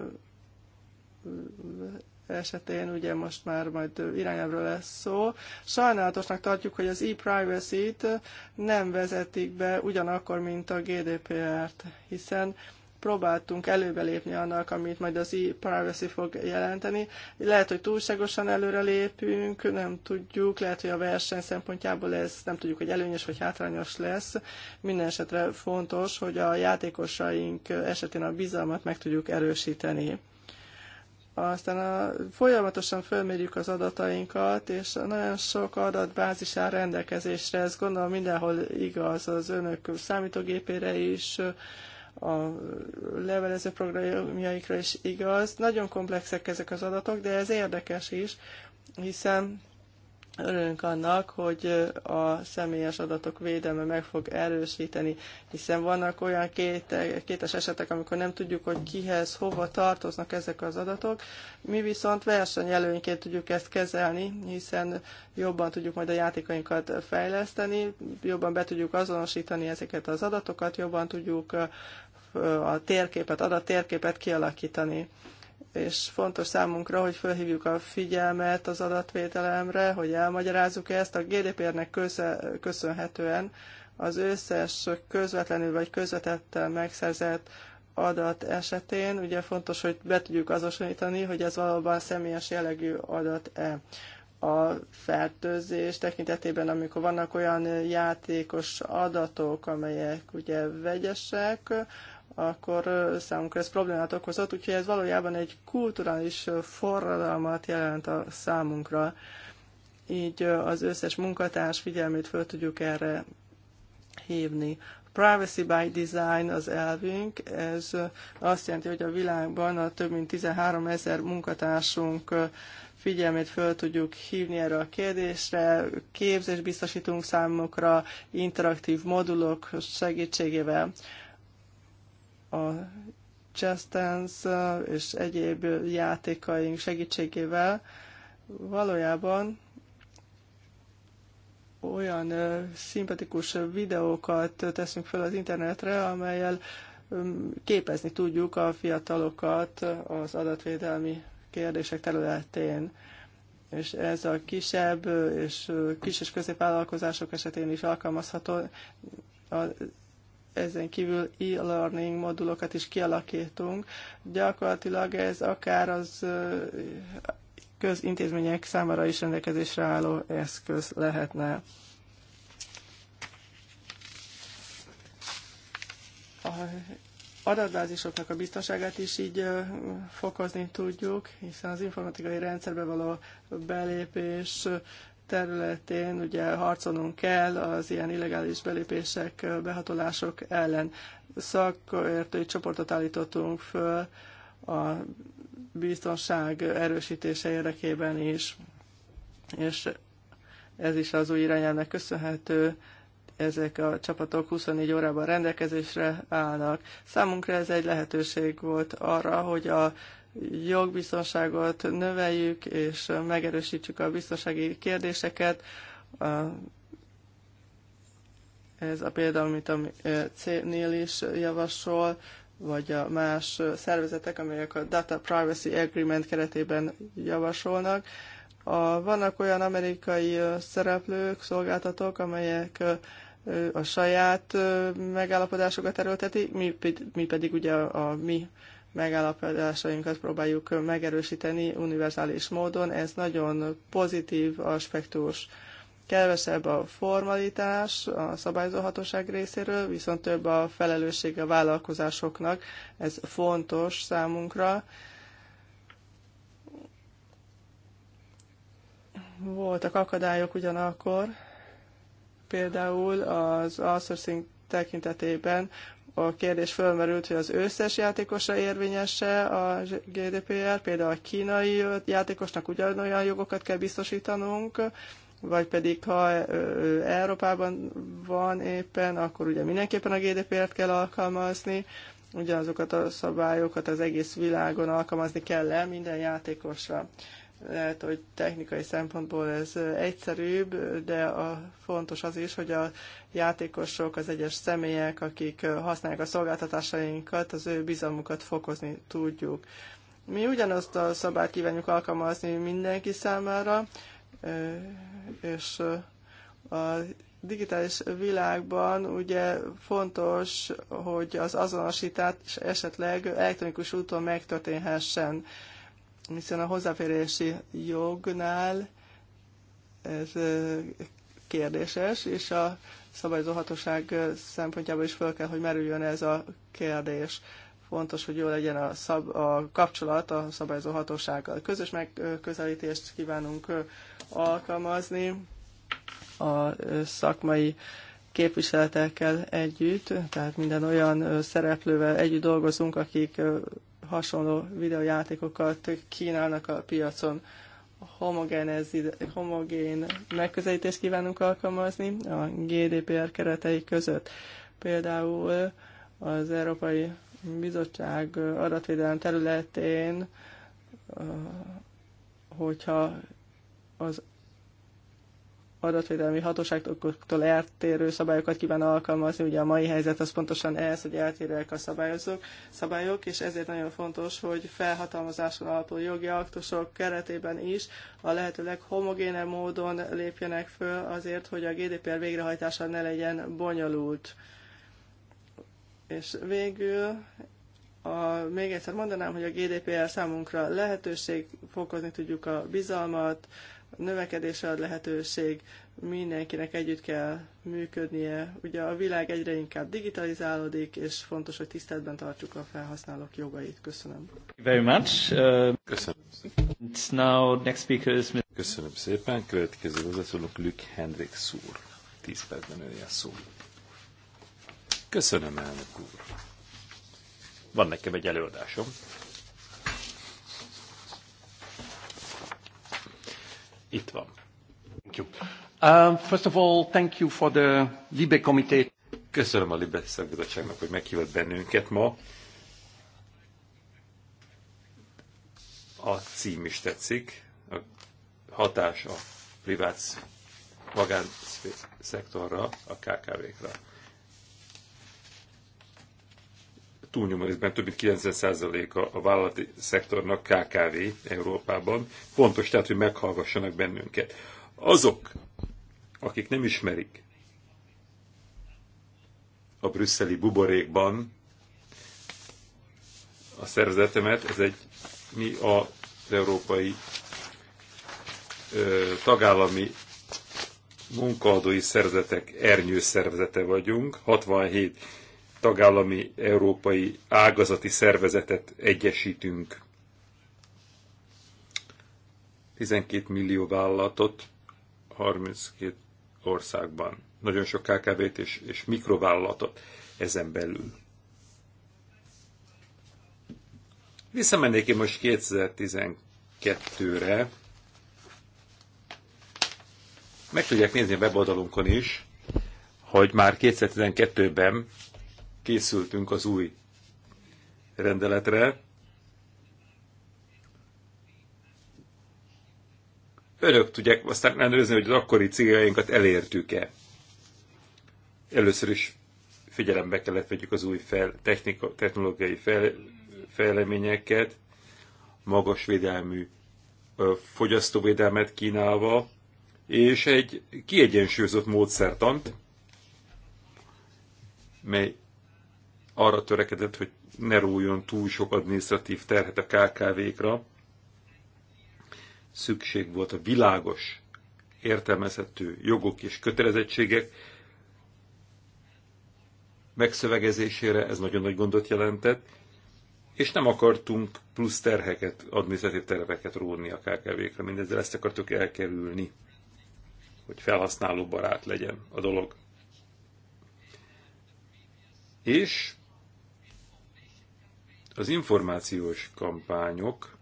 esetén ugye most már majd irányelvről lesz szó. Sajnálatosnak tartjuk, hogy az e-privacy-t nem vezetik be ugyanakkor, mint a GDPR-t, hiszen próbáltunk előbelépni annak, amit majd az e-privacy fog jelenteni. Lehet, hogy túlságosan előre lépünk, nem tudjuk, lehet, hogy a verseny szempontjából ez nem tudjuk, hogy előnyös vagy hátrányos lesz. Minden esetre fontos, hogy a játékosaink esetén a bizalmat meg tudjuk erősíteni aztán a, folyamatosan fölmérjük az adatainkat, és nagyon sok adatbázis áll rendelkezésre, ez gondolom mindenhol igaz, az önök számítógépére is, a levelező programjaikra is igaz. Nagyon komplexek ezek az adatok, de ez érdekes is, hiszen örülünk annak, hogy a személyes adatok védelme meg fog erősíteni, hiszen vannak olyan két, kétes esetek, amikor nem tudjuk, hogy kihez, hova tartoznak ezek az adatok. Mi viszont versenyelőnyként tudjuk ezt kezelni, hiszen jobban tudjuk majd a játékainkat fejleszteni, jobban be tudjuk azonosítani ezeket az adatokat, jobban tudjuk a térképet, térképet kialakítani. És fontos számunkra, hogy felhívjuk a figyelmet az adatvételemre, hogy elmagyarázzuk ezt. A GDPR-nek köszönhetően az összes közvetlenül vagy közvetettel megszerzett adat esetén, ugye fontos, hogy be tudjuk azonosítani, hogy ez valóban személyes jellegű adat-e. A fertőzés tekintetében, amikor vannak olyan játékos adatok, amelyek ugye vegyesek, akkor számunkra ez problémát okozott, úgyhogy ez valójában egy kulturális forradalmat jelent a számunkra. Így az összes munkatárs figyelmét föl tudjuk erre hívni. Privacy by Design az elvünk, ez azt jelenti, hogy a világban a több mint 13 ezer munkatársunk figyelmét föl tudjuk hívni erre a kérdésre, képzés biztosítunk számukra interaktív modulok segítségével a jazz dance és egyéb játékaink segítségével valójában olyan szimpatikus videókat teszünk fel az internetre, amelyel képezni tudjuk a fiatalokat az adatvédelmi kérdések területén. És ez a kisebb és kis és középvállalkozások esetén is alkalmazható. A ezen kívül e-learning modulokat is kialakítunk. Gyakorlatilag ez akár az közintézmények számára is rendelkezésre álló eszköz lehetne. A adatbázisoknak a biztonságát is így fokozni tudjuk, hiszen az informatikai rendszerbe való belépés területén ugye harcolnunk kell az ilyen illegális belépések, behatolások ellen. Szakértői csoportot állítottunk föl a biztonság erősítése érdekében is, és ez is az új irányának köszönhető, ezek a csapatok 24 órában rendelkezésre állnak. Számunkra ez egy lehetőség volt arra, hogy a jogbiztonságot növeljük, és megerősítsük a biztonsági kérdéseket. Ez a példa, amit a e, C-nél is javasol, vagy a más szervezetek, amelyek a Data Privacy Agreement keretében javasolnak. A, vannak olyan amerikai e, szereplők, szolgáltatók, amelyek e, a saját megállapodásokat erőltetik, mi, mi pedig ugye a, a mi megállapodásainkat próbáljuk megerősíteni univerzális módon. Ez nagyon pozitív aspektus. Kevesebb a formalitás a szabályozóhatóság részéről, viszont több a felelősség a vállalkozásoknak. Ez fontos számunkra. Voltak akadályok ugyanakkor, például az outsourcing tekintetében a kérdés fölmerült, hogy az összes játékosra érvényese a GDPR, például a kínai játékosnak ugyanolyan jogokat kell biztosítanunk, vagy pedig ha Európában van éppen, akkor ugye mindenképpen a GDPR-t kell alkalmazni, ugyanazokat a szabályokat az egész világon alkalmazni kell le minden játékosra. Lehet, hogy technikai szempontból ez egyszerűbb, de a, fontos az is, hogy a játékosok, az egyes személyek, akik használják a szolgáltatásainkat, az ő bizalmukat fokozni tudjuk. Mi ugyanazt a szabályt kívánjuk alkalmazni mindenki számára, és a digitális világban ugye fontos, hogy az azonosítás esetleg elektronikus úton megtörténhessen hiszen a hozzáférési jognál ez kérdéses, és a szabályozóhatóság szempontjából is fel kell, hogy merüljön ez a kérdés. Fontos, hogy jó legyen a, szab, a kapcsolat a szabályozó hatósággal. Közös megközelítést kívánunk alkalmazni a szakmai képviseletekkel együtt, tehát minden olyan szereplővel együtt dolgozunk, akik hasonló videójátékokat kínálnak a piacon. Homogén megközelítést kívánunk alkalmazni a GDPR keretei között. Például az Európai Bizottság adatvédelem területén, hogyha az adatvédelmi hatóságoktól eltérő szabályokat kíván alkalmazni. Ugye a mai helyzet az pontosan ehhez, hogy eltérőek a szabályozók, szabályok, és ezért nagyon fontos, hogy felhatalmazáson alapuló jogi aktusok keretében is a lehető leghomogénebb módon lépjenek föl azért, hogy a GDPR végrehajtása ne legyen bonyolult. És végül a, még egyszer mondanám, hogy a GDPR számunkra lehetőség, fokozni tudjuk a bizalmat, növekedésre ad lehetőség, mindenkinek együtt kell működnie. Ugye a világ egyre inkább digitalizálódik, és fontos, hogy tiszteletben tartsuk a felhasználók jogait. Köszönöm. Very much. Uh, Köszönöm. It's now next speaker is... Köszönöm szépen. Következő hozzászólók Luke Hendrik Szúr. Tíz percben a szó. Köszönöm, elnök úr. Van nekem egy előadásom itt van. Thank you. Uh, first of all, thank you for the Libe Committee. Köszönöm a Libe Szakbizottságnak, hogy meghívott bennünket ma. A cím is tetszik, a hatás a privát magánszektorra, a KKV-kra. túlnyomó részben több mint 90%-a a vállalati szektornak KKV Európában. Fontos tehát, hogy meghallgassanak bennünket. Azok, akik nem ismerik a brüsszeli buborékban a szervezetemet, ez egy mi az európai ö, tagállami munkaadói szervezetek ernyőszervezete vagyunk, 67 tagállami európai ágazati szervezetet egyesítünk. 12 millió vállalatot 32 országban. Nagyon sok KKV-t és, és mikrovállalatot ezen belül. Visszamennék én most 2012-re. Meg tudják nézni a weboldalunkon is, hogy már 2012-ben készültünk az új rendeletre. Örök tudják aztán ellenőrizni, hogy az akkori céljainkat elértük-e. Először is figyelembe kellett vegyük az új fel, technika, technológiai fel, fejleményeket, magas védelmű fogyasztóvédelmet kínálva, és egy kiegyensúlyozott módszertant, mely arra törekedett, hogy ne róljon túl sok adminisztratív terhet a KKV-kra. Szükség volt a világos, értelmezhető jogok és kötelezettségek megszövegezésére, ez nagyon nagy gondot jelentett, és nem akartunk plusz terheket, adminisztratív terheket róni a KKV-kra, mindezzel ezt akartuk elkerülni, hogy felhasználó barát legyen a dolog. És az információs kampányok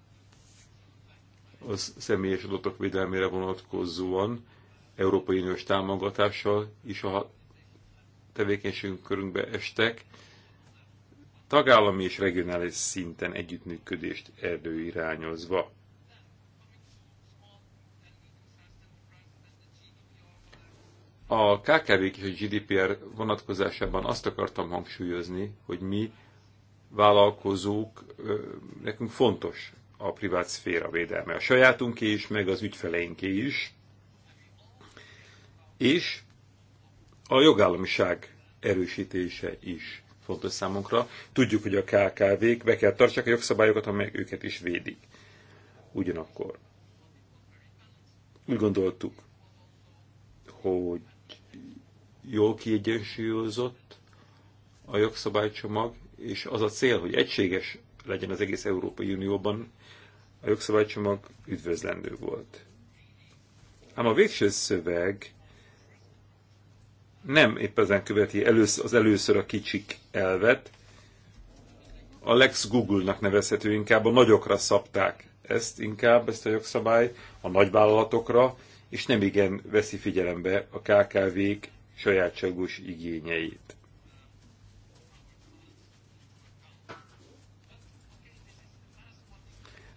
az személyes adatok védelmére vonatkozóan Európai Uniós támogatással is a tevékenységünk körünkbe estek. Tagállami és regionális szinten együttműködést erdőirányozva. A kkv és a GDPR vonatkozásában azt akartam hangsúlyozni, hogy mi vállalkozók, nekünk fontos a privát szféra védelme. A sajátunké is, meg az ügyfeleinké is. És a jogállamiság erősítése is fontos számunkra. Tudjuk, hogy a KKV-k be kell tartsák a jogszabályokat, amelyek őket is védik. Ugyanakkor úgy gondoltuk, hogy jól kiegyensúlyozott a jogszabálycsomag, és az a cél, hogy egységes legyen az egész Európai Unióban, a jogszabálycsomag üdvözlendő volt. Ám a végső szöveg nem épp ezen követi először, az először a kicsik elvet, a Lex Google-nak nevezhető inkább, a nagyokra szabták ezt inkább, ezt a jogszabály, a nagyvállalatokra, és nem igen veszi figyelembe a KKV-k sajátságos igényeit.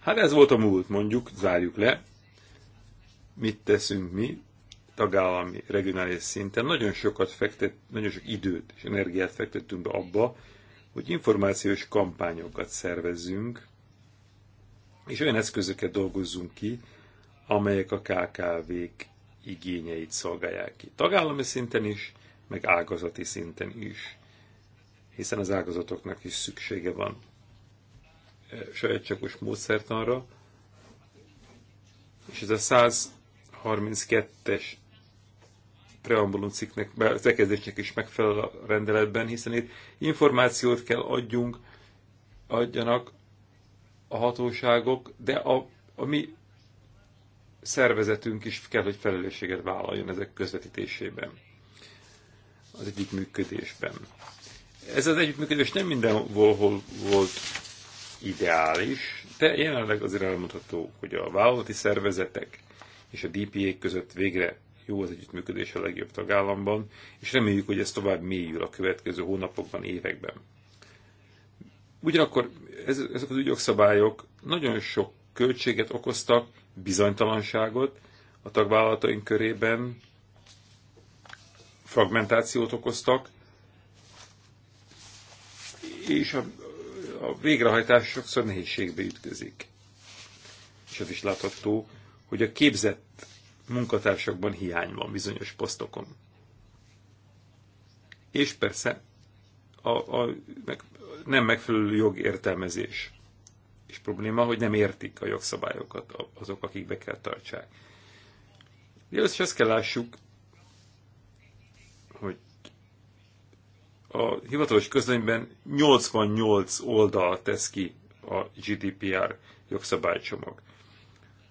Hát ez volt a múlt, mondjuk, zárjuk le. Mit teszünk mi tagállami, regionális szinten? Nagyon sokat fektet, nagyon sok időt és energiát fektettünk be abba, hogy információs kampányokat szervezzünk, és olyan eszközöket dolgozzunk ki, amelyek a KKV-k igényeit szolgálják ki. Tagállami szinten is, meg ágazati szinten is. Hiszen az ágazatoknak is szüksége van sajátságos módszertanra, és ez a 132-es preambulum cikknek, az elkezdésnek is megfelel a rendeletben, hiszen itt információt kell adjunk, adjanak a hatóságok, de a, a mi szervezetünk is kell, hogy felelősséget vállaljon ezek közvetítésében, az működésben. Ez az együttműködés nem mindenhol volt ideális, de jelenleg azért elmondható, hogy a vállalati szervezetek és a DPA között végre jó az együttműködés a legjobb tagállamban, és reméljük, hogy ez tovább mélyül a következő hónapokban, években. Ugyanakkor ez, ezek az ügyokszabályok nagyon sok költséget okoztak, bizonytalanságot a tagvállalataink körében, fragmentációt okoztak, és a a végrehajtás sokszor nehézségbe ütközik. És az is látható, hogy a képzett munkatársakban hiány van bizonyos posztokon. És persze a, a meg, nem megfelelő jogértelmezés. És probléma, hogy nem értik a jogszabályokat azok, akik be kell tartsák. De azt is azt kell lássuk, a hivatalos közönyben 88 oldal tesz ki a GDPR jogszabálycsomag.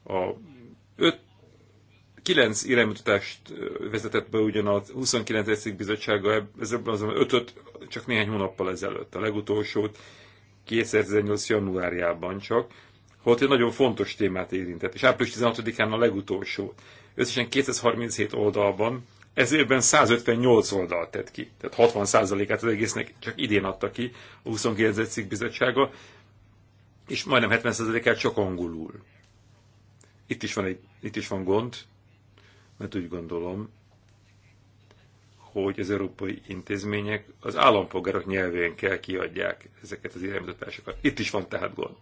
A 5 9 iránymutatást vezetett be ugyan a 29. cikk bizottsága, ezekben azon 5 csak néhány hónappal ezelőtt. A legutolsót 2018. januárjában csak, holott egy nagyon fontos témát érintett, és április 16-án a legutolsó. Összesen 237 oldalban ez évben 158 oldalt tett ki, tehát 60%-át az egésznek csak idén adta ki a 29. cikk bizottsága, és majdnem 70%-át csak angolul. Itt is, van egy, itt is van gond, mert úgy gondolom, hogy az európai intézmények az állampolgárok nyelvén kell kiadják ezeket az iránymutatásokat. Itt is van tehát gond.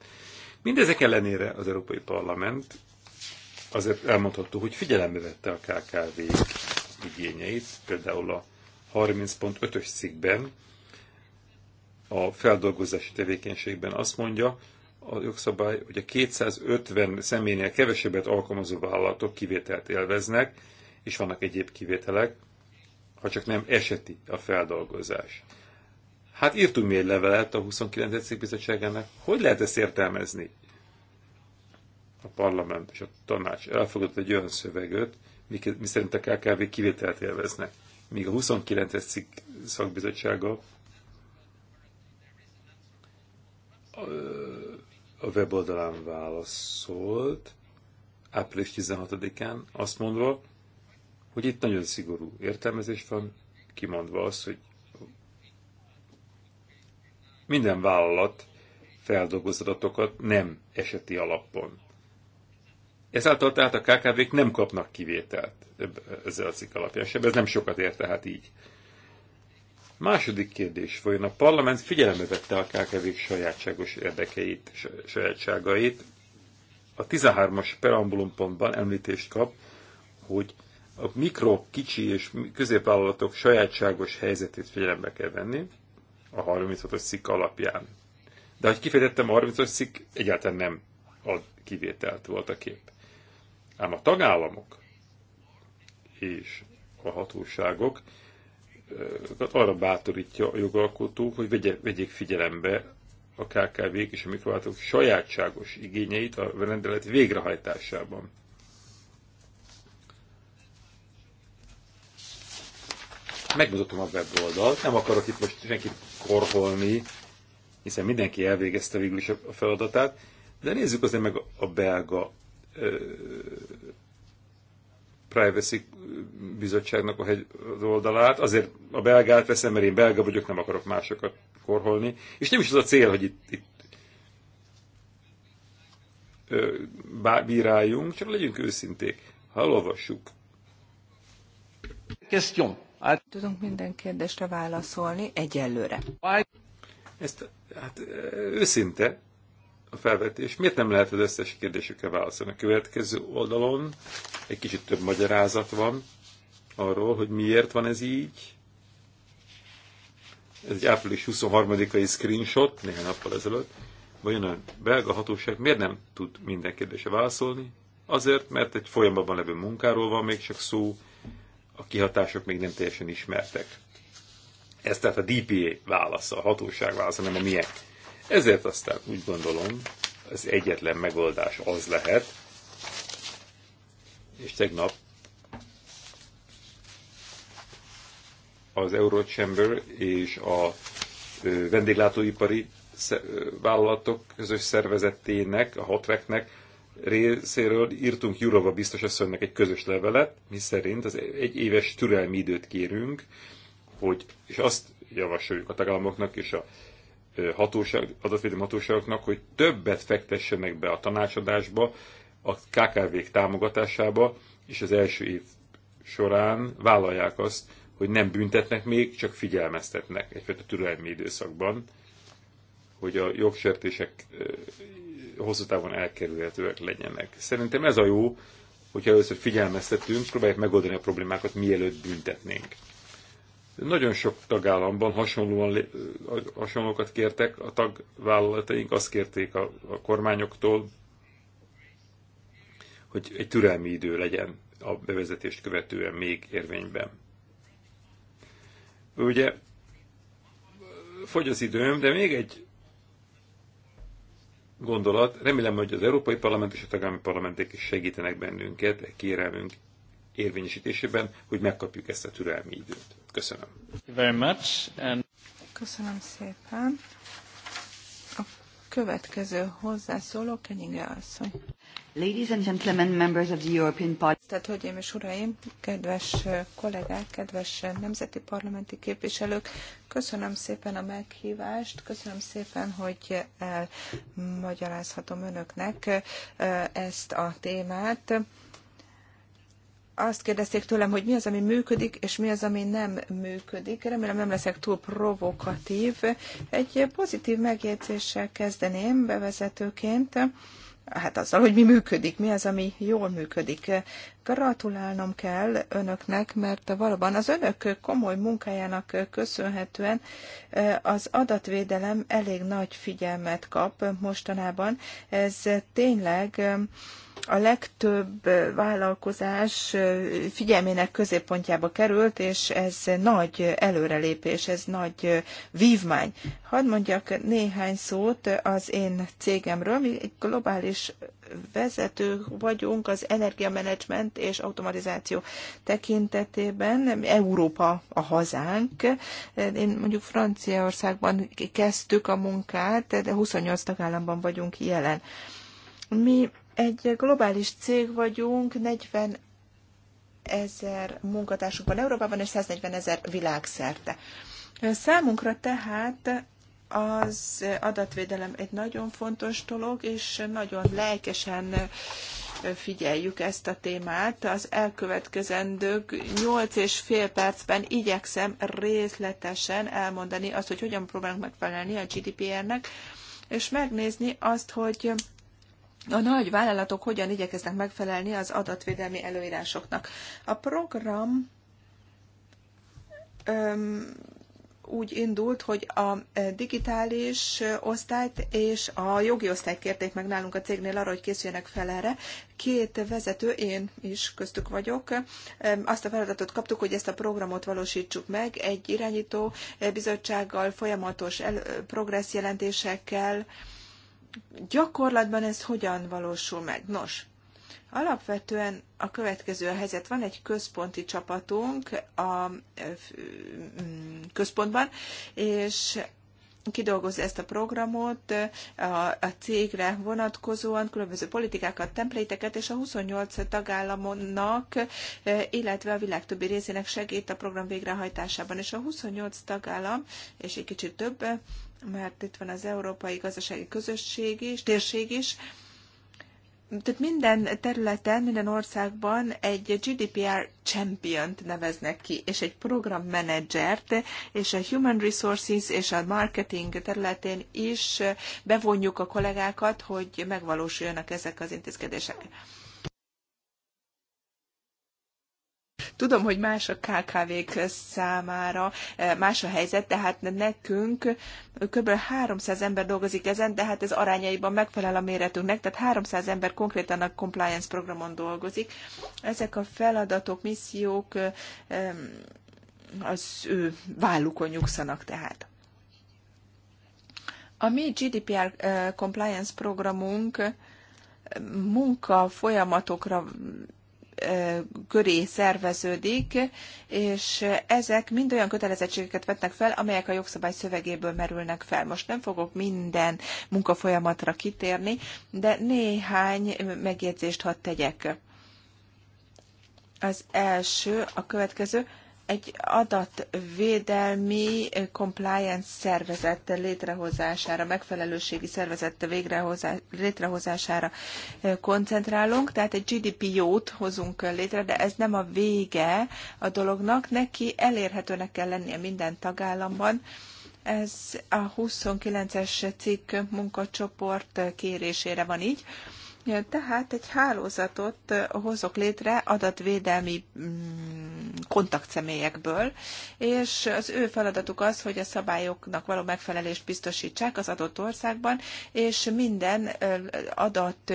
Mindezek ellenére az Európai Parlament azért elmondható, hogy figyelembe vette a KKV-k igényeit, például a 30.5-ös cikkben, a feldolgozási tevékenységben azt mondja a jogszabály, hogy a 250 személynél kevesebbet alkalmazó vállalatok kivételt élveznek, és vannak egyéb kivételek, ha csak nem eseti a feldolgozás. Hát írtunk mi egy levelet a 29. cikk bizottságának, hogy lehet ezt értelmezni? A parlament és a tanács elfogadott egy olyan szöveget, miszerint a KKV kivételt élveznek. Míg a 29-es cikk szakbizottsága a weboldalán válaszolt április 16-án azt mondva, hogy itt nagyon szigorú értelmezés van, kimondva az, hogy minden vállalat feldolgoz adatokat nem eseti alapon. Ezáltal tehát a KKV-k nem kapnak kivételt ezzel a cikk alapján sem, ez nem sokat ér tehát így. Második kérdés vajon a parlament figyelembe vette a KKV-k sajátságos érdekeit, sajátságait. A 13-as perambulumpontban említést kap, hogy a mikro, kicsi és középvállalatok sajátságos helyzetét figyelembe kell venni a 36-os cikk alapján. De ahogy kifejtettem, a 36-os cikk egyáltalán nem ad kivételt volt a kép. Ám a tagállamok és a hatóságok arra bátorítja a jogalkotó, hogy vegye, vegyék figyelembe a KKV-k és a mikrovállalatok sajátságos igényeit a rendelet végrehajtásában. Megmutatom a weboldalt, nem akarok itt most senkit korholni, hiszen mindenki elvégezte végül is a feladatát, de nézzük azért meg a belga Privacy Bizottságnak a az oldalát. Azért a belgát veszem, mert én belga vagyok, nem akarok másokat korholni. És nem is az a cél, hogy itt, itt bíráljunk, csak legyünk őszinték. Ha olvassuk. Tudunk minden kérdésre válaszolni egyelőre. Ezt, hát őszinte, a felvetés. Miért nem lehet az összes kérdésükre válaszolni? A következő oldalon egy kicsit több magyarázat van arról, hogy miért van ez így. Ez egy április 23-ai screenshot, néhány nappal ezelőtt. Vajon a belga hatóság miért nem tud minden kérdésre válaszolni? Azért, mert egy folyamatban levő munkáról van még csak szó, a kihatások még nem teljesen ismertek. Ez tehát a DPA válasza, a hatóság válasza, nem a miénk. Ezért aztán úgy gondolom, az egyetlen megoldás az lehet, és tegnap az Eurochamber és a vendéglátóipari vállalatok közös szervezetének, a Hotveknek részéről írtunk Jurova biztos asszonynak egy közös levelet, miszerint az egy éves türelmi időt kérünk, hogy, és azt javasoljuk a tagállamoknak és a hatóság, adatvédelmi hatóságoknak, hogy többet fektessenek be a tanácsadásba, a KKV-k támogatásába, és az első év során vállalják azt, hogy nem büntetnek még, csak figyelmeztetnek egyfajta türelmi időszakban, hogy a jogsértések hosszú távon elkerülhetőek legyenek. Szerintem ez a jó, hogyha először figyelmeztetünk, próbáljuk megoldani a problémákat, mielőtt büntetnénk. Nagyon sok tagállamban hasonlóan, hasonlókat kértek, a tagvállalataink azt kérték a, a kormányoktól, hogy egy türelmi idő legyen a bevezetést követően még érvényben. Ugye fogy az időm, de még egy gondolat. Remélem, hogy az Európai Parlament és a tagállami parlamentek is segítenek bennünket kérelmünk érvényesítésében, hogy megkapjuk ezt a türelmi időt. Köszönöm. Very much, and... Köszönöm szépen. A következő hozzászóló Kenyinge asszony. Ladies and gentlemen, members of the European Parliament. Tehát, hölgyeim és uraim, kedves kollégák, kedves nemzeti parlamenti képviselők, köszönöm szépen a meghívást, köszönöm szépen, hogy elmagyarázhatom önöknek ezt a témát azt kérdezték tőlem, hogy mi az, ami működik, és mi az, ami nem működik. Remélem nem leszek túl provokatív. Egy pozitív megjegyzéssel kezdeném bevezetőként. Hát azzal, hogy mi működik, mi az, ami jól működik gratulálnom kell önöknek, mert valóban az önök komoly munkájának köszönhetően eh, az adatvédelem elég nagy figyelmet kap mostanában. Ez tényleg eh, a legtöbb eh, vállalkozás figyelmének középpontjába került, és ez nagy előrelépés, ez nagy vívmány. Hadd mondjak néhány szót az én cégemről. Mi egy globális vezető vagyunk az energiamenedzsment és automatizáció tekintetében. Európa a hazánk. Én mondjuk Franciaországban kezdtük a munkát, de 28 tagállamban vagyunk jelen. Mi egy globális cég vagyunk, 40 ezer munkatársunk van Európában, és 140 ezer világszerte. Számunkra tehát az adatvédelem egy nagyon fontos dolog, és nagyon lelkesen figyeljük ezt a témát. Az elkövetkezendő 8 és fél percben igyekszem részletesen elmondani azt, hogy hogyan próbálunk megfelelni a GDPR-nek, és megnézni azt, hogy a nagy vállalatok hogyan igyekeznek megfelelni az adatvédelmi előírásoknak. A program úgy indult, hogy a e, digitális e, osztályt és a jogi osztályt kérték meg nálunk a cégnél arra, hogy készüljenek fel erre. Két vezető, én is köztük vagyok, e, azt a feladatot kaptuk, hogy ezt a programot valósítsuk meg egy irányító bizottsággal, folyamatos jelentésekkel. Gyakorlatban ez hogyan valósul meg? Nos, Alapvetően a következő a helyzet. Van egy központi csapatunk a mm, központban, és kidolgozza ezt a programot a, a cégre vonatkozóan, különböző politikákat, templéteket, és a 28 tagállamnak, e, illetve a világ többi részének segít a program végrehajtásában. És a 28 tagállam, és egy kicsit több, mert itt van az Európai Gazdasági Közösség is, térség is, tehát minden területen, minden országban egy GDPR champion neveznek ki, és egy programmenedzsert, és a Human Resources és a marketing területén is bevonjuk a kollégákat, hogy megvalósuljanak ezek az intézkedések. Tudom, hogy más a KKV-k számára, e, más a helyzet, de hát nekünk kb. 300 ember dolgozik ezen, de hát ez arányaiban megfelel a méretünknek, tehát 300 ember konkrétan a compliance programon dolgozik. Ezek a feladatok, missziók e, az ő vállukon nyugszanak tehát. A mi GDPR e, compliance programunk munka folyamatokra köré szerveződik, és ezek mind olyan kötelezettségeket vetnek fel, amelyek a jogszabály szövegéből merülnek fel. Most nem fogok minden munkafolyamatra kitérni, de néhány megjegyzést hadd tegyek. Az első, a következő, egy adatvédelmi eh, compliance szervezet létrehozására, megfelelőségi szervezet létrehozására eh, koncentrálunk, tehát egy GDPO-t hozunk létre, de ez nem a vége a dolognak, neki elérhetőnek kell lennie minden tagállamban, ez a 29-es cikk munkacsoport kérésére van így. Tehát egy hálózatot hozok létre adatvédelmi mm, kontaktszemélyekből, és az ő feladatuk az, hogy a szabályoknak való megfelelést biztosítsák az adott országban, és minden adat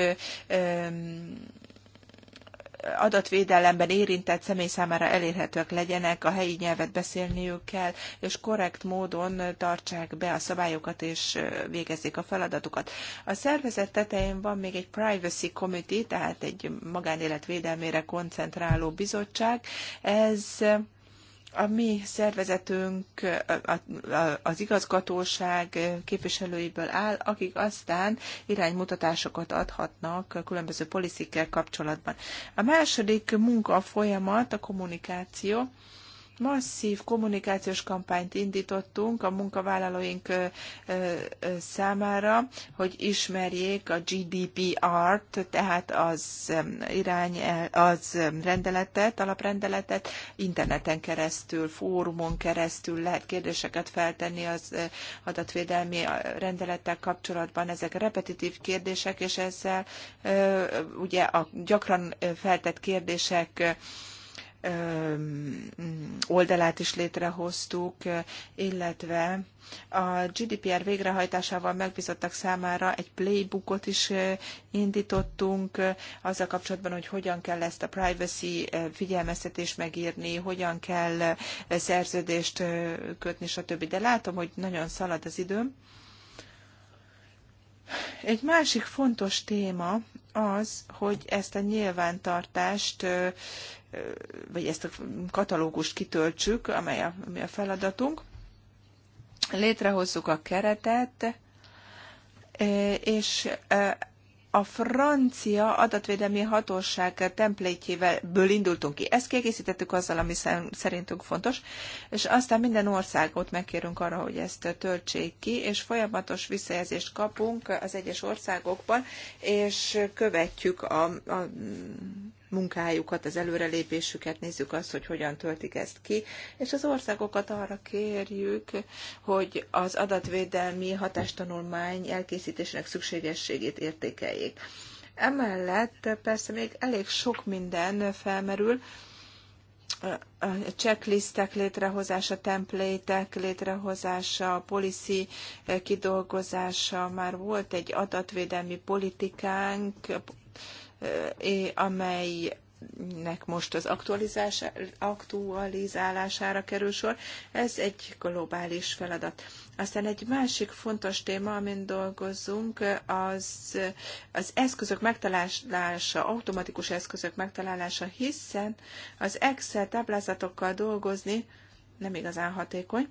adatvédelemben érintett személy számára elérhetőek legyenek, a helyi nyelvet beszélniük kell, és korrekt módon tartsák be a szabályokat és végezzék a feladatukat. A szervezet tetején van még egy Privacy Committee, tehát egy magánélet védelmére koncentráló bizottság. Ez a mi szervezetünk az igazgatóság képviselőiből áll, akik aztán iránymutatásokat adhatnak különböző policikkel kapcsolatban. A második munka folyamat a kommunikáció masszív kommunikációs kampányt indítottunk a munkavállalóink számára, hogy ismerjék a GDPR-t, tehát az irány, eh, az rendeletet, alaprendeletet interneten keresztül, fórumon keresztül lehet kérdéseket feltenni az eh, adatvédelmi eh, rendelettel kapcsolatban. Ezek repetitív kérdések, és ezzel ugye a gyakran feltett kérdések oldalát is létrehoztuk, illetve a GDPR végrehajtásával megbízottak számára egy playbookot is indítottunk azzal kapcsolatban, hogy hogyan kell ezt a privacy figyelmeztetést megírni, hogyan kell szerződést kötni, stb. De látom, hogy nagyon szalad az időm. Egy másik fontos téma, az, hogy ezt a nyilvántartást, vagy ezt a katalógust kitöltsük, amely a, ami a feladatunk, létrehozzuk a keretet, és a francia adatvédelmi hatóság templétjéből indultunk ki. Ezt kiegészítettük azzal, ami szerintünk fontos, és aztán minden országot megkérünk arra, hogy ezt töltsék ki, és folyamatos visszajelzést kapunk az egyes országokban, és követjük a, a munkájukat, az előrelépésüket, nézzük azt, hogy hogyan töltik ezt ki, és az országokat arra kérjük, hogy az adatvédelmi hatástanulmány elkészítésének szükségességét értékeljék. Emellett persze még elég sok minden felmerül, a checklistek létrehozása, templétek létrehozása, a policy kidolgozása, már volt egy adatvédelmi politikánk, amelynek most az aktualizálására kerül sor. Ez egy globális feladat. Aztán egy másik fontos téma, amin dolgozunk, az, az eszközök megtalálása, automatikus eszközök megtalálása, hiszen az Excel táblázatokkal dolgozni nem igazán hatékony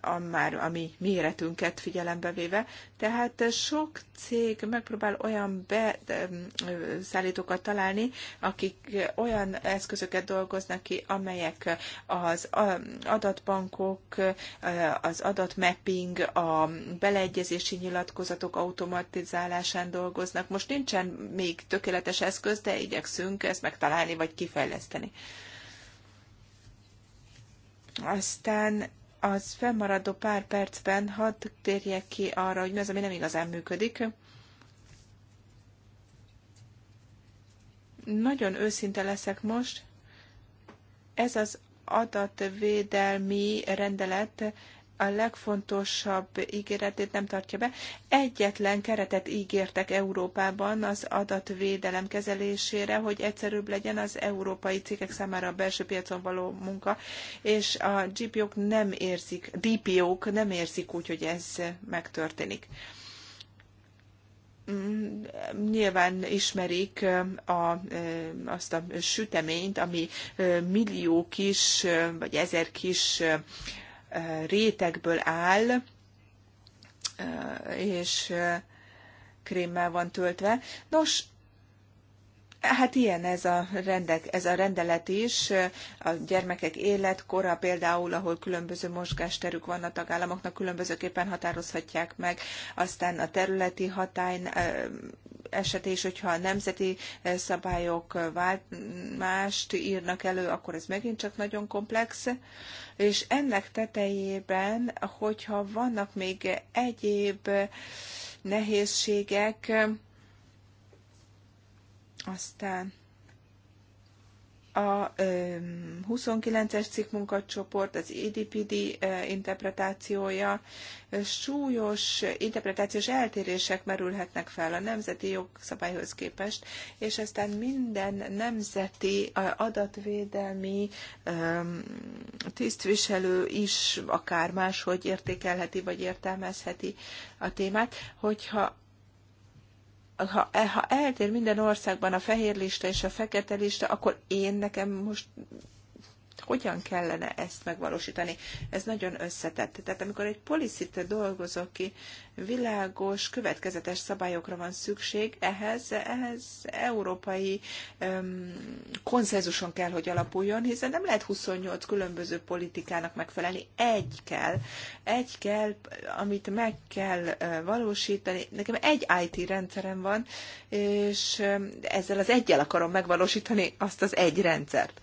a, már a mi méretünket figyelembe véve. Tehát sok cég megpróbál olyan beszállítókat mm, találni, akik olyan eszközöket dolgoznak ki, amelyek az adatbankok, az adatmapping, a beleegyezési nyilatkozatok automatizálásán dolgoznak. Most nincsen még tökéletes eszköz, de igyekszünk ezt megtalálni vagy kifejleszteni. Aztán az fennmaradó pár percben hadd térjek ki arra, hogy mi az, ami nem igazán működik. Nagyon őszinte leszek most. Ez az adatvédelmi rendelet a legfontosabb ígéretét nem tartja be. Egyetlen keretet ígértek Európában az adatvédelem kezelésére, hogy egyszerűbb legyen az európai cégek számára a belső piacon való munka, és a GPO-k nem érzik, DPO-k nem érzik úgy, hogy ez megtörténik. Mm, nyilván ismerik a, azt a süteményt, ami millió kis vagy ezer kis rétegből áll, és krémmel van töltve. Nos, Hát ilyen ez a, rendek, ez a rendelet is. A gyermekek életkora például, ahol különböző mozgásterük van a tagállamoknak, különbözőképpen határozhatják meg. Aztán a területi hatály eset is, hogyha a nemzeti eh, szabályok mást írnak elő, akkor ez megint csak nagyon komplex, és ennek tetejében, hogyha vannak még egyéb eh, nehézségek, aztán a 29-es cikk munkacsoport, az EDPD interpretációja, súlyos interpretációs eltérések merülhetnek fel a nemzeti jogszabályhoz képest, és aztán minden nemzeti adatvédelmi tisztviselő is akár máshogy értékelheti vagy értelmezheti a témát, hogyha ha, ha eltér minden országban a fehér lista és a fekete lista, akkor én nekem most hogyan kellene ezt megvalósítani. Ez nagyon összetett. Tehát amikor egy policit dolgozok ki, világos, következetes szabályokra van szükség, ehhez, ehhez európai um, konszenzuson kell, hogy alapuljon, hiszen nem lehet 28 különböző politikának megfelelni. Egy kell, egy kell, amit meg kell valósítani. Nekem egy IT rendszerem van, és ezzel az egyel akarom megvalósítani azt az egy rendszert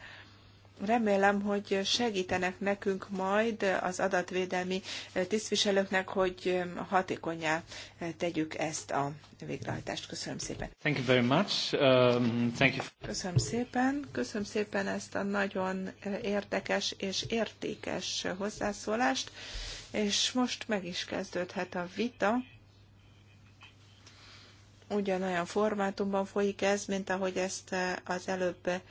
remélem, hogy segítenek nekünk majd az adatvédelmi tisztviselőknek, hogy hatékonyá tegyük ezt a végrehajtást. Köszönöm szépen. Thank you very much. Um, thank you. Köszönöm szépen. Köszönöm szépen ezt a nagyon érdekes és értékes hozzászólást. És most meg is kezdődhet a vita ugyanolyan formátumban folyik ez, mint ahogy ezt az előbb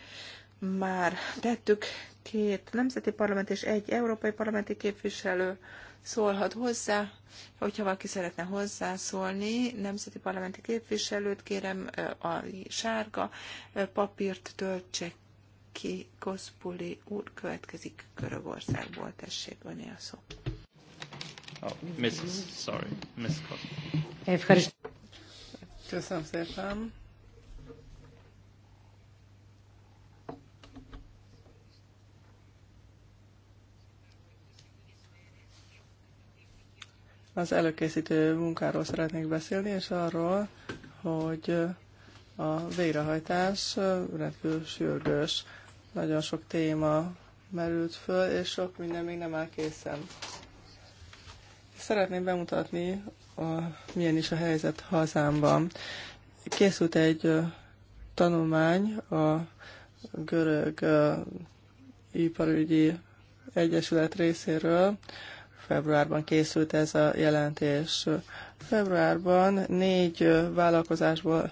már tettük, két nemzeti parlament és egy európai parlamenti képviselő szólhat hozzá. Hogyha valaki szeretne hozzászólni, nemzeti parlamenti képviselőt kérem a sárga papírt töltse ki. Koszpuli úr következik Görögországból. Tessék, öné a szó. Oh, Mrs. Sorry, Köszönöm szépen. Az előkészítő munkáról szeretnék beszélni, és arról, hogy a végrehajtás rendkívül sürgős. Nagyon sok téma merült föl, és sok minden még nem áll készen. Szeretném bemutatni, a, milyen is a helyzet hazámban. Készült egy tanulmány a görög iparügyi egyesület részéről, februárban készült ez a jelentés. Februárban négy vállalkozásból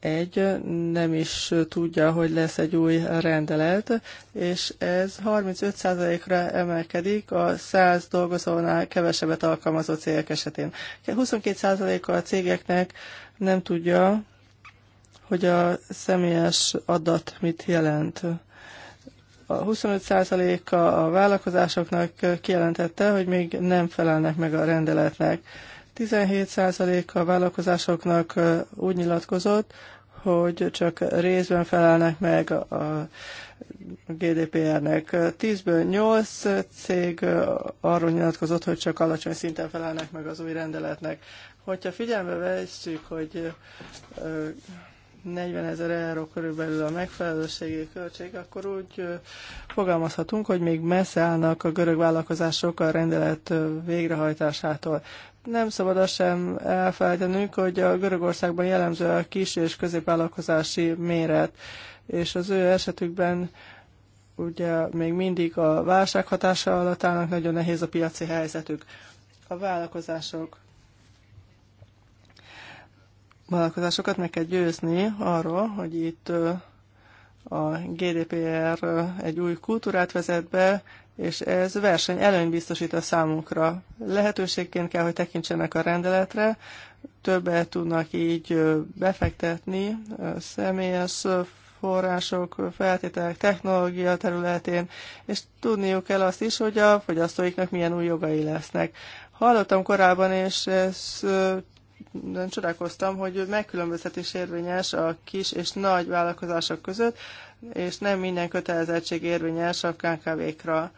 egy nem is tudja, hogy lesz egy új rendelet, és ez 35%-ra emelkedik a 100 dolgozónál kevesebbet alkalmazó cégek esetén. 22%-a a cégeknek nem tudja, hogy a személyes adat mit jelent a 25%-a a vállalkozásoknak kijelentette, hogy még nem felelnek meg a rendeletnek. 17%-a vállalkozásoknak úgy nyilatkozott, hogy csak részben felelnek meg a GDPR-nek. 10-ből 8 cég arról nyilatkozott, hogy csak alacsony szinten felelnek meg az új rendeletnek. Hogyha figyelme vesszük, hogy 40 ezer euró körülbelül a megfelelőségi költség, akkor úgy fogalmazhatunk, hogy még messze állnak a görög vállalkozások a rendelet végrehajtásától. Nem szabad azt sem elfelejtenünk, hogy a Görögországban jellemző a kis és középvállalkozási méret, és az ő esetükben ugye még mindig a válság hatása alatt állnak, nagyon nehéz a piaci helyzetük. A vállalkozások vállalkozásokat meg kell győzni arról, hogy itt a GDPR egy új kultúrát vezet be, és ez verseny előny biztosít a számukra. Lehetőségként kell, hogy tekintsenek a rendeletre, többet tudnak így befektetni személyes források, feltételek, technológia területén, és tudniuk kell azt is, hogy a fogyasztóiknak milyen új jogai lesznek. Hallottam korábban, és ez csodálkoztam, hogy megkülönböztetés érvényes a kis és nagy vállalkozások között, és nem minden kötelezettség érvényes a KKV-kra.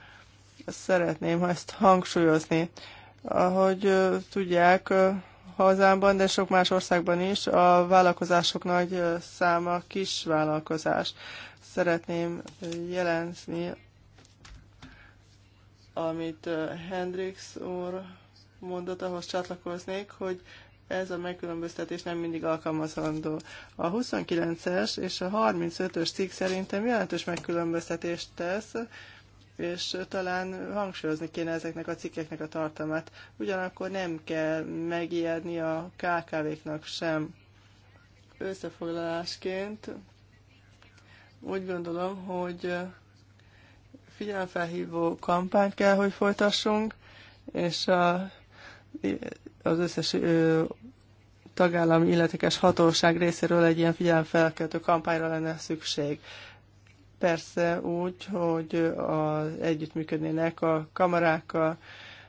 Szeretném ezt hangsúlyozni. Ahogy tudják, hazámban, de sok más országban is a vállalkozások nagy száma kis vállalkozás. Szeretném jelentni, amit Hendrix úr mondott, ahhoz csatlakoznék, hogy ez a megkülönböztetés nem mindig alkalmazandó. A 29-es és a 35-ös cikk szerintem jelentős megkülönböztetést tesz, és talán hangsúlyozni kéne ezeknek a cikkeknek a tartalmát. Ugyanakkor nem kell megijedni a KKV-knak sem. Összefoglalásként úgy gondolom, hogy figyelemfelhívó kampányt kell, hogy folytassunk, és a az összes tagállami illetékes hatóság részéről egy ilyen figyelemfelkeltő kampányra lenne szükség. Persze úgy, hogy a, együttműködnének a kamarákkal,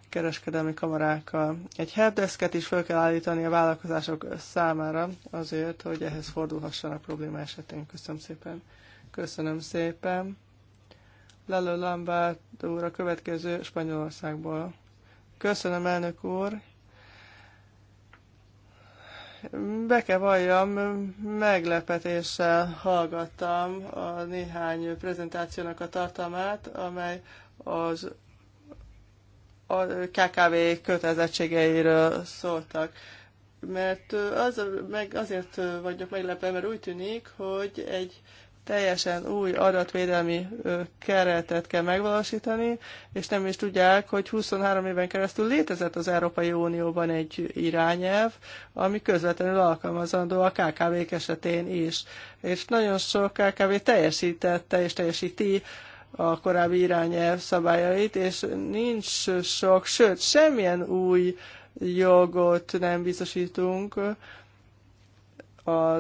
kereskedelmi kamarákkal. Egy helpdesket is fel kell állítani a vállalkozások számára azért, hogy ehhez fordulhassanak probléma esetén. Köszönöm szépen. Köszönöm szépen. Lalo Lambert úr a következő Spanyolországból. Köszönöm, elnök úr. Be kell valljam, meglepetéssel hallgattam a néhány prezentációnak a tartalmát, amely az a KKV kötelezettségeiről szóltak. Mert az, meg azért vagyok meglepve, mert úgy tűnik, hogy egy teljesen új adatvédelmi keretet kell megvalósítani, és nem is tudják, hogy 23 éven keresztül létezett az Európai Unióban egy irányelv, ami közvetlenül alkalmazandó a KKV-k esetén is. És nagyon sok KKV teljesítette és teljesíti a korábbi irányelv szabályait, és nincs sok, sőt, semmilyen új jogot nem biztosítunk a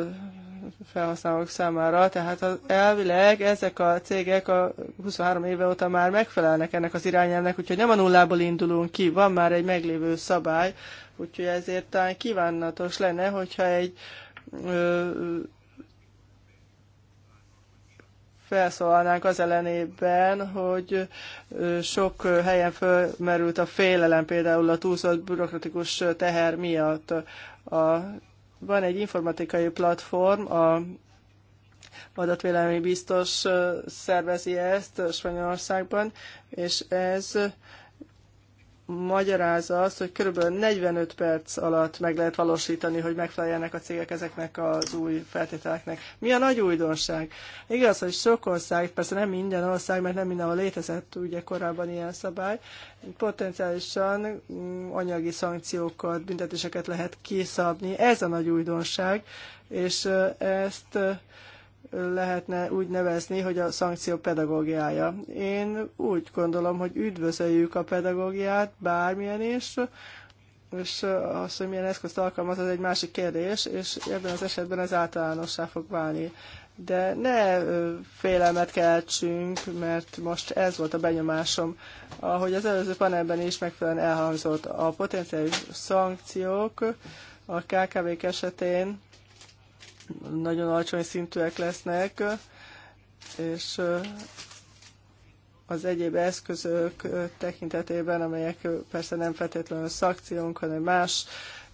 felhasználók számára. Tehát az, elvileg ezek a cégek a 23 éve óta már megfelelnek ennek az irányelvnek, úgyhogy nem a nullából indulunk ki, van már egy meglévő szabály, úgyhogy ezért talán kívánatos lenne, hogyha egy ö, felszólalnánk az ellenében, hogy sok helyen fölmerült a félelem például a túlszott bürokratikus teher miatt. A van egy informatikai platform, a adatvédelmi biztos szervezi ezt Spanyolországban, és ez magyarázza azt, hogy körülbelül 45 perc alatt meg lehet valósítani, hogy megfeleljenek a cégek ezeknek az új feltételeknek. Mi a nagy újdonság? Igaz, hogy sok ország, persze nem minden ország, mert nem mindenhol létezett ugye korábban ilyen szabály, potenciálisan mm, anyagi szankciókat, büntetéseket lehet kiszabni. Ez a nagy újdonság, és ezt lehetne úgy nevezni, hogy a szankció pedagógiája. Én úgy gondolom, hogy üdvözöljük a pedagógiát, bármilyen is, és az, hogy milyen eszközt alkalmaz, az egy másik kérdés, és ebben az esetben ez általánossá fog válni. De ne félelmet keltsünk, mert most ez volt a benyomásom, ahogy az előző panelben is megfelelően elhangzott. A potenciális szankciók a KKV-k esetén nagyon alacsony szintűek lesznek, és az egyéb eszközök tekintetében, amelyek persze nem feltétlenül szakciónk, hanem más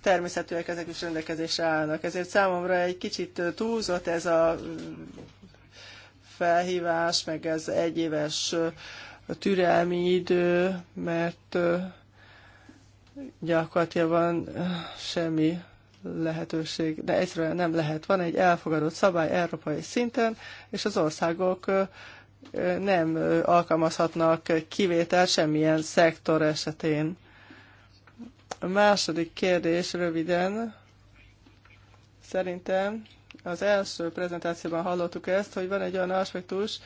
természetűek, ezek is rendelkezésre állnak. Ezért számomra egy kicsit túlzott ez a felhívás, meg ez egyéves türelmi idő, mert gyakorlatilag semmi lehetőség, de egyszerűen nem lehet. Van egy elfogadott szabály európai szinten, és az országok nem alkalmazhatnak kivételt semmilyen szektor esetén. A második kérdés röviden. Szerintem az első prezentációban hallottuk ezt, hogy van egy olyan aspektus,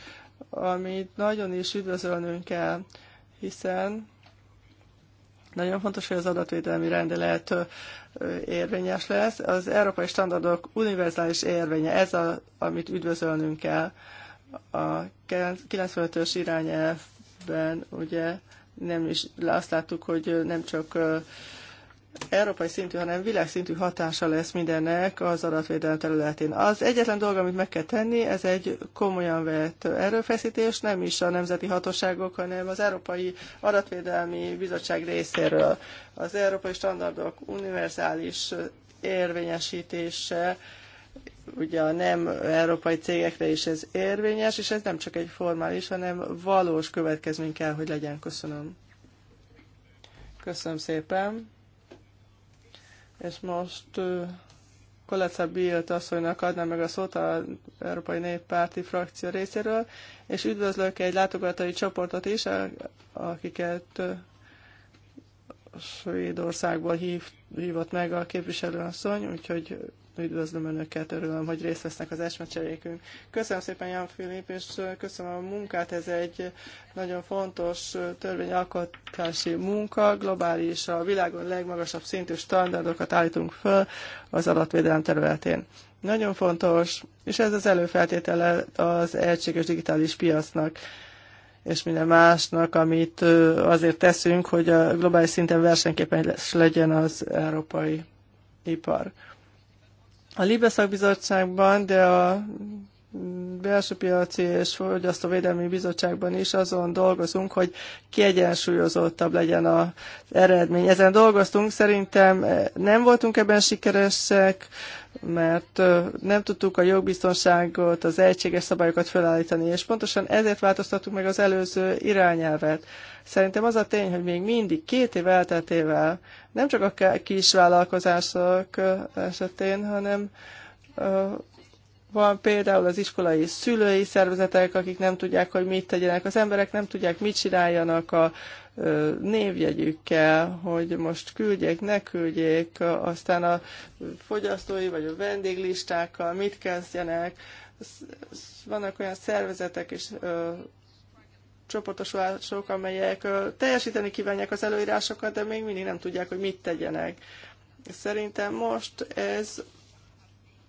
amit nagyon is üdvözölnünk kell, hiszen nagyon fontos, hogy az adatvédelmi rendelet érvényes lesz. Az európai standardok univerzális érvénye, ez a, amit üdvözölnünk kell. A 95-ös irányelvben ugye nem is azt láttuk, hogy nem csak európai szintű, hanem világszintű hatása lesz mindennek az adatvédelem területén. Az egyetlen dolog, amit meg kell tenni, ez egy komolyan vett erőfeszítés, nem is a nemzeti hatóságok, hanem az Európai Adatvédelmi Bizottság részéről. Az európai standardok univerzális érvényesítése, ugye a nem európai cégekre is ez érvényes, és ez nem csak egy formális, hanem valós következmény kell, hogy legyen. Köszönöm. Köszönöm szépen. És most Koleca Bilt asszonynak adná meg a szót az Európai Néppárti frakció részéről, és üdvözlök egy látogatói csoportot is, akiket Svédországból hív, hívott meg a képviselőasszony, úgyhogy Üdvözlöm Önöket, örülöm, hogy részt vesznek az esmecserékünk. Köszönöm szépen, Jan Filip, és köszönöm a munkát. Ez egy nagyon fontos törvényalkotási munka, globális, a világon legmagasabb szintű standardokat állítunk föl az adatvédelem területén. Nagyon fontos, és ez az előfeltétele az egységes digitális piacnak és minden másnak, amit azért teszünk, hogy a globális szinten versenyképes legyen az európai ipar. A Libe szakbizottságban, de a belső piaci és fogyasztóvédelmi bizottságban is azon dolgozunk, hogy kiegyensúlyozottabb legyen az eredmény. Ezen dolgoztunk, szerintem nem voltunk ebben sikeresek, mert nem tudtuk a jogbiztonságot, az egységes szabályokat felállítani, és pontosan ezért változtattuk meg az előző irányelvet. Szerintem az a tény, hogy még mindig két év elteltével nem csak a kisvállalkozások esetén, hanem van például az iskolai szülői szervezetek, akik nem tudják, hogy mit tegyenek. Az emberek nem tudják, mit csináljanak a névjegyükkel, hogy most küldjék, ne küldjék, aztán a fogyasztói vagy a vendéglistákkal mit kezdjenek. Vannak olyan szervezetek és csoportosulások, amelyek teljesíteni kívánják az előírásokat, de még mindig nem tudják, hogy mit tegyenek. Szerintem most ez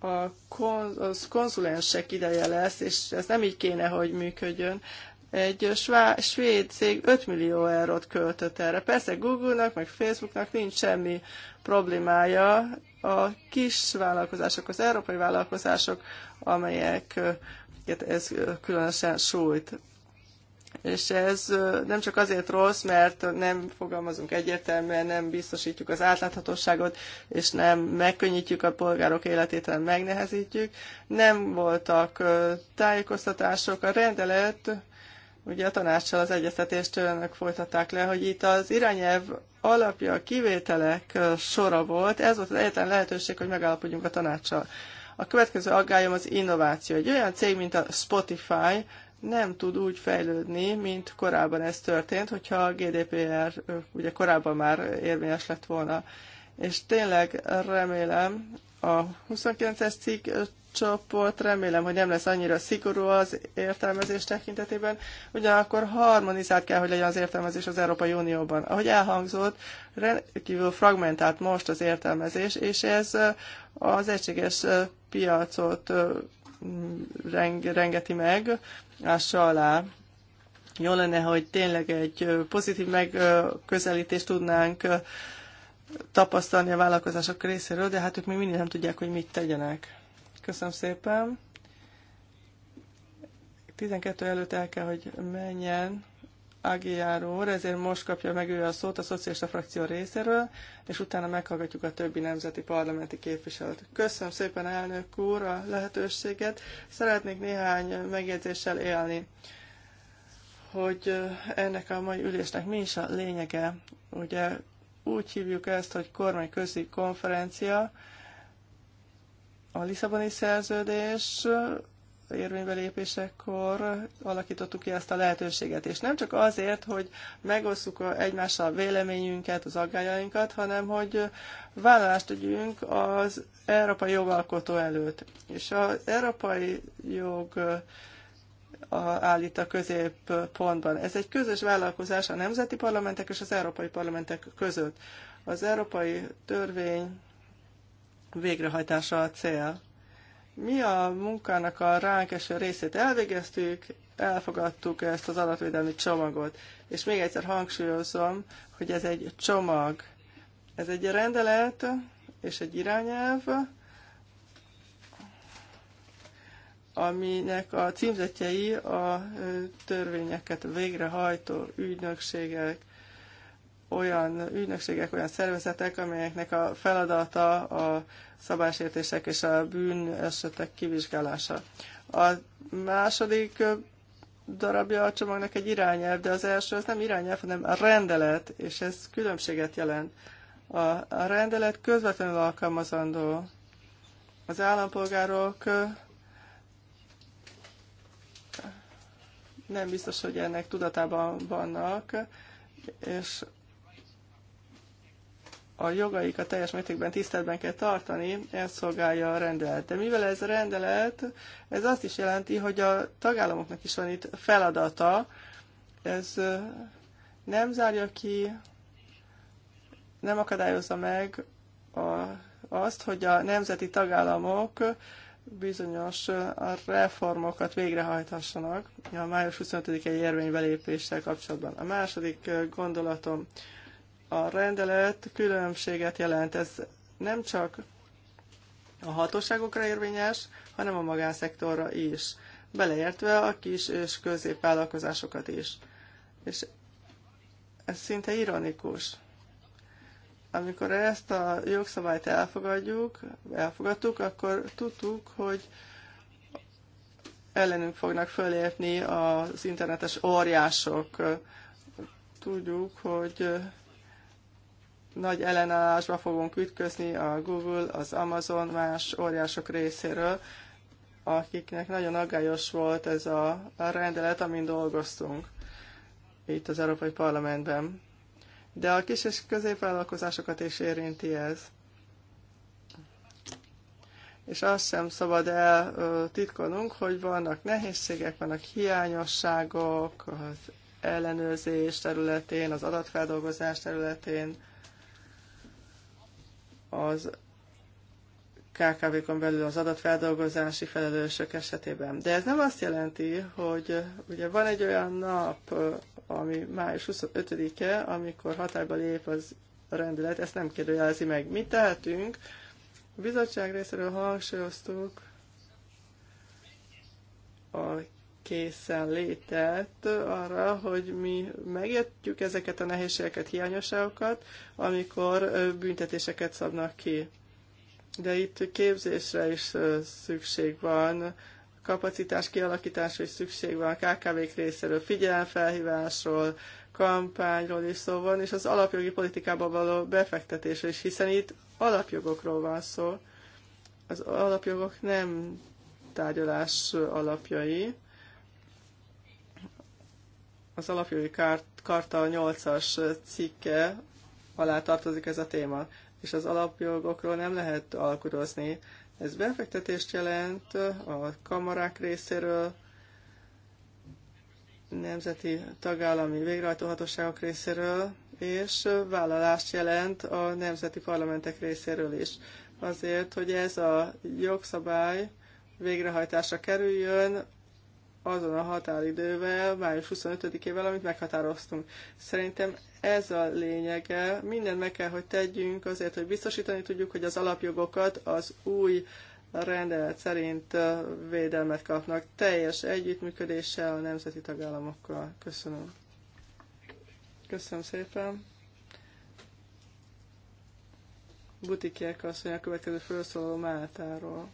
a konzulensek ideje lesz, és ez nem így kéne, hogy működjön. Egy svá, svéd cég 5 millió eurót költött erre. Persze Google-nak, meg Facebooknak nincs semmi problémája. A kis vállalkozások, az európai vállalkozások, amelyek ez különösen sújt. És ez nem csak azért rossz, mert nem fogalmazunk egyértelműen, nem biztosítjuk az átláthatóságot, és nem megkönnyítjük a polgárok életét, hanem megnehezítjük. Nem voltak tájékoztatások. A rendelet Ugye a tanácssal az egyeztetést önök folytatták le, hogy itt az irányelv alapja a kivételek sora volt, ez volt az egyetlen lehetőség, hogy megállapodjunk a tanácssal. A következő aggályom az innováció. Egy olyan cég, mint a Spotify nem tud úgy fejlődni, mint korábban ez történt, hogyha a GDPR ugye korábban már érvényes lett volna. És tényleg remélem a 29-es cikk csoport. Remélem, hogy nem lesz annyira szigorú az értelmezés tekintetében. Ugyanakkor harmonizált kell, hogy legyen az értelmezés az Európai Unióban. Ahogy elhangzott, rendkívül fragmentált most az értelmezés, és ez az egységes piacot rengeti meg, ássa alá. Jó lenne, hogy tényleg egy pozitív megközelítést tudnánk tapasztalni a vállalkozások részéről, de hát ők még mindig nem tudják, hogy mit tegyenek. Köszönöm szépen. 12 előtt el kell, hogy menjen Agiár úr, ezért most kapja meg ő a szót a szocialista frakció részéről, és utána meghallgatjuk a többi nemzeti parlamenti képviselőt. Köszönöm szépen, elnök úr, a lehetőséget. Szeretnék néhány megjegyzéssel élni hogy ennek a mai ülésnek mi is a lényege. Ugye úgy hívjuk ezt, hogy kormányközi konferencia, a Lisszaboni szerződés érvénybe lépésekor alakítottuk ki ezt a lehetőséget. És nem csak azért, hogy megosszuk egymással a véleményünket, az aggájainkat, hanem hogy vállalást tegyünk az európai jogalkotó előtt. És az európai jog állít a középpontban. Ez egy közös vállalkozás a nemzeti parlamentek és az európai parlamentek között. Az európai törvény végrehajtása a cél. Mi a munkának a ránk eső részét elvégeztük, elfogadtuk ezt az adatvédelmi csomagot. És még egyszer hangsúlyozom, hogy ez egy csomag. Ez egy rendelet és egy irányelv, aminek a címzetjei a törvényeket végrehajtó ügynökségek olyan ügynökségek, olyan szervezetek, amelyeknek a feladata a szabásértések és a bűn esetek kivizsgálása. A második darabja a csomagnak egy irányelv, de az első az nem irányelv, hanem a rendelet, és ez különbséget jelent. A, a rendelet közvetlenül alkalmazandó. Az állampolgárok nem biztos, hogy ennek tudatában vannak, és a jogaikat teljes mértékben tiszteletben kell tartani, ezt szolgálja a rendelet. De mivel ez a rendelet, ez azt is jelenti, hogy a tagállamoknak is van itt feladata, ez nem zárja ki, nem akadályozza meg a, azt, hogy a nemzeti tagállamok bizonyos a reformokat végrehajthassanak a május 25-i érvénybelépéssel kapcsolatban. A második gondolatom, a rendelet különbséget jelent. Ez nem csak a hatóságokra érvényes, hanem a magánszektorra is, beleértve a kis és középvállalkozásokat is. És ez szinte ironikus. Amikor ezt a jogszabályt elfogadjuk, elfogadtuk, akkor tudtuk, hogy ellenünk fognak fölépni az internetes óriások. Tudjuk, hogy nagy ellenállásba fogunk ütközni a Google, az Amazon, más óriások részéről, akiknek nagyon aggályos volt ez a rendelet, amin dolgoztunk itt az Európai Parlamentben. De a kis és középvállalkozásokat is érinti ez. És azt sem szabad eltitkolnunk, hogy vannak nehézségek, vannak hiányosságok az ellenőrzés területén, az adatfeldolgozás területén, az KKV-kon belül az adatfeldolgozási felelősök esetében. De ez nem azt jelenti, hogy ugye van egy olyan nap, ami május 25-e, amikor hatályba lép az rendelet, ezt nem kérdőjelezi meg. Mit tehetünk? A bizottság részéről hangsúlyoztuk a készen létet arra, hogy mi megértjük ezeket a nehézségeket, hiányosságokat, amikor büntetéseket szabnak ki. De itt képzésre is szükség van, kapacitás kialakításra is szükség van, KKV-k részéről, figyelemfelhívásról, kampányról is szó van, és az alapjogi politikába való befektetésről is, hiszen itt alapjogokról van szó. Az alapjogok nem tárgyalás alapjai, az alapjogi kart, karta 8-as cikke alá tartozik ez a téma, és az alapjogokról nem lehet alkudozni. Ez befektetést jelent a kamarák részéről, nemzeti tagállami végrehajtóhatóságok részéről, és vállalást jelent a nemzeti parlamentek részéről is. Azért, hogy ez a jogszabály végrehajtásra kerüljön, azon a határidővel, május 25-ével, amit meghatároztunk. Szerintem ez a lényege. Mindent meg kell, hogy tegyünk azért, hogy biztosítani tudjuk, hogy az alapjogokat az új rendelet szerint védelmet kapnak teljes együttműködéssel a nemzeti tagállamokkal. Köszönöm. Köszönöm szépen. Butikiek mondja a következő felszóló Máltáról.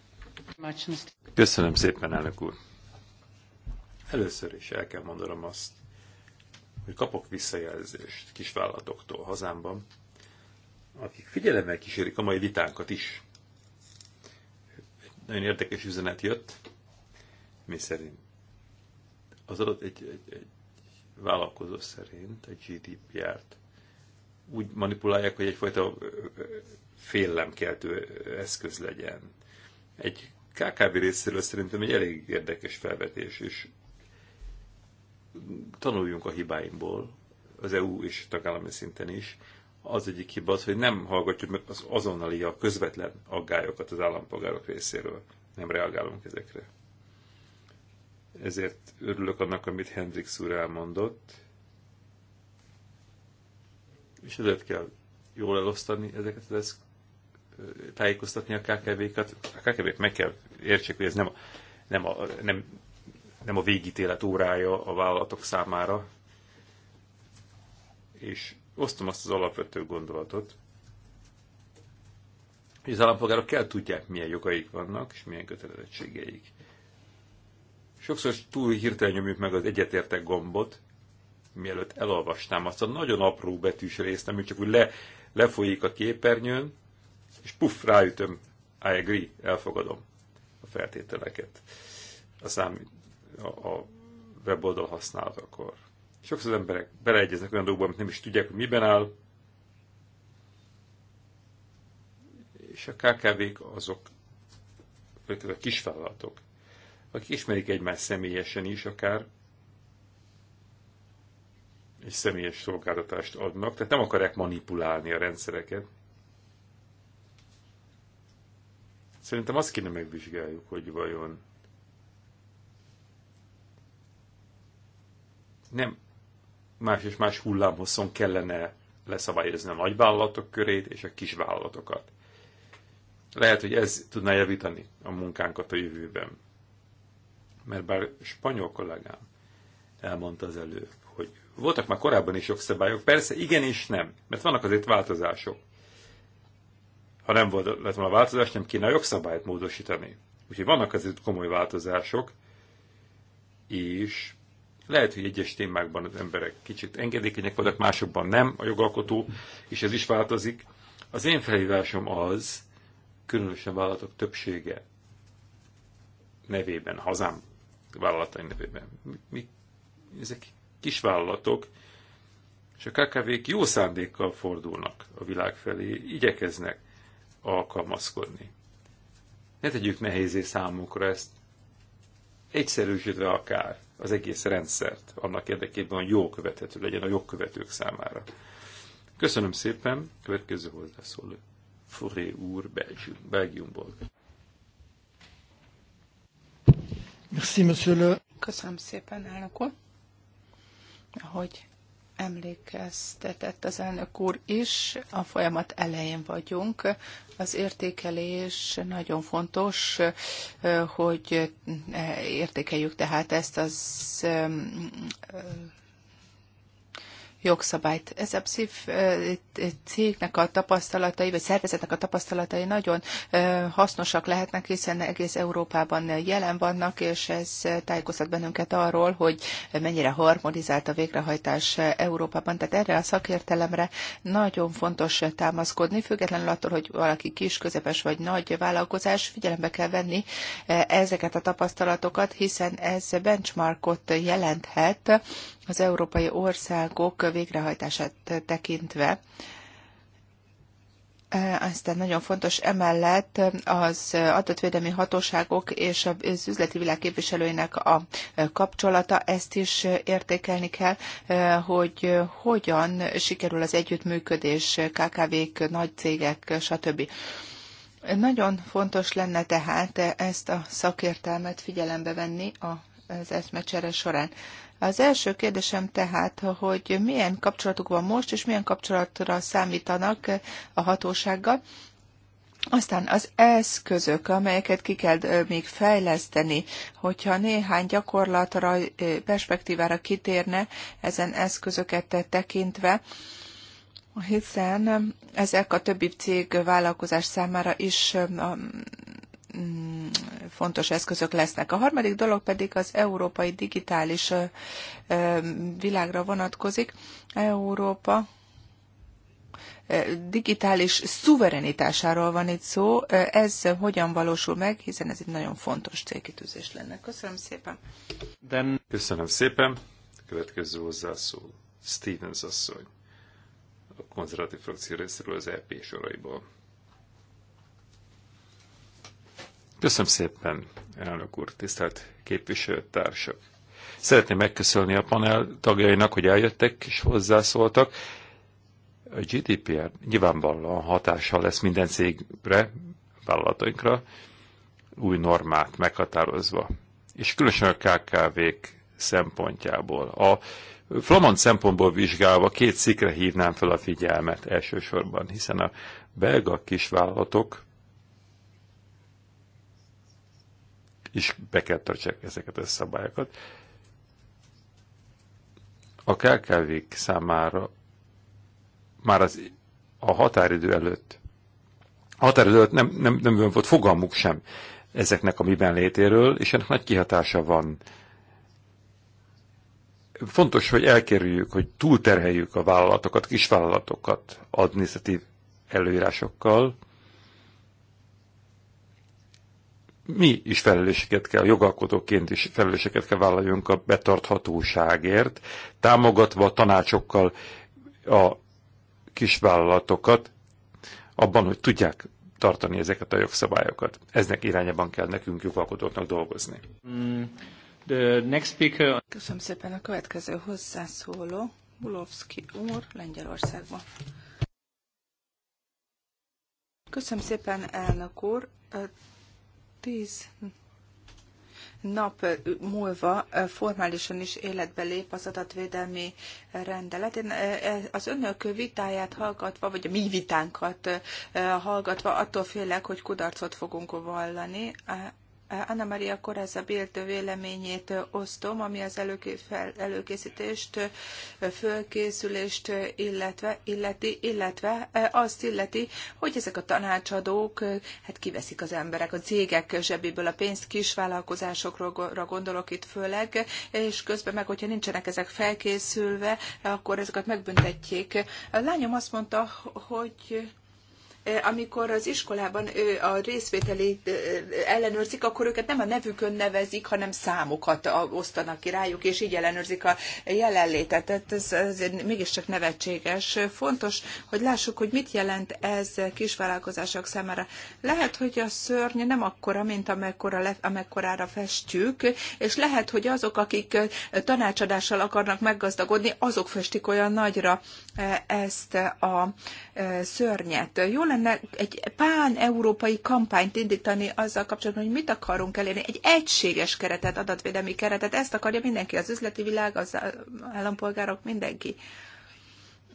Köszönöm szépen, elnök úr. Először is el kell mondanom azt, hogy kapok visszajelzést kisvállalatoktól hazámban, akik figyelemmel kísérik a mai vitánkat is. Egy nagyon érdekes üzenet jött, mi szerint az adott egy, egy, egy vállalkozó szerint a GDPR-t úgy manipulálják, hogy egyfajta féllemkeltő eszköz legyen. Egy KKB részéről szerintem egy elég érdekes felvetés, és tanuljunk a hibáimból, az EU és tagállami szinten is. Az egyik hiba az, hogy nem hallgatjuk meg az azonnali, a közvetlen aggályokat az állampolgárok részéről. Nem reagálunk ezekre. Ezért örülök annak, amit Hendrix úr elmondott. És ezért kell jól elosztani ezeket az eszk- tájékoztatni a KKV-kat. A KKV-k meg kell értsék, hogy ez nem, a, nem, a, nem nem a végítélet órája a vállalatok számára. És osztom azt az alapvető gondolatot, hogy az állampolgárok kell tudják, milyen jogaik vannak, és milyen kötelezettségeik. Sokszor túl hirtelen nyomjuk meg az egyetértek gombot, mielőtt elolvastám azt a nagyon apró betűs részt, ami csak úgy le, lefolyik a képernyőn, és puff, ráütöm, I agree, elfogadom a feltételeket, a számít, a, a weboldal akkor. Sokszor az emberek beleegyeznek olyan dolgokba, amit nem is tudják, hogy miben áll, és a KKV-k azok, vagy a kisvállalatok, akik ismerik egymást személyesen is akár, és személyes szolgáltatást adnak, tehát nem akarják manipulálni a rendszereket. Szerintem azt kéne megvizsgáljuk, hogy vajon nem más és más hullámhosszon kellene leszabályozni a nagyvállalatok körét és a kisvállalatokat. Lehet, hogy ez tudná javítani a munkánkat a jövőben. Mert bár spanyol kollégám elmondta az elő, hogy voltak már korábban is sok szabályok. persze igen és nem, mert vannak azért változások. Ha nem volt, lett volna változás, nem kéne a jogszabályt módosítani. Úgyhogy vannak azért komoly változások, és lehet, hogy egyes témákban az emberek kicsit engedékenyek vannak, másokban nem, a jogalkotó, és ez is változik. Az én felhívásom az, különösen vállalatok többsége nevében, hazám vállalatai nevében. Mi, mi, ezek vállalatok, és a kkv jó szándékkal fordulnak a világ felé, igyekeznek alkalmazkodni. Ne tegyük nehézé számukra ezt, egyszerűsítve akár az egész rendszert, annak érdekében, hogy jó követhető legyen a jogkövetők számára. Köszönöm szépen, következő hozzászóló. Furé úr Belgium, Belgiumból. Merci, monsieur le... Köszönöm szépen, elnök úr. hogy emlékeztetett az elnök úr is, a folyamat elején vagyunk. Az értékelés nagyon fontos, hogy értékeljük tehát ezt az jogszabályt. Ez a PSZIF cégnek a tapasztalatai, vagy szervezetnek a tapasztalatai nagyon hasznosak lehetnek, hiszen egész Európában jelen vannak, és ez tájékoztat bennünket arról, hogy mennyire harmonizált a végrehajtás Európában. Tehát erre a szakértelemre nagyon fontos támaszkodni, függetlenül attól, hogy valaki kis, közepes vagy nagy vállalkozás, figyelembe kell venni ezeket a tapasztalatokat, hiszen ez benchmarkot jelenthet, az európai országok végrehajtását tekintve. Aztán nagyon fontos emellett az adatvédelmi hatóságok és az üzleti világ képviselőinek a kapcsolata, ezt is értékelni kell, hogy hogyan sikerül az együttműködés, KKV-k, nagy cégek, stb. Nagyon fontos lenne tehát ezt a szakértelmet figyelembe venni az eszmecsere során. Az első kérdésem tehát, hogy milyen kapcsolatuk van most, és milyen kapcsolatra számítanak a hatósággal. Aztán az eszközök, amelyeket ki kell még fejleszteni, hogyha néhány gyakorlatra, perspektívára kitérne ezen eszközöket tekintve, hiszen ezek a többi cég vállalkozás számára is Mm, fontos eszközök lesznek. A harmadik dolog pedig az európai digitális világra vonatkozik. Európa digitális szuverenitásáról van itt szó. Ez hogyan valósul meg, hiszen ez egy nagyon fontos célkitűzés lenne. Köszönöm szépen. Then... Köszönöm szépen. Következő hozzászól Stevens asszony, a konzervatív frakció részéről az EP soraiból. Köszönöm szépen, elnök úr, tisztelt képviselőtársak. Szeretném megköszönni a panel tagjainak, hogy eljöttek és hozzászóltak. A GDPR nyilvánvalóan hatással lesz minden cégre, vállalatainkra, új normát meghatározva. És különösen a KKV-k szempontjából. A flamand szempontból vizsgálva két szikre hívnám fel a figyelmet elsősorban, hiszen a belga kisvállalatok is be kell tartsák ezeket a szabályokat. A kkv számára már az, a határidő előtt, a határidő előtt nem, nem, nem volt fogalmuk sem ezeknek a miben létéről, és ennek nagy kihatása van. Fontos, hogy elkerüljük, hogy túlterheljük a vállalatokat, kisvállalatokat adminisztratív előírásokkal, mi is felelősséget kell, jogalkotóként is felelősséget kell vállaljunk a betarthatóságért, támogatva a tanácsokkal a kisvállalatokat abban, hogy tudják tartani ezeket a jogszabályokat. Eznek irányában kell nekünk jogalkotóknak dolgozni. Mm, the next speaker... Köszönöm szépen a következő hozzászóló, Bulovski úr, Lengyelországban. Köszönöm szépen, elnök úr. Tíz nap múlva formálisan is életbe lép az adatvédelmi rendelet. Én az önök vitáját hallgatva, vagy a mi vitánkat hallgatva attól félek, hogy kudarcot fogunk vallani. Anna Maria Corazza Bélt véleményét osztom, ami az előkészítést, fölkészülést illetve, illeti, illetve azt illeti, hogy ezek a tanácsadók hát kiveszik az emberek, a cégek zsebéből a pénzt, kisvállalkozásokra gondolok itt főleg, és közben meg, hogyha nincsenek ezek felkészülve, akkor ezeket megbüntetjék. A lányom azt mondta, hogy amikor az iskolában a részvételét ellenőrzik, akkor őket nem a nevükön nevezik, hanem számokat osztanak ki rájuk, és így ellenőrzik a jelenlétet. Tehát ez, azért mégiscsak nevetséges. Fontos, hogy lássuk, hogy mit jelent ez kisvállalkozások számára. Lehet, hogy a szörny nem akkora, mint amekkora amekkorára festjük, és lehet, hogy azok, akik tanácsadással akarnak meggazdagodni, azok festik olyan nagyra ezt a e, szörnyet. Jó lenne egy pán-európai kampányt indítani azzal kapcsolatban, hogy mit akarunk elérni. Egy egységes keretet, adatvédelmi keretet, ezt akarja mindenki, az üzleti világ, az állampolgárok, mindenki.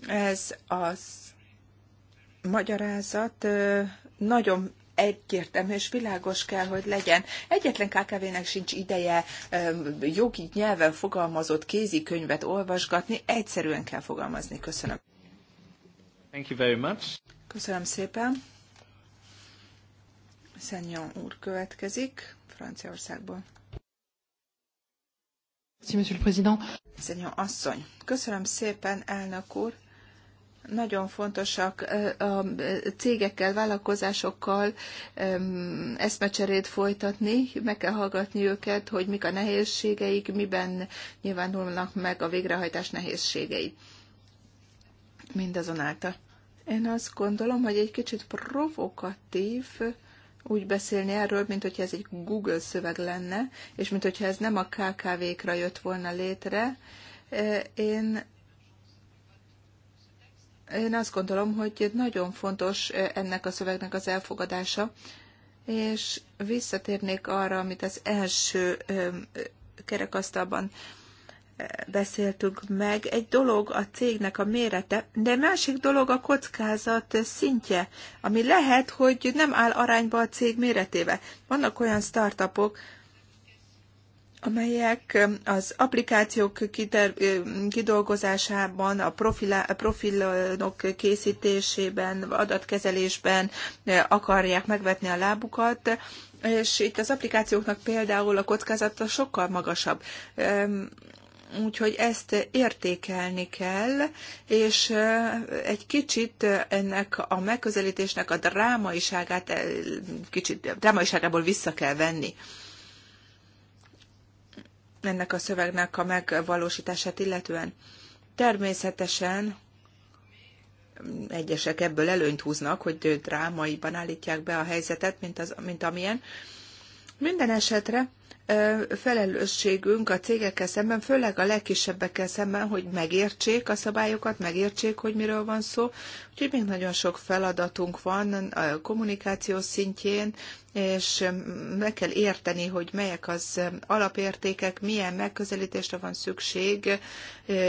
Ez az magyarázat e, nagyon egyértelmű és világos kell, hogy legyen. Egyetlen KKV-nek sincs ideje jogi nyelven fogalmazott kézikönyvet olvasgatni, egyszerűen kell fogalmazni. Köszönöm. Thank you very much. Köszönöm szépen. Szenyon úr következik Franciaországból. Szenyon asszony. Köszönöm szépen, elnök úr nagyon fontosak a cégekkel, vállalkozásokkal eszmecserét folytatni, meg kell hallgatni őket, hogy mik a nehézségeik, miben nyilvánulnak meg a végrehajtás nehézségei. Mindazonáltal. Én azt gondolom, hogy egy kicsit provokatív úgy beszélni erről, mint hogyha ez egy Google szöveg lenne, és mint hogyha ez nem a KKV-kra jött volna létre. Én én azt gondolom, hogy nagyon fontos ennek a szövegnek az elfogadása, és visszatérnék arra, amit az első kerekasztalban beszéltünk meg. Egy dolog a cégnek a mérete, de másik dolog a kockázat szintje, ami lehet, hogy nem áll arányba a cég méretével. Vannak olyan startupok, amelyek az applikációk kidolgozásában, a, profilá, a profilok készítésében, adatkezelésben akarják megvetni a lábukat, és itt az applikációknak például a kockázata sokkal magasabb. Úgyhogy ezt értékelni kell, és egy kicsit ennek a megközelítésnek a drámaiságát, kicsit drámaiságából vissza kell venni ennek a szövegnek a megvalósítását illetően. Természetesen egyesek ebből előnyt húznak, hogy drámaiban állítják be a helyzetet, mint, az, mint amilyen. Minden esetre felelősségünk a cégekkel szemben, főleg a legkisebbekkel szemben, hogy megértsék a szabályokat, megértsék, hogy miről van szó. Úgyhogy még nagyon sok feladatunk van a kommunikáció szintjén, és meg kell érteni, hogy melyek az alapértékek, milyen megközelítésre van szükség,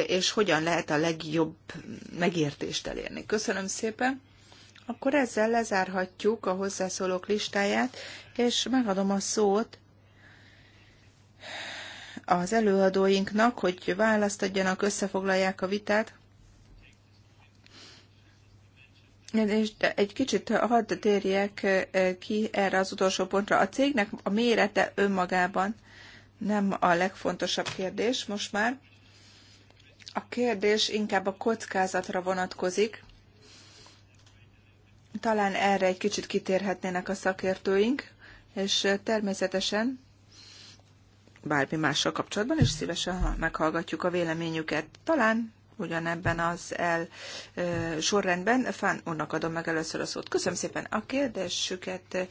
és hogyan lehet a legjobb megértést elérni. Köszönöm szépen! Akkor ezzel lezárhatjuk a hozzászólók listáját, és megadom a szót az előadóinknak, hogy választ adjanak, összefoglalják a vitát. És egy kicsit hadd térjek eh, ki erre az utolsó pontra. A cégnek a mérete önmagában nem a legfontosabb kérdés most már. A kérdés inkább a kockázatra vonatkozik. Talán erre egy kicsit kitérhetnének a szakértőink, és természetesen bármi mással kapcsolatban, és szívesen meghallgatjuk a véleményüket. Talán ugyanebben az el e, sorrendben. Fán úrnak adom meg először a szót. Köszönöm szépen a kérdésüket,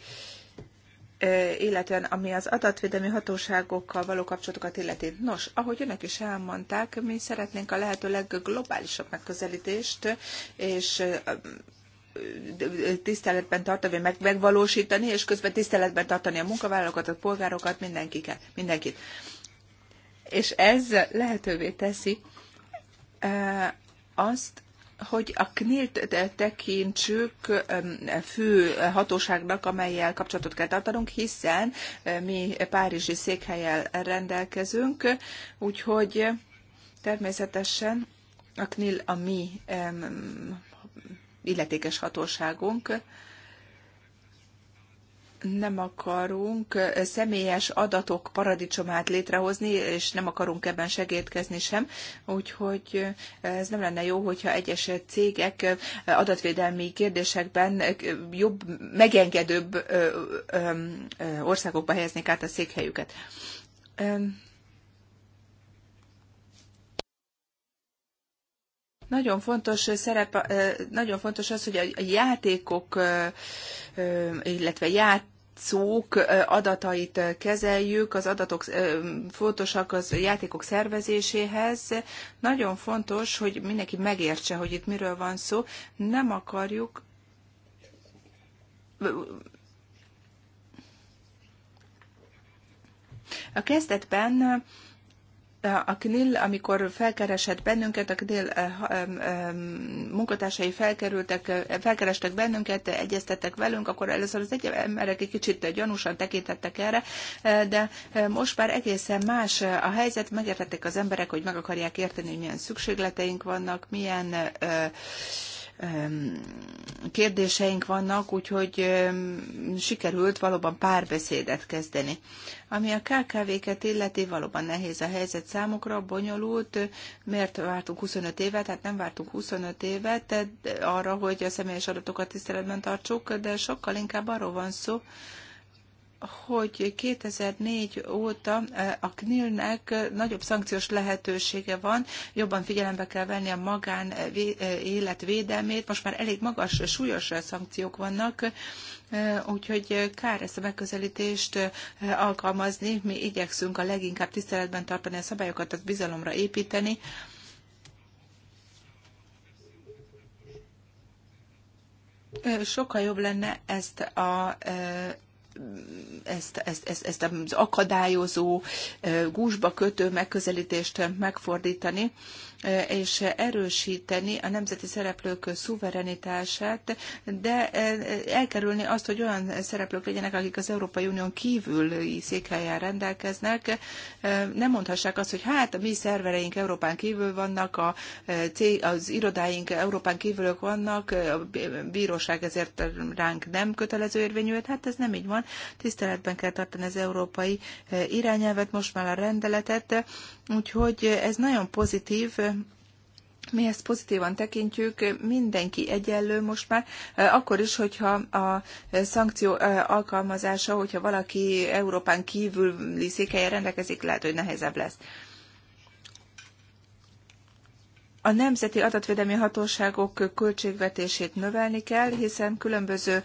e, illetve ami az adatvédelmi hatóságokkal való kapcsolatokat illeti. Nos, ahogy önök is elmondták, mi szeretnénk a lehető legglobálisabb megközelítést, és tiszteletben tartani, meg, megvalósítani, és közben tiszteletben tartani a munkavállalókat, a polgárokat, mindenkiket, mindenkit. És ez lehetővé teszi azt, hogy a KNILT tekintsük fő hatóságnak, amelyel kapcsolatot kell tartanunk, hiszen mi párizsi székhelyel rendelkezünk, úgyhogy természetesen a KNIL a mi illetékes hatóságunk. Nem akarunk személyes adatok paradicsomát létrehozni, és nem akarunk ebben segítkezni sem, úgyhogy ez nem lenne jó, hogyha egyes cégek adatvédelmi kérdésekben jobb, megengedőbb országokba helyeznék át a székhelyüket. Nagyon fontos szerep, nagyon fontos az, hogy a játékok, illetve játékok, játszók adatait kezeljük, az adatok fontosak az játékok szervezéséhez. Nagyon fontos, hogy mindenki megértse, hogy itt miről van szó. Nem akarjuk a kezdetben a KNIL, amikor felkeresett bennünket, a KNIL eh, munkatársai felkerültek, eh, felkerestek bennünket, egyeztettek velünk, akkor először az egy emberek egy kicsit gyanúsan tekintettek erre, eh, de most már egészen más a helyzet, megértették az emberek, hogy meg akarják érteni, hogy milyen szükségleteink vannak, milyen kérdéseink vannak, úgyhogy sikerült valóban párbeszédet kezdeni. Ami a KKV-ket illeti, valóban nehéz a helyzet számukra, bonyolult. Miért vártunk 25 évet? Hát nem vártunk 25 évet arra, hogy a személyes adatokat tiszteletben tartsuk, de sokkal inkább arról van szó, hogy 2004 óta e, a CNIL-nek nagyobb szankciós lehetősége van, jobban figyelembe kell venni a magán e, e, élet védelmét, most már elég magas, súlyos szankciók vannak, úgyhogy kár ezt a megközelítést alkalmazni, mi igyekszünk a leginkább tiszteletben tartani a szabályokat, az bizalomra építeni, Sokkal jobb lenne ezt a ezt, ezt, ezt, ezt az akadályozó, gúzsba kötő megközelítést megfordítani, Eh, és erősíteni a nemzeti szereplők szuverenitását, de eh, elkerülni azt, hogy olyan szereplők legyenek, akik az Európai Unión kívüli székhelyjel rendelkeznek, eh, nem mondhassák azt, hogy hát a mi szervereink Európán kívül vannak, a, az irodáink Európán kívülök vannak, a bíróság ezért ránk nem kötelező érvényű, hát, hát ez nem így van. Tiszteletben kell tartani az európai irányelvet, most már a rendeletet, Úgyhogy ez nagyon pozitív, mi ezt pozitívan tekintjük, mindenki egyenlő most már, akkor is, hogyha a szankció alkalmazása, hogyha valaki Európán kívül székelyen rendelkezik, lehet, hogy nehezebb lesz a nemzeti adatvédelmi hatóságok költségvetését növelni kell, hiszen különböző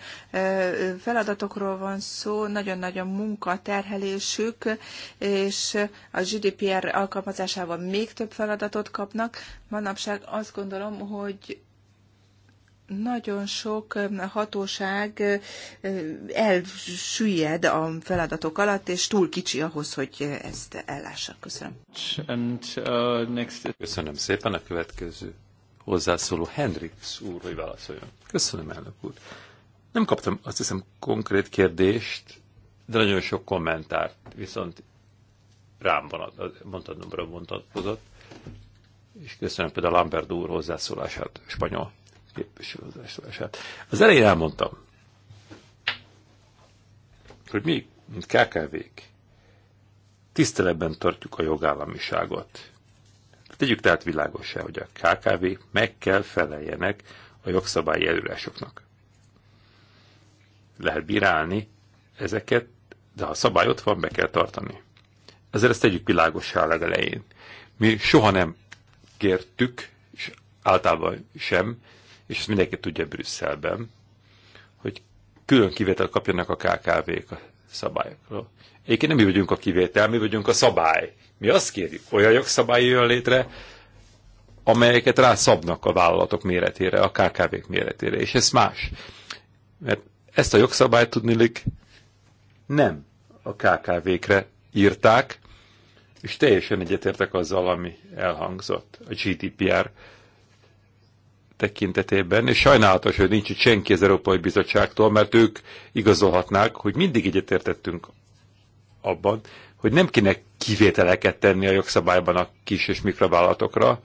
feladatokról van szó, nagyon-nagyon munkaterhelésük, és a GDPR alkalmazásával még több feladatot kapnak. Manapság azt gondolom, hogy nagyon sok hatóság elsüllyed a feladatok alatt, és túl kicsi ahhoz, hogy ezt ellássa. Köszönöm. And, uh, next... Köszönöm szépen a következő hozzászóló Hendrix úr, hogy válaszoljon. Köszönöm, elnök úr. Nem kaptam azt hiszem konkrét kérdést, de nagyon sok kommentárt, viszont rám vonatkozóra vonatkozott, és köszönöm például Lambert úr hozzászólását, spanyol képviselőzását. Az elején elmondtam, hogy mi, mint KKV-k, tiszteletben tartjuk a jogállamiságot. Tegyük tehát világosá, hogy a KKV meg kell feleljenek a jogszabályi előrásoknak. Lehet bírálni ezeket, de ha szabály ott van, be kell tartani. Ezzel ezt tegyük világossá a legelején. Mi soha nem kértük, és általában sem, és ezt mindenki tudja Brüsszelben, hogy külön kivétel kapjanak a KKV-k a szabályokról. Egyébként nem mi vagyunk a kivétel, mi vagyunk a szabály. Mi azt kérjük, olyan jogszabály jön létre, amelyeket rászabnak a vállalatok méretére, a KKV-k méretére, és ez más. Mert ezt a jogszabályt tudnilik nem a KKV-kre írták, és teljesen egyetértek azzal, ami elhangzott a GDPR tekintetében, és sajnálatos, hogy nincs itt senki az Európai Bizottságtól, mert ők igazolhatnák, hogy mindig egyetértettünk abban, hogy nem kéne kivételeket tenni a jogszabályban a kis és mikrovállalatokra,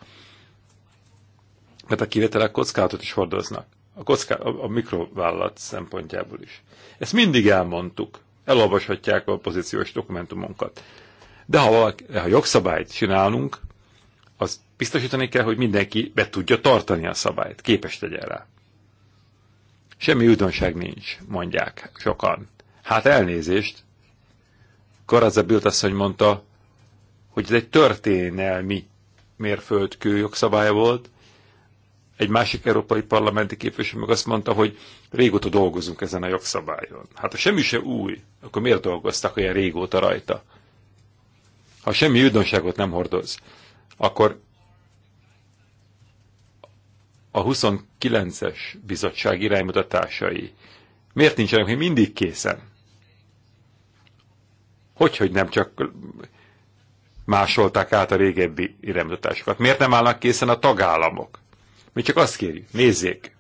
mert a kivételek kockázatot is hordoznak. A, kocká, a, a mikrovállalat szempontjából is. Ezt mindig elmondtuk. Elolvashatják a pozíciós dokumentumunkat. De ha, valaki, ha jogszabályt csinálunk, Biztosítani kell, hogy mindenki be tudja tartani a szabályt, képes legyen rá. Semmi újdonság nincs, mondják sokan. Hát elnézést. Karadza Biltasszony mondta, hogy ez egy történelmi mérföldkő jogszabály volt. Egy másik európai parlamenti képviselő meg azt mondta, hogy régóta dolgozunk ezen a jogszabályon. Hát ha semmi se új, akkor miért dolgoztak olyan régóta rajta? Ha semmi újdonságot nem hordoz, akkor a 29-es bizottság iránymutatásai miért nincsenek még mindig készen? Hogy, hogy nem csak másolták át a régebbi iránymutatásokat? Miért nem állnak készen a tagállamok? Mi csak azt kérjük, nézzék,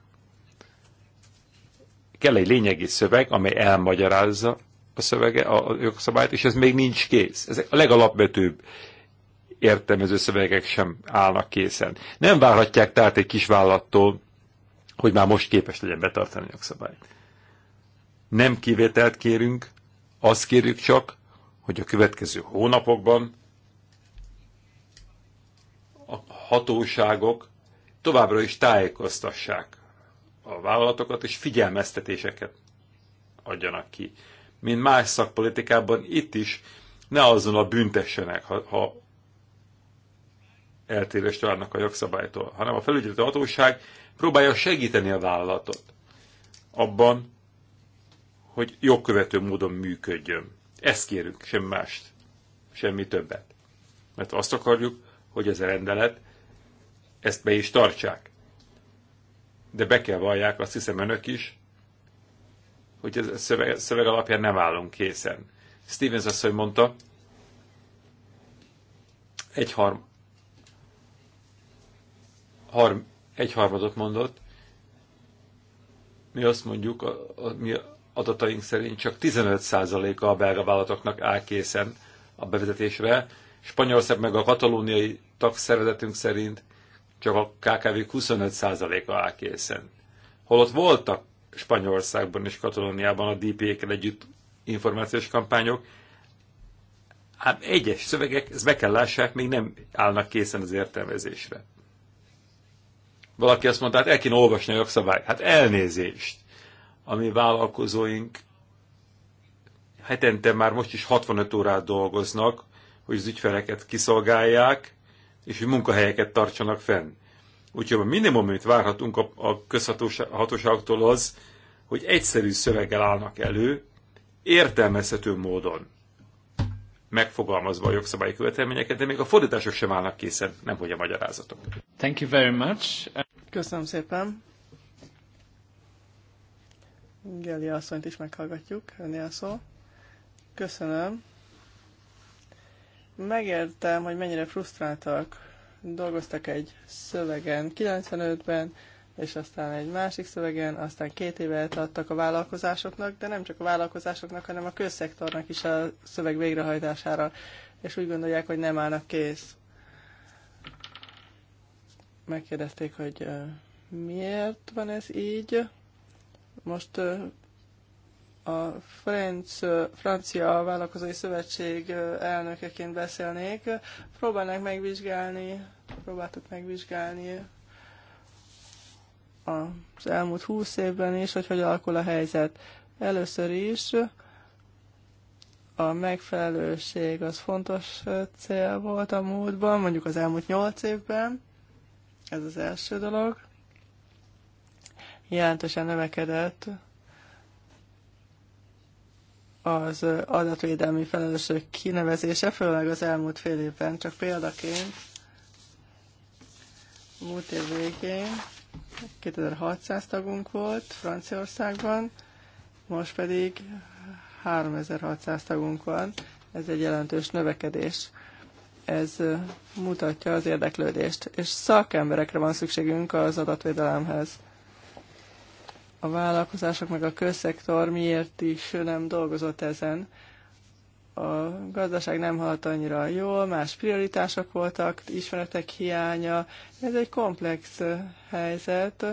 kell egy lényegi szöveg, amely elmagyarázza a szövege, a jogszabályt, és ez még nincs kész. Ez a legalapvetőbb értelmező szövegek sem állnak készen. Nem várhatják tehát egy kis vállattól, hogy már most képes legyen betartani a jogszabályt. Nem kivételt kérünk, azt kérjük csak, hogy a következő hónapokban a hatóságok továbbra is tájékoztassák a vállalatokat, és figyelmeztetéseket adjanak ki. Mint más szakpolitikában, itt is ne azon a büntessenek, ha, ha eltérést várnak a jogszabálytól, hanem a felügyelő hatóság próbálja segíteni a vállalatot abban, hogy jogkövető módon működjön. Ezt kérünk, sem mást, semmi többet. Mert azt akarjuk, hogy ez a rendelet ezt be is tartsák. De be kell vallják, azt hiszem önök is, hogy ez a szöveg, szöveg alapján nem állunk készen. Stevens asszony mondta, egyharm, harm, egyharmadot mondott, mi azt mondjuk, a, a, mi adataink szerint csak 15%-a a belga vállalatoknak áll készen a bevezetésre. Spanyolország meg a katalóniai tagszervezetünk szerint csak a KKV 25%-a áll készen. Holott voltak Spanyolországban és Katalóniában a DP-kkel együtt információs kampányok, hát egyes szövegek, ezt be kell lássák, még nem állnak készen az értelmezésre. Valaki azt mondta, hát el kéne olvasni a jogszabályt. Hát elnézést! Ami vállalkozóink hetente már most is 65 órát dolgoznak, hogy az ügyfeleket kiszolgálják, és hogy munkahelyeket tartsanak fenn. Úgyhogy a minimum, amit várhatunk a, a közhatóságoktól az, hogy egyszerű szöveggel állnak elő, értelmezhető módon megfogalmazva a jogszabályi követelményeket, de még a fordítások sem állnak készen, nemhogy a magyarázatok. Thank you very much. Köszönöm szépen. Geli asszonyt is meghallgatjuk, önnél szó. Köszönöm. Megértem, hogy mennyire frusztráltak. Dolgoztak egy szövegen 95-ben, és aztán egy másik szövegen, aztán két évet adtak a vállalkozásoknak, de nem csak a vállalkozásoknak, hanem a közszektornak is a szöveg végrehajtására, és úgy gondolják, hogy nem állnak kész. Megkérdezték, hogy miért van ez így. Most a Franc, Francia Vállalkozói Szövetség elnökeként beszélnék. Próbálnak megvizsgálni, próbáltuk megvizsgálni az elmúlt húsz évben is, hogy hogy alakul a helyzet. Először is a megfelelőség az fontos cél volt a múltban, mondjuk az elmúlt nyolc évben. Ez az első dolog. Jelentősen növekedett az adatvédelmi felelősség kinevezése, főleg az elmúlt fél évben, csak példaként múlt év végén 2600 tagunk volt Franciaországban, most pedig 3600 tagunk van. Ez egy jelentős növekedés. Ez mutatja az érdeklődést, és szakemberekre van szükségünk az adatvédelemhez. A vállalkozások meg a közszektor miért is nem dolgozott ezen? a gazdaság nem haladt annyira jól, más prioritások voltak, ismeretek hiánya. Ez egy komplex helyzet.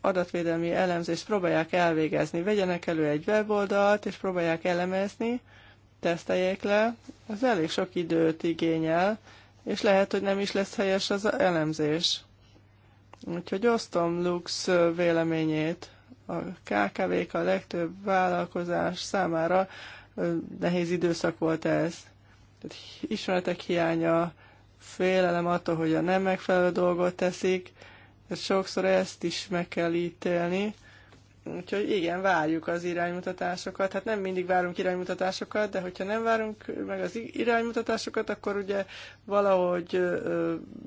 Adatvédelmi elemzést próbálják elvégezni. Vegyenek elő egy weboldalt, és próbálják elemezni, teszteljék le. Az elég sok időt igényel, és lehet, hogy nem is lesz helyes az elemzés. Úgyhogy osztom Lux véleményét. A KKV-k a legtöbb vállalkozás számára nehéz időszak volt ez. Tehát ismeretek hiánya, félelem attól, hogy a nem megfelelő dolgot teszik, tehát sokszor ezt is meg kell ítélni. Úgyhogy igen, várjuk az iránymutatásokat. Hát nem mindig várunk iránymutatásokat, de hogyha nem várunk meg az iránymutatásokat, akkor ugye valahogy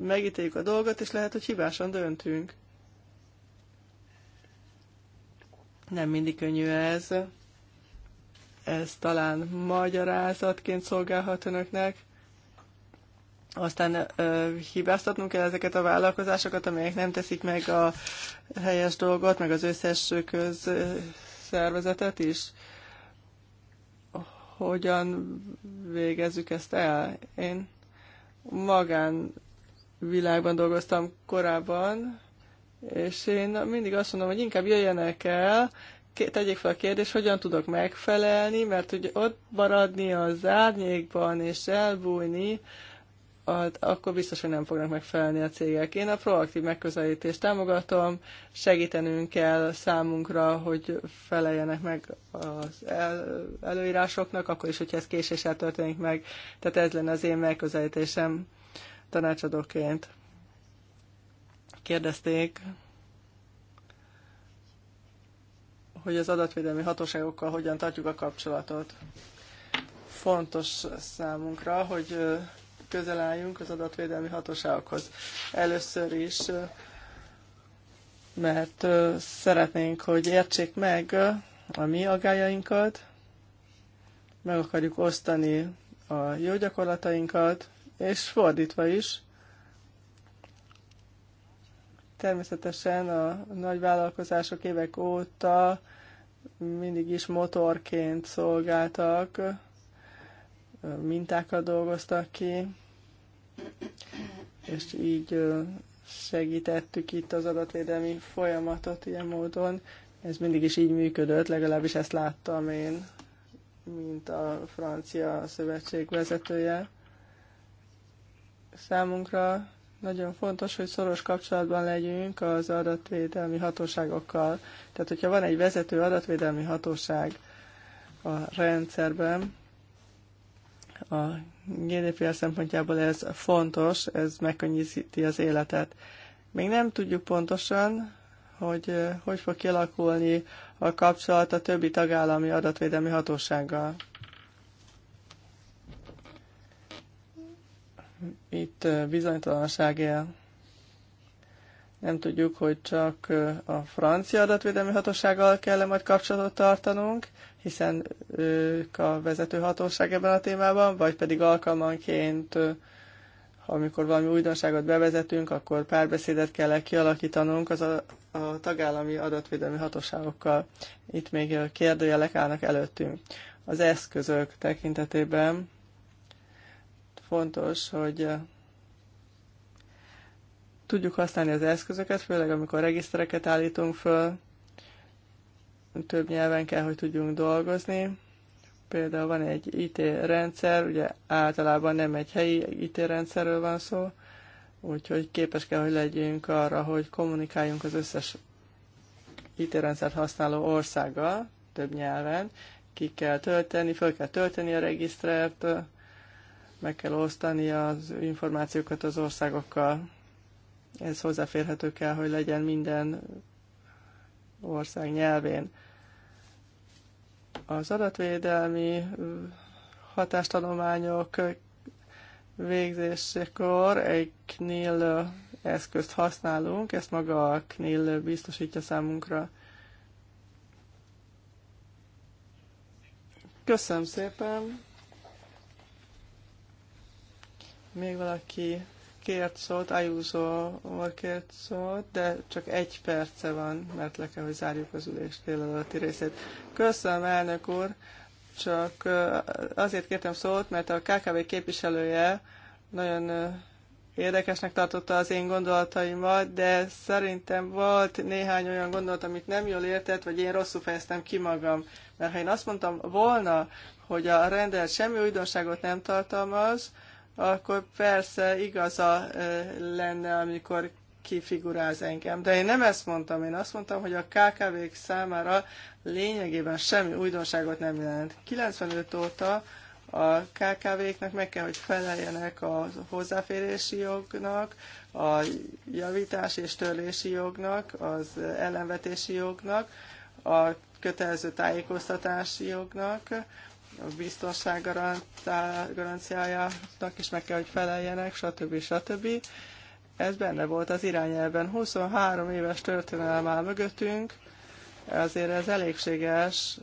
megítéljük a dolgot, és lehet, hogy hibásan döntünk. Nem mindig könnyű ez. Ez talán magyarázatként szolgálhat önöknek. Aztán uh, hibáztatnunk kell ezeket a vállalkozásokat, amelyek nem teszik meg a helyes dolgot, meg az összes közszervezetet is hogyan végezzük ezt el. Én magán világban dolgoztam korábban, és én mindig azt mondom, hogy inkább jöjjenek el, tegyék fel a kérdést, hogyan tudok megfelelni, mert ugye ott maradni az árnyékban és elbújni, akkor biztos, hogy nem fognak megfelelni a cégek. Én a proaktív megközelítést támogatom, segítenünk kell számunkra, hogy feleljenek meg az el, előírásoknak, akkor is, hogyha ez késéssel történik meg. Tehát ez lenne az én megközelítésem tanácsadóként. Kérdezték hogy az adatvédelmi hatóságokkal hogyan tartjuk a kapcsolatot. Fontos számunkra, hogy közel álljunk az adatvédelmi hatóságokhoz. Először is, mert szeretnénk, hogy értsék meg a mi agájainkat, meg akarjuk osztani a jó gyakorlatainkat, és fordítva is, Természetesen a nagy vállalkozások évek óta mindig is motorként szolgáltak, mintákat dolgoztak ki, és így segítettük itt az adatvédelmi folyamatot ilyen módon. Ez mindig is így működött, legalábbis ezt láttam én, mint a francia szövetség vezetője. Számunkra nagyon fontos, hogy szoros kapcsolatban legyünk az adatvédelmi hatóságokkal. Tehát, hogyha van egy vezető adatvédelmi hatóság a rendszerben, a GDPR szempontjából ez fontos, ez megkönnyíti az életet. Még nem tudjuk pontosan, hogy eh, hogy fog kialakulni a kapcsolat a többi tagállami adatvédelmi hatósággal. itt bizonytalanság él. Nem tudjuk, hogy csak a francia adatvédelmi hatósággal kell majd kapcsolatot tartanunk, hiszen ők a vezető hatóság ebben a témában, vagy pedig alkalmanként, amikor valami újdonságot bevezetünk, akkor párbeszédet kell kialakítanunk az a, a tagállami adatvédelmi hatóságokkal. Itt még kérdőjelek állnak előttünk. Az eszközök tekintetében Fontos, hogy eh, tudjuk használni az eszközöket, főleg amikor regisztereket állítunk föl, több nyelven kell, hogy tudjunk dolgozni. Például van egy IT rendszer, ugye általában nem egy helyi IT rendszerről van szó, úgyhogy képes kell, hogy legyünk arra, hogy kommunikáljunk az összes IT rendszert használó országgal, több nyelven, ki kell tölteni, föl kell tölteni a regisztrert, meg kell osztani az információkat az országokkal. Ez hozzáférhető kell, hogy legyen minden ország nyelvén. Az adatvédelmi hatástanományok végzésekor egy CNIL eszközt használunk, ezt maga a CNIL biztosítja számunkra. Köszönöm szépen! Még valaki kért szót, Ajúzó kért szót, de csak egy perce van, mert le kell, hogy zárjuk az ülés délelőtti részét. Köszönöm, elnök úr, csak azért kértem szót, mert a KKV képviselője nagyon érdekesnek tartotta az én gondolataimat, de szerintem volt néhány olyan gondolat, amit nem jól értett, vagy én rosszul fejeztem ki magam. Mert ha én azt mondtam volna, hogy a rendelet semmi újdonságot nem tartalmaz, akkor persze igaza e, lenne, amikor kifiguráz engem. De én nem ezt mondtam, én azt mondtam, hogy a KKV-k számára lényegében semmi újdonságot nem jelent. 95 óta a KKV-knek meg kell, hogy feleljenek a hozzáférési jognak, a javítás és törlési jognak, az ellenvetési jognak, a kötelező tájékoztatási jognak, a biztonság garanciájának is meg kell, hogy feleljenek, stb. stb. Ez benne volt az irányelben. 23 éves történelem áll mögöttünk, azért ez elégséges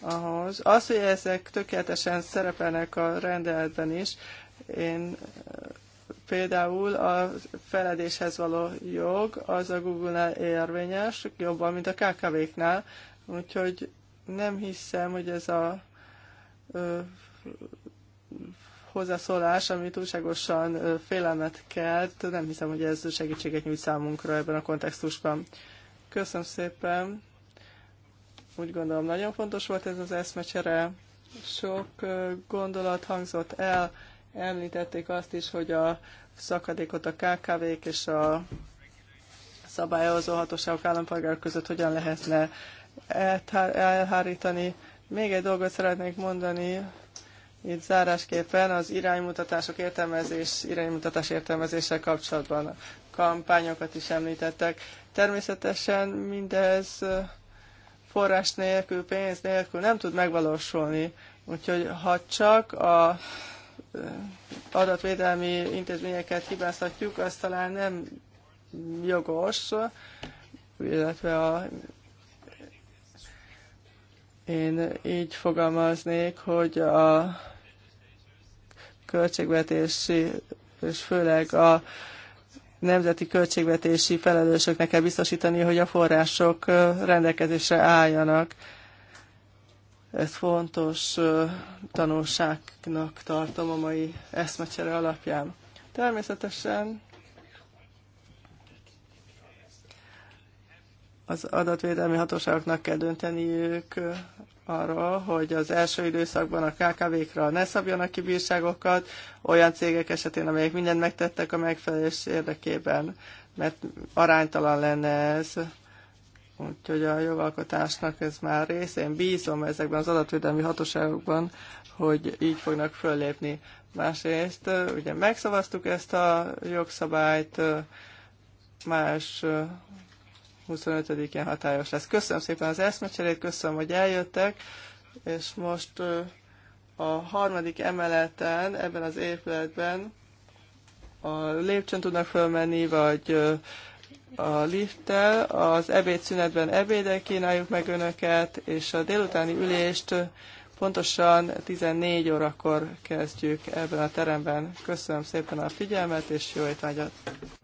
ahhoz. Az, hogy ezek tökéletesen szerepelnek a rendeletben is, én eh, például a feledéshez való jog az a Google-nál érvényes, jobban, mint a KKV-knál, úgyhogy nem hiszem, hogy ez a hozzászólás, ami túlságosan félelmet kelt. Nem hiszem, hogy ez segítséget nyújt számunkra ebben a kontextusban. Köszönöm szépen. Úgy gondolom, nagyon fontos volt ez az eszmecsere. Sok gondolat hangzott el. Említették azt is, hogy a szakadékot a KKV-k és a szabályozó hatóságok állampolgárok között hogyan lehetne elhárítani. Még egy dolgot szeretnék mondani, itt zárásképpen az iránymutatások értelmezés, iránymutatás értelmezéssel kapcsolatban a kampányokat is említettek. Természetesen mindez forrás nélkül, pénz nélkül nem tud megvalósulni. Úgyhogy ha csak a adatvédelmi intézményeket hibáztatjuk, az talán nem jogos, illetve a én így fogalmaznék, hogy a költségvetési, és főleg a nemzeti költségvetési felelősöknek kell biztosítani, hogy a források rendelkezésre álljanak. Ez fontos tanulságnak tartom a mai eszmecsere alapján. Természetesen az adatvédelmi hatóságoknak kell dönteni ők arról, hogy az első időszakban a KKV-kra ne szabjanak ki bírságokat, olyan cégek esetén, amelyek mindent megtettek a megfelelés érdekében, mert aránytalan lenne ez. Úgyhogy a jogalkotásnak ez már rész. Én bízom ezekben az adatvédelmi hatóságokban, hogy így fognak föllépni. Másrészt ugye megszavaztuk ezt a jogszabályt, más 25-én hatályos lesz. Köszönöm szépen az eszmecserét, köszönöm, hogy eljöttek, és most a harmadik emeleten, ebben az épületben a lépcsőn tudnak fölmenni, vagy a lifttel, az ebédszünetben ebédek kínáljuk meg önöket, és a délutáni ülést pontosan 14 órakor kezdjük ebben a teremben. Köszönöm szépen a figyelmet, és jó étvágyat!